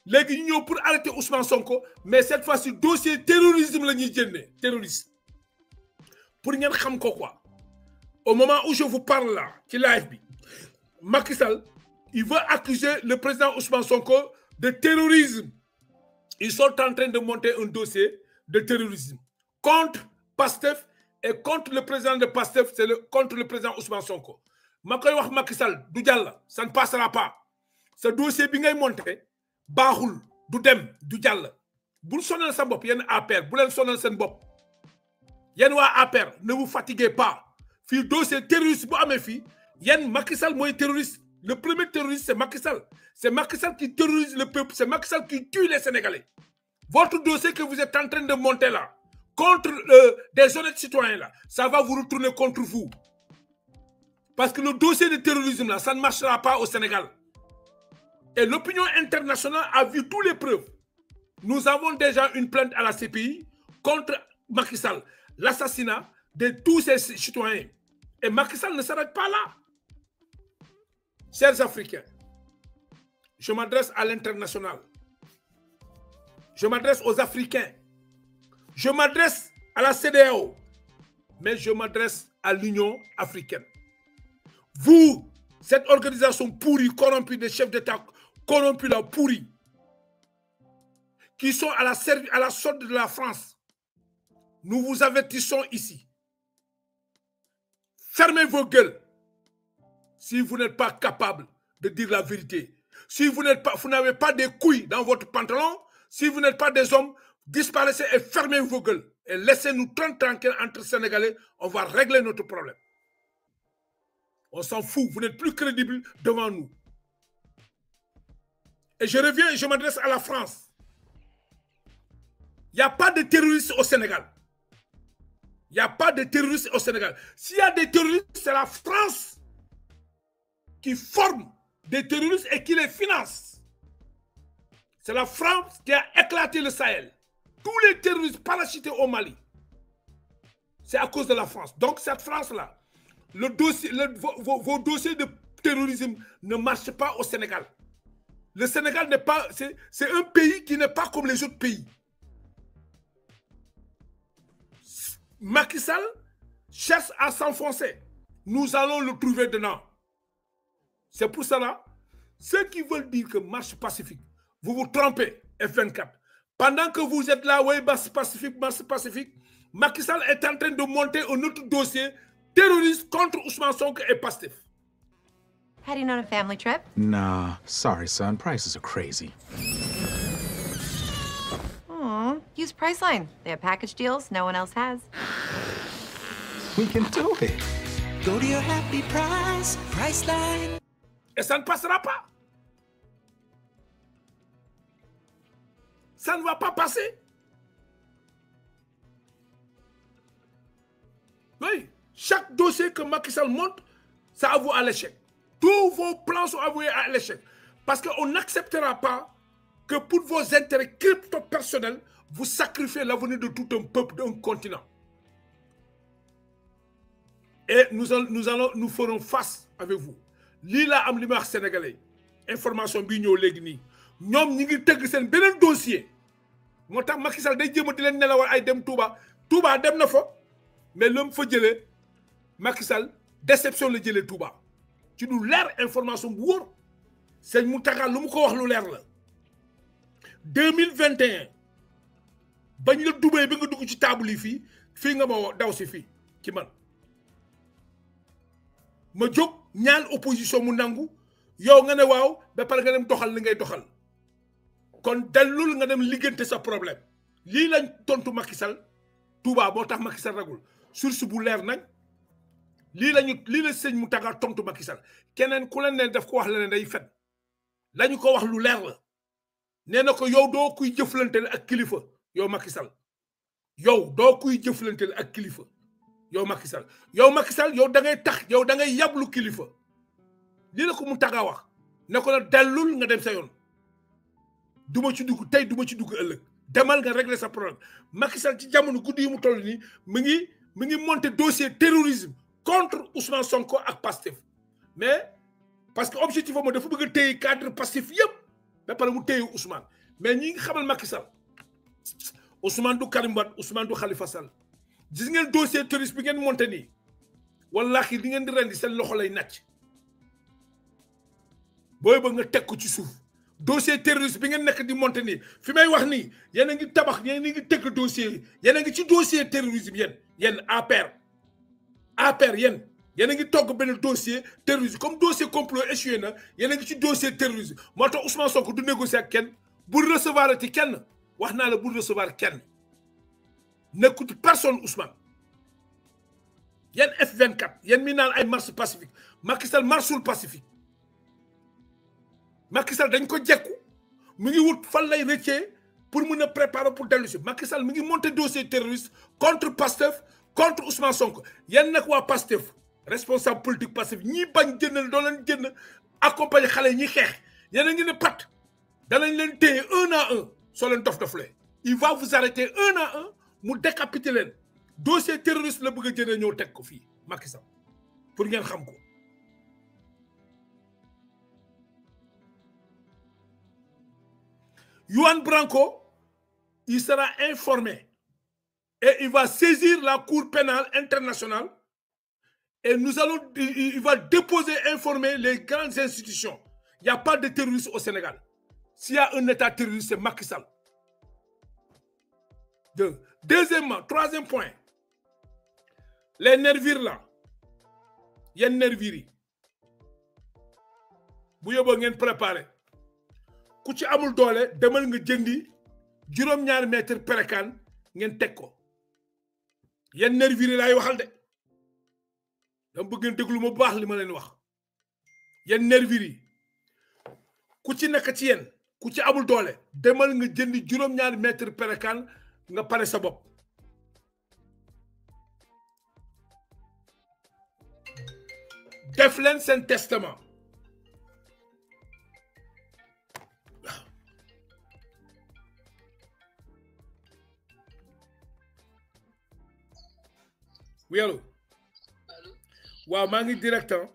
Les ñu pour arrêter Ousmane Sonko mais cette fois-ci dossier terrorisme le nidienne, terrorisme pour une xam quoi au moment où je vous parle là qui live Macky Sall il veut accuser le président Ousmane Sonko de terrorisme ils sont en train de monter un dossier de terrorisme contre Pastef et contre le président de Pastef c'est le contre le président Ousmane Sonko Macky Sall ça ne passera pas ce dossier bi monté. monter. Bahoul, Doudem, dem du jàll bul sonal sa yenn APR bu sonal ne vous fatiguez pas fi dossier terroriste bu amé fi yenn terroriste le premier terroriste c'est Macky c'est Macky qui terrorise le peuple c'est Macky qui tue les Sénégalais votre dossier que vous êtes en train de monter là contre euh, des honnêtes citoyens là ça va vous retourner contre vous parce que le dossier de terrorisme là ça ne marchera pas au Sénégal et l'opinion internationale a vu tous les preuves. Nous avons déjà une plainte à la CPI contre Macky Sall, l'assassinat de tous ses citoyens. Et Macky Sall ne s'arrête pas là. Chers Africains, je m'adresse à l'international. Je m'adresse aux Africains. Je m'adresse à la CDAO. Mais je m'adresse à l'Union africaine. Vous, cette organisation pourrie, corrompue des chefs d'État corrompus la pourris, qui sont à la, à la sorte de la France, nous vous avertissons ici. Fermez vos gueules si vous n'êtes pas capable de dire la vérité. Si vous n'avez pas, vous pas des couilles dans votre pantalon, si vous n'êtes pas des hommes, disparaissez et fermez vos gueules. Et laissez-nous tranquilles entre Sénégalais. On va régler notre problème. On s'en fout. Vous n'êtes plus crédibles devant nous. Et je reviens et je m'adresse à la France. Il n'y a pas de terroristes au Sénégal. Il n'y a pas de terroristes au Sénégal. S'il y a des terroristes, c'est la France qui forme des terroristes et qui les finance. C'est la France qui a éclaté le Sahel. Tous les terroristes parachutés au Mali, c'est à cause de la France. Donc cette France-là, vos, dossiers de terrorisme ne marchent pas au Sénégal. Le Sénégal n'est pas. C'est un pays qui n'est pas comme les autres pays. Macky Sall cherche à s'enfoncer. Nous allons le trouver dedans. C'est pour cela, ceux qui veulent dire que marche pacifique, vous vous trompez, F24. Pendant que vous êtes là, oui, marche pacifique, marche pacifique, Macky Sall est en train de monter un autre dossier terroriste contre Ousmane Sonko et Pastef. Heading on a family trip? Nah. Sorry, son. Prices are crazy. Aw. Use Priceline. They have package deals no one else has. We can do it. Go to your happy price, Priceline. ¿Están pasando pa? Ça ne va pas passer. Oui, chaque dossier que Macky Sall monte, ça avoue à l'échec. Tous vos plans sont avoués à l'échec. Parce qu'on n'acceptera pas que pour vos intérêts crypto-personnels, vous sacrifiez l'avenir de tout un peuple, d'un continent. Et nous, nous, allons, nous ferons face avec vous. Lila Amlimar Sénégalais, information Bigno Legni. Nous avons un dossier. Nous avons Macky Makissal, day jëm di len nelawal ay dem Touba Touba dem mais l'homme faut jëlé Macky déception le jëlé Touba ci lu leer information bu wóor sëñ Mountakha lu mu ko wax lu leer la 2021 et un bañ la dubee bi nga dugg ci table yi fi fi nga ma daw ci fi ci man ma jóg ñaan opposition mu nangu yow nga ne waaw ba pare nga dem doxal li ngay doxal kon dellul nga dem liggante sa problème lii lañ tontu Macky Sall Touba bo tax Macky Sall ragul source bu leer nag li lañu li la señ mu tagal tontu Macky Sall keneen ku leen def ko wax leneen day fet lañu ko wax lu leer la neena ko yow do kuy jëflanteel ak kilifa yow Macky Sall yow do kuy jëflanteel ak kilifa yow Macky Sall yow Macky Sall yow da ngay tax yow da ngay yablu kilifa li la ko mu taga wax ne ko la nga dem sa yoon duma ci dugg tay duma ci dugg ëlëk demal nga régler sa problème Macky Sall ci jamono guddi mu toll ni mi ngi mi ngi monter dossier terrorisme contre Ousmane Sonko ak Pastef mais parce que objectif moom dafa bëgg a cadre Pastef mais pas pare mu Ousmane mais ni ngi xamal Macky Sall Ousmane du Karim Ousmane du Khalifa Sall gis ngeen dossier terroriste bi ngeen monté nii wallaahi di ngeen di rendi seen loxo lay natch. booy ba nga teg ko ci suuf dossier terroriste bi ngeen nek di monter ni fi may wax ni yéen a ngi tabax yéen ngi dossier yi a ngi ci dossier terrorisme yéen yéen père APR yéen y a ngi togg le dossier terroriste comme dossier complot échoué na y a ngi ci dossier terroriste Moi, Ousmane Sonko de négocier avec quelqu'un. Pour recevoir le kenn wax naa la pour recevoir Ken. n'écoute personne Ousmane un F24 a un naan ay marche pacifique Mars sur le pacifique Makissal, il dañ ko jekku mu ngi wut fan lay pour nous préparer pour le terrorisme. Macky il mu ngi monter dossier terroriste contre Pasteur contre Ousmane Sonko y a un pasteur, responsable politique passif, ñi bañ génn doo ni génn accompagner xale ñi xeex y a ngi ne pat danañ leen téye un à un sur le leen de doflee il va vous arrêter un à un mu décapiter dossier terroriste la bëgg a jëlee ñëw ko Macky Sall pour ngeen xam ko Juan Branco il sera informé et il va saisir la Cour pénale internationale et nous allons, il va déposer, informer les grandes institutions. Il n'y a pas de terroristes au Sénégal. S'il y a un État terroriste, c'est Macky Sall. Deuxièmement, troisième point, les nervires là, il y a nerviri. Vous avez préparé. Si vous avez nga yan nervi laay waxal de dama bëgg déglu ma bu baax li ma leen wax yan nervi ku ci nekk ci yéen ku ci amul doole demal nga jënd juróom-ñaari mètre perekaan nga pare sa bopp def leen seen testament oui allô Allô waaw maa ngi direct hein?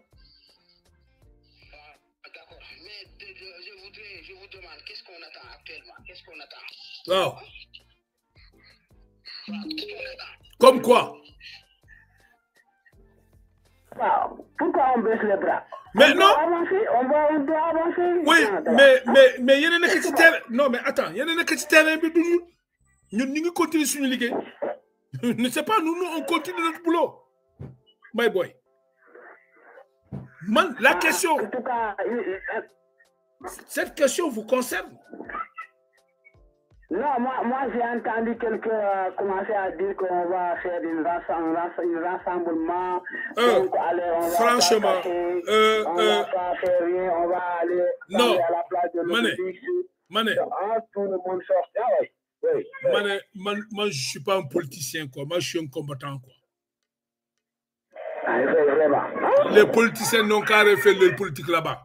ah. d'accord mais je voudrais je vous demande qu'est-ce qu'on attend actuellement qu'est-ce qu'on attend. waaw. Hein? Comme quoi Pourquoi on baisse les bras Mais on non avancer, on, va, on doit avancer. Oui, mais, mais, mais, il y a des terrain. Non, mais attends, il y a des terrain. Nous, nous continuons sur le ne sais pas, nous, nous, on continue notre boulot. My boy. Man, la ah, question. En tout cas, euh, euh, euh, cette question vous concerne Non, moi, moi j'ai entendu quelqu'un commencer à dire qu'on va faire une rassemblement. Euh, franchement, va euh, on va pas faire rien, on va aller, non, à la place de l'Olympique. Mané, Mané. Hein, tout le monde sort. Ah moi, je ne suis pas un politicien, quoi. Moi, je suis un combattant, quoi. Ah, les politiciens n'ont qu'à refaire les politiques là-bas.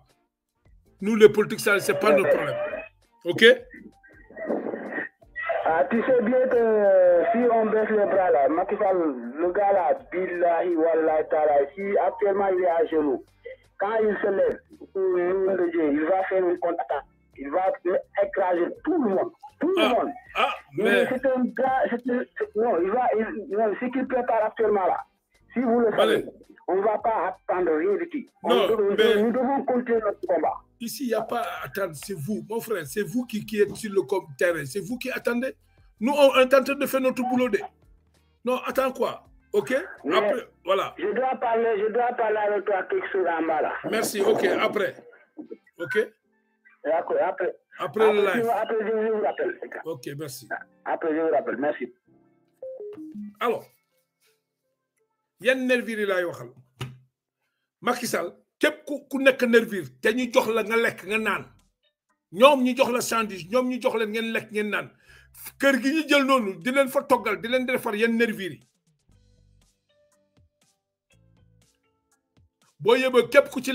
Nous, les politiques, ce n'est pas notre problème. OK? Ah, tu sais bien que euh, si on baisse les bras là, Macky le gars là, Billahi, Wallahi, si actuellement il est à genoux, quand il se lève, il va faire une contact il va écraser tout le monde. Tout le ah. monde. Ah, mais... C'est un gars. non, il va, non, ce qu'il prépare actuellement là, si vous le savez, on ne va pas attendre rien de qui. Non, mais... Nous devons continuer notre combat. Ici, il n'y a pas à attendre, c'est vous, mon frère, c'est vous qui, qui, êtes sur le terrain, c'est vous qui attendez. Nous, on est en train de faire notre boulot. De... Non, attends quoi Ok Après, voilà. Je dois, parler, je dois parler avec toi est sur Merci, ok, après. Ok après, après, le live. Après, je vous rappelle. Ok, merci. Ah, après, je vous rappelle. Merci. Alors, yan nervir yi Macky Sall ku nervir ñu jox la nga nga Ñom ñu jox la sandwich ñom ñu jox leen ngeen lek ngeen nan kër gi ñu jël nonu di leen fa togal di leen defar ku ci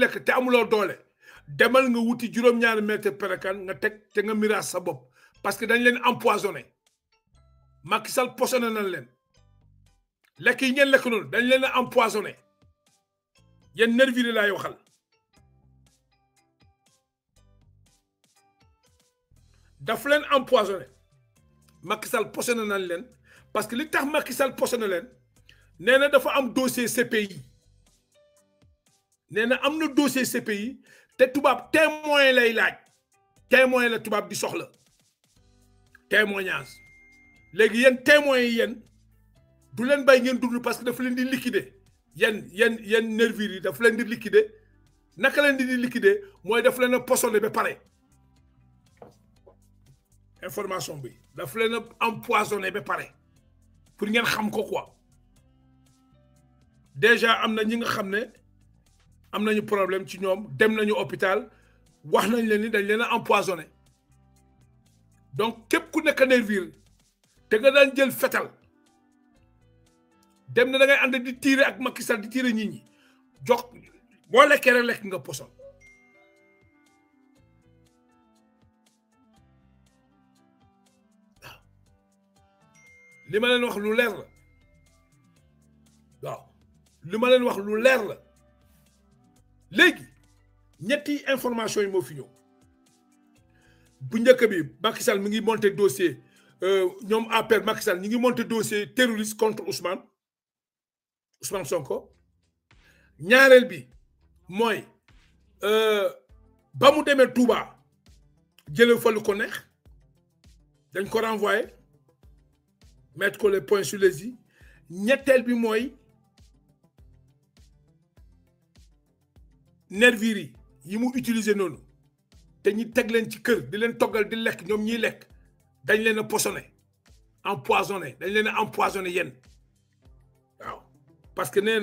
demal nga wuti juróom-ñaari mètre perekaan nga teg te nga miraas sa bopp parce que dañ leen empoisonné Macky Sall poisonné nañ leen lekk yi ngeen lekk noonu dañ leen a empoisonné yéen nervi laay waxal daf leen empoisonné Macky Sall posene nañ leen parce que li tax Macky Sall poisonné leen nee na dafa am dossier CPI nee na am na dossier CPI te tubaab témoin lay témoin la soxla témoignage légui témoins du bay ngeen parce que dafa di liquider nervir yi dafa di liquider naka di liquider moy dafa be information bi dafa pour ngeen xam quoi déjà amna am nañu problème ci ñoom dem nañu hôpital wax nañ leen ni dañ leen a empoisonné donc képp ku nekk nervir te nga daan jël fetal dem na da ngay ànd di tiire ak Macky Sall di tiire nit ñi jox boo lekkee lekk nga poson waaw li ma leen wax lu leer la waaw li ma leen wax lu leer la léegi ñetti information yi mo fi ñëw bu njëkk monté dossier euh, monté dossier terroriste contre Ousmane Ousmane Sonko ñaarel bi euh ba mu Touba ko neex dañ ko mettre les points sur les i bi nervir yi yi mu utiliser noonu te ñi teg leen ci kër di leen togal di lekk ñom ñi lekk dañ leen a poisonné empoisonné dañ leen a empoisonné yéen waaw parce que nee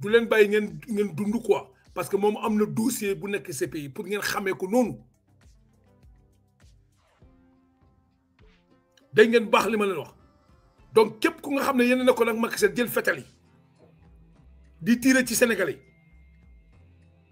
du leen bàyyi ngeen ngeen dund quoi parce que mom amna dossier bu nekk pays pour ngeen xamé ko noonu day ngeen bax li ma leen wax donc képp ku nga xamné ne yéen a nekkoon ak jël fétali di tirer ci sénégalais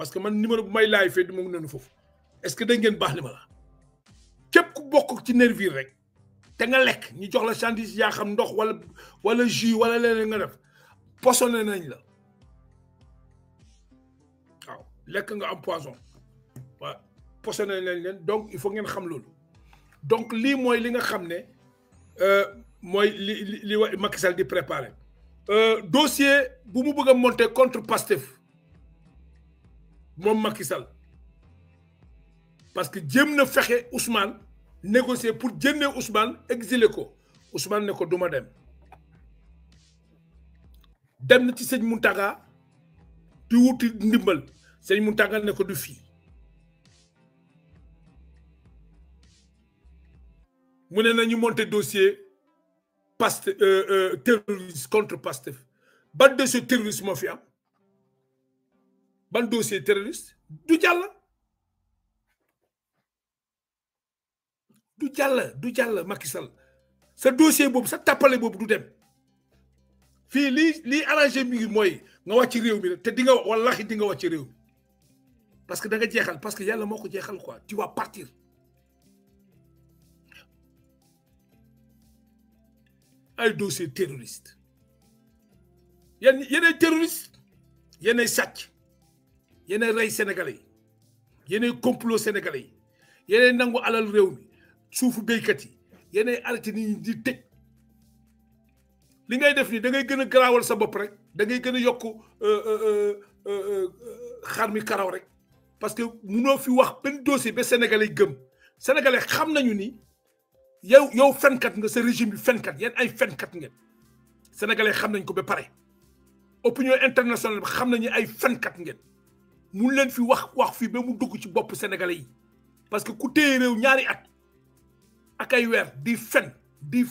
parce que man numéro bu may laay fee di mu ngi noonu foofu est-ce que da ngeen baax li ma la képp ku bokk ci nervi rek te nga lek ñu jox la chandis ya xam ndox wala wala jus wala leneen nga def poisonné nañ la aw lek nga am poisson waaw poisonné nañ leen donc il faut ngeen xam lolu donc li moy li nga xamne euh moy li li li Macky Sall di préparé euh, dossier bu mu bëgg a monter contre Pastef moom Macky Sall parce que jéem na fexe Ousmane négocier pour jëndee Ousmane exiler ko Ousmane ne ko duma dem dem na ci Seigne Mountaga di wuti ndimbal Seigne Mountaga ne ko du fi mu nañu monter dossier euh, euh, terroriste contre Pastef ban de ce terrorisme fi am ban dossier terroriste du jàll du jàll du jàll Macky Sall sa dossier bobu sa tapalé bobu du dem fi li li arranger mi moy nga wacc réew mi te di nga wallahi di nga wacc réew parce que da nga jeexal parce que yalla moko ko quoi tu vas partir ay dossier terroriste yene yéenay terroriste yene sàcc yéen a rey sénégalais yi yéen complot sénégalais yi yéen nangu alal réew mi suufu béykat yi yéen a arrêté nit ñi di tëj li ngay def nii da ngay gën a garaawal sa bopp rek da ngay gën a yokk euh, euh, euh, xar mi karaw rek parce que munoo fi wax benn dossier ba sénégalais gëm sénégalais xam nañu ni yow yow fenkat nga sa régime bi fenkat yéen ay fenkat ngeen sénégalais xam nañ ko ba pare opinion internationale bi xam nañu ay fenkat ngeen. mu len fi wax wax fi be mu dugg ci bop sénégalais parce que ku téy réew ñaari at ak ay wèr di Il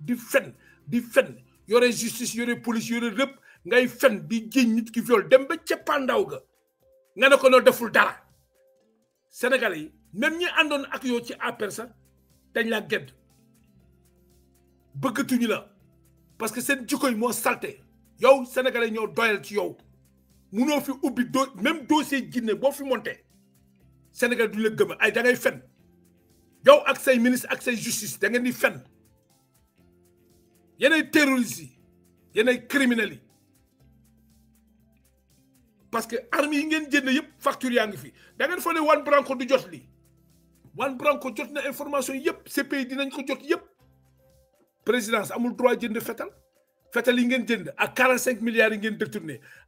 di a di di yoré justice yoré police yoré lépp ngay fen di jiñ nit ki viol dem ba pandaw ga nga ne ko deful dara sénégalais même ñi àndoon ak yo ci APR sax dañ laa gedd bëggatuñu la parce que sen jikko mo salté yow sénégalais ñoo doyal ci yow munoo fi ubbi do même dossier Guinée bo fi monté Sénégal du le gëm ay da ngay fen yow ak say ministre ak say justice da ngay ni fen yeneen terroristes yi yeneen yi parce que armi yi ngeen jënd yépp facture yaa ngi fi da ngeen fa ne Juan Branco du jot li wan Branco jot na information yëpp CPI dinañ ko jot yépp présidence amul droit jënd fetal fetal yi ngeen jënd ak 45 milliards yi ngeen détourné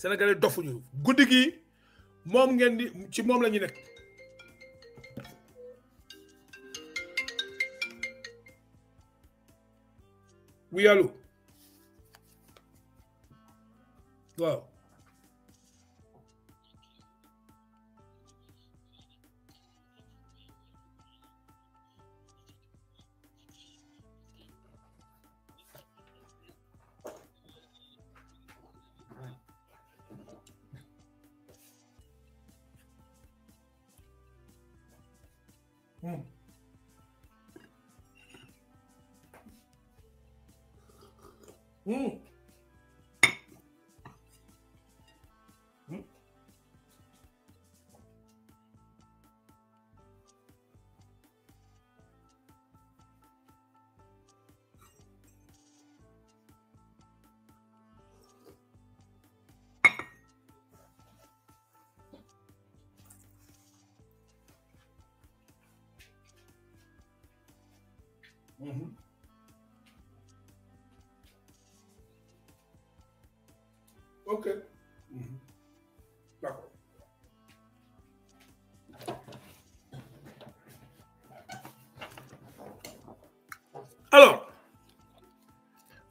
sénégalais dofuñu guddi gi moom ngeen ci moom la ñu nekk wu yàllu waaw Mm.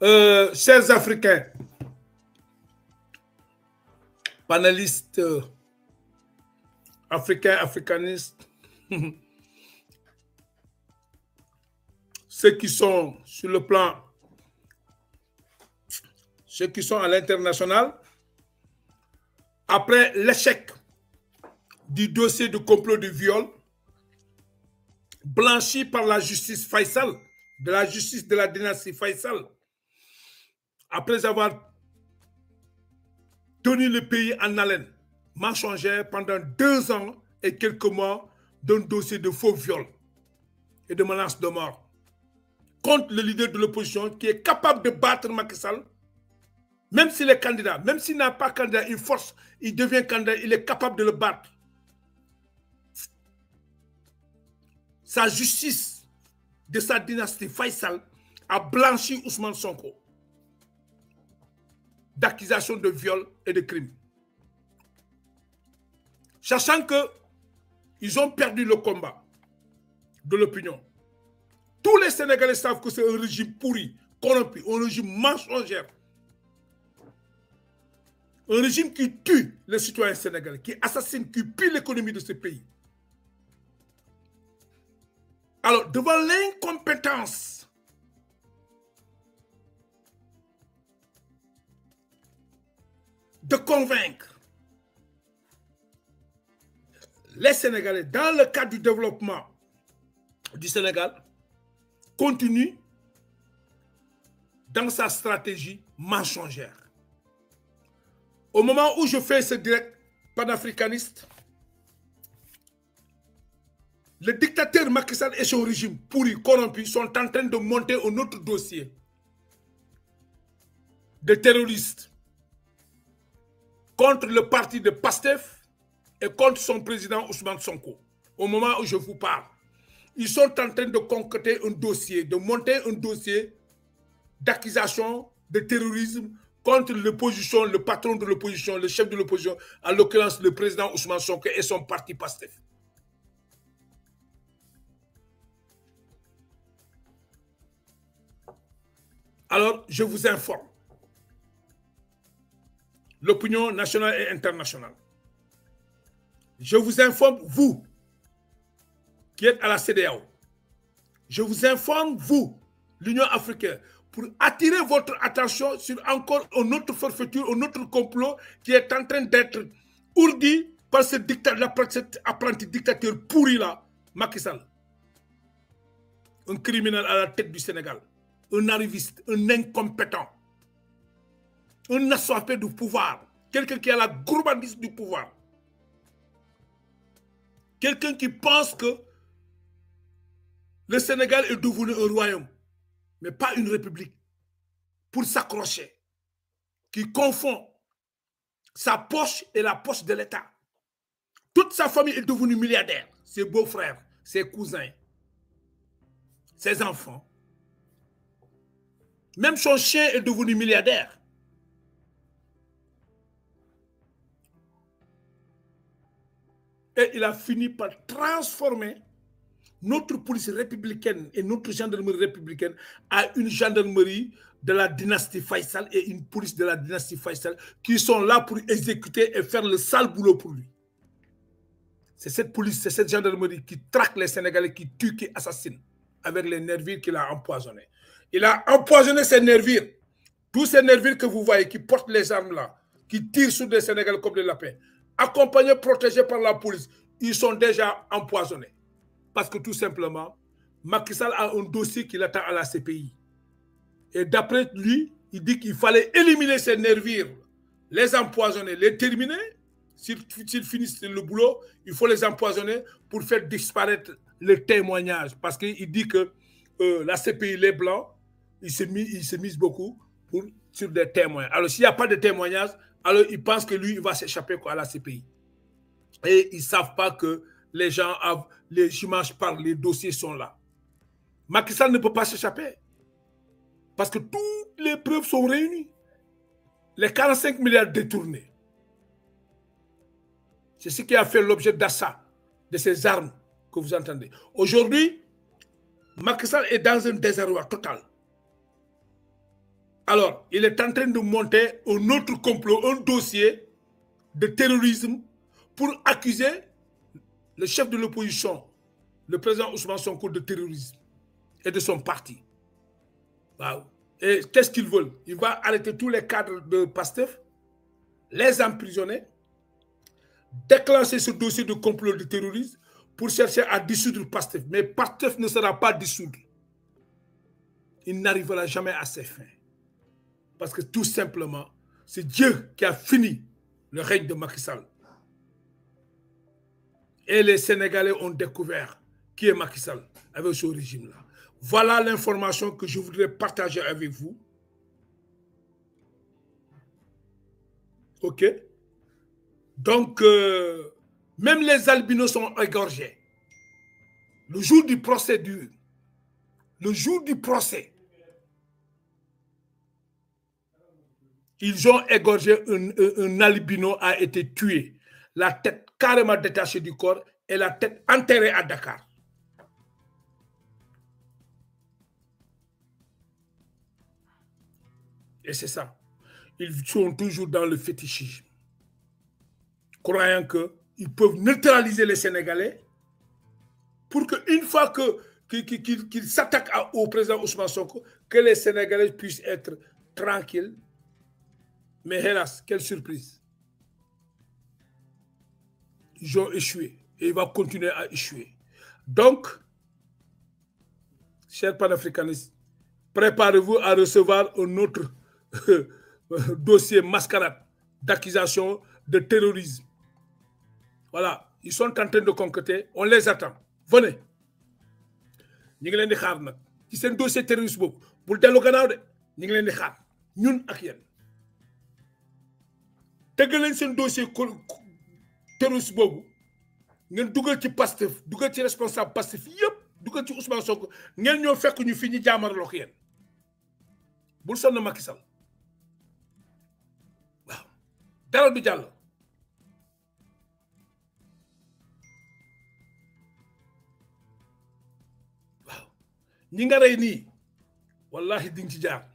Euh, chers Africains, panélistes euh, africains, africanistes, ceux qui sont sur le plan, ceux qui sont à l'international, après l'échec du dossier de complot de viol blanchi par la justice Faisal, de la justice de la dynastie Faisal, après avoir tenu le pays en haleine, changé pendant deux ans et quelques mois d'un dossier de faux viols et de menaces de mort contre le leader de l'opposition qui est capable de battre Macky Sall, même s'il est candidat, même s'il n'a pas candidat, il force, il devient candidat, il est capable de le battre. Sa justice de sa dynastie Faisal a blanchi Ousmane Sonko d'accusations de viol et de crimes. Sachant que ils ont perdu le combat de l'opinion. Tous les Sénégalais savent que c'est un régime pourri, corrompu, un régime mensongère. Un régime qui tue les citoyens sénégalais, qui assassine, qui pille l'économie de ce pays. Alors, devant l'incompétence de convaincre les Sénégalais, dans le cadre du développement du Sénégal, continue dans sa stratégie mensongère. Au moment où je fais ce direct panafricaniste, le dictateur Macky et son régime pourri, corrompu, sont en train de monter un autre dossier de terroristes contre le parti de PASTEF et contre son président Ousmane Sonko, au moment où je vous parle. Ils sont en train de concréter un dossier, de monter un dossier d'accusation de terrorisme contre l'opposition, le patron de l'opposition, le chef de l'opposition, en l'occurrence le président Ousmane Sonko et son parti PASTEF. Alors, je vous informe l'opinion nationale et internationale. Je vous informe, vous, qui êtes à la CDAO, je vous informe, vous, l'Union africaine, pour attirer votre attention sur encore une autre forfaiture, un autre complot qui est en train d'être ourdi par ce dictateur, cet apprenti dictateur pourri là, Makissal. Un criminel à la tête du Sénégal, un arriviste, un incompétent un assoiffé du pouvoir, quelqu'un qui a la gourmandise du pouvoir, quelqu'un qui pense que le Sénégal est devenu un royaume, mais pas une république, pour s'accrocher, qui confond sa poche et la poche de l'État. Toute sa famille est devenue milliardaire, ses beaux-frères, ses cousins, ses enfants. Même son chien est devenu milliardaire. Et il a fini par transformer notre police républicaine et notre gendarmerie républicaine à une gendarmerie de la dynastie Faisal et une police de la dynastie Faisal qui sont là pour exécuter et faire le sale boulot pour lui. C'est cette police, c'est cette gendarmerie qui traque les Sénégalais, qui tue, qui assassine avec les nervures qu'il a empoisonnés. Il a empoisonné ces nervures. Tous ces nervures que vous voyez qui portent les armes là, qui tirent sur des Sénégalais comme des lapins accompagnés, protégés par la police, ils sont déjà empoisonnés. Parce que tout simplement, Macky Sall a un dossier qui l'attend à la CPI. Et d'après lui, il dit qu'il fallait éliminer ces nervures, les empoisonner, les terminer. S'ils finissent le boulot, il faut les empoisonner pour faire disparaître les témoignages. Parce qu'il dit que euh, la CPI, les Blancs, ils se, mis, misent beaucoup pour, sur des témoins. Alors, s'il n'y a pas de témoignages, alors, ils pensent que lui, il va s'échapper à la CPI. Et ils ne savent pas que les gens, les images parlent, les dossiers sont là. Macky Sall ne peut pas s'échapper. Parce que toutes les preuves sont réunies. Les 45 milliards détournés. C'est ce qui a fait l'objet d'Assa, de ces armes que vous entendez. Aujourd'hui, Macky Sall est dans un désarroi total. Alors, il est en train de monter un autre complot, un dossier de terrorisme pour accuser le chef de l'opposition, le président Ousmane Sonko, de terrorisme et de son parti. Et qu'est-ce qu'ils veulent Il va arrêter tous les cadres de PASTEF, les emprisonner, déclencher ce dossier de complot de terrorisme pour chercher à dissoudre PASTEF. Mais PASTEF ne sera pas dissoudre. Il n'arrivera jamais à ses fins. Parce que tout simplement, c'est Dieu qui a fini le règne de Macky Sall. Et les Sénégalais ont découvert qui est Macky Sall avec ce régime-là. Voilà l'information que je voudrais partager avec vous. OK Donc, euh, même les albinos sont égorgés. Le jour du procès, le jour du procès, Ils ont égorgé un, un, albino a été tué. La tête carrément détachée du corps et la tête enterrée à Dakar. Et c'est ça. Ils sont toujours dans le fétichisme. Croyant qu'ils peuvent neutraliser les Sénégalais pour qu'une fois que qu'ils s'attaquent au président Ousmane Sonko, que les Sénégalais puissent être tranquilles, mais hélas, quelle surprise. Ils ont échoué et ils vont continuer à échouer. Donc, chers panafricanistes, préparez-vous à recevoir un autre dossier mascarade d'accusation de terrorisme. Voilà, ils sont en train de concréter, on les attend. Venez. Nous avons un dossier terroriste, vous le de nous avons de Nous tëgg leen un dossier terroriste bobu ngeen dugal ci Pastef dugal ci responsable Pastef yëpp dugal ci Ousmane Sonko ngeen ñoo fekk ñu fi ñu waaw dara du wallahi ci jaar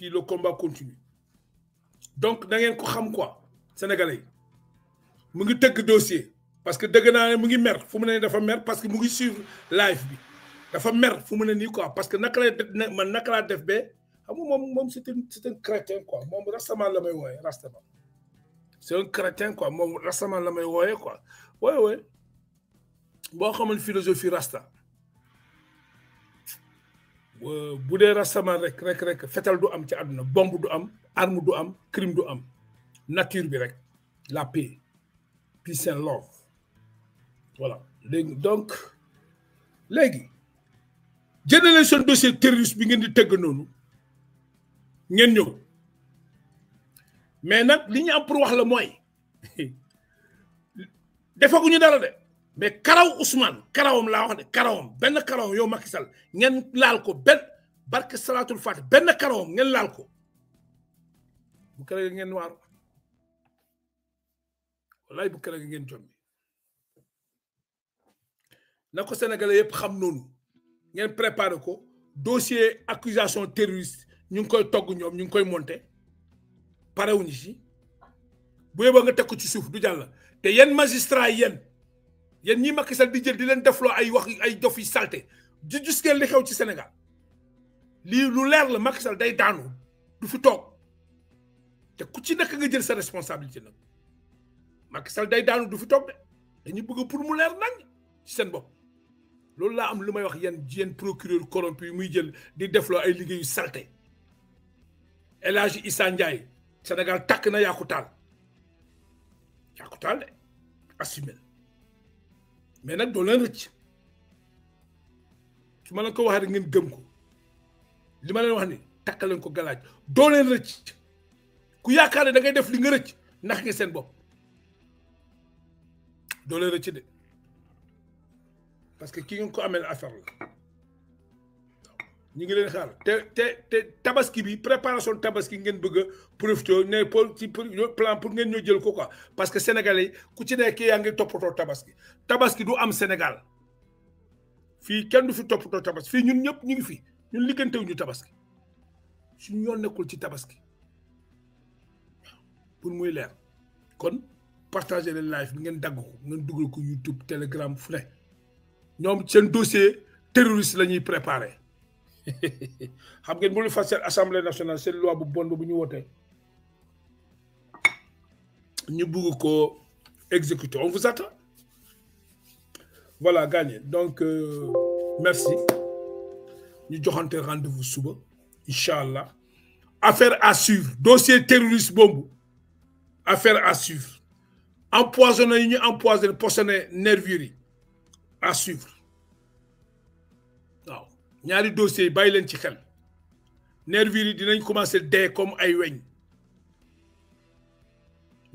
le combat continue donc da ngeen ko xam quoi sénégalais yi mu ngi tëgg dossier parce que dëgg naa ne mu ngi mer fu mu ne dafa mer parce que mu ngi suivre live bi dafa mer fu mu ne nii quoi parce que naka lay man naka laa def be xam nga moom moom c'est un c'est un crétin quoi moom rastaman la may wooyee rastaman c'est un crétin quoi moom rastaman la may wooyee quoi ouais waaye boo xamoon philosophie rasta. Euh, bu dee rassemblement rek rek rek fetal du am ci àdduna bombe du am arme du am crime du am nature bi rek la paix peace and love voilà léegi donc léegi jënd leen seen dossier terroriste bi ngeen di tëgg noonu ngeen ñëw mais nag li ñu am pour wax la mooy defaguñu dara de mais karaw Ousmane karawam laa wax ne karawam benn karawam yow Macky Sall ngeen laal ko benn barke salaatul faat benn karawam ngeen laal ko bu keroog ngeen waaru wallaay bu keroog ngeen jombi na ko sénégalais yëpp xam noonu ngeen préparé ko dossier accusation terroriste ñu ngi koy togg ñoom ñu ngi koy monté parewuñu bu yeboo nga teg ko ci suuf du jàll te yenn magistrat yi yéen ñi Macky Sall di jël di leen defloo ay wax ay dof yi salté ju gis li xew ci senegal lii lu leer la Macky Sall day daanu du fi toog te ku ci nekk nga jël sa responsabilité nag Macky Sall day daanu du fi toog de dañu bëgg pour mu leer nañ ci seen bopp loolu laa am lu may wax yenn yenn procureur corrompu muy jël di defloo ay liggéeyu salté El Hadji Issa Ndiaye takk na yaa ko de assumé mais nag doo leen rëcc su ma leen ko waxee rek ngeen gëm ko li ma leen wax ni takk ko galaaj doo leen rëcc ku yaakaar ne da ngay def li nga rëcc nax nga seen bopp doo leen rëcc de parce que ki ngeen ko amee affaire la ngi xaar tabaski bi préparation tabaski ngeen bëgg ne pour ci plan pour ngeen ñoo jël parce que sénégalais ku ci ngi tabaski tabaski du am Sénégal Fi kenn du fi topoto tabaski fii ñun ñëpp ñu ngi fi ñun tabaski suñu yoon nekkul ci tabaski pour muy leer kon partager le live ngeen dagg YouTube Telegram fu ne ñoom dossier terroriste xam ngeen bu assemblée nationale seen loi bu bon bu ñu ñu exécuter on vous attend voilà gagné donc euh, merci ñu joxante rendez-vous souvent. inshallah affaire à suivre dossier terroriste bombe. affaire à suivre empoisonner une ñu empoisonné A à suivre. ñaari dossiers bay bàyyi leen ci xel nervis dinañ commencé dee comme ay weñ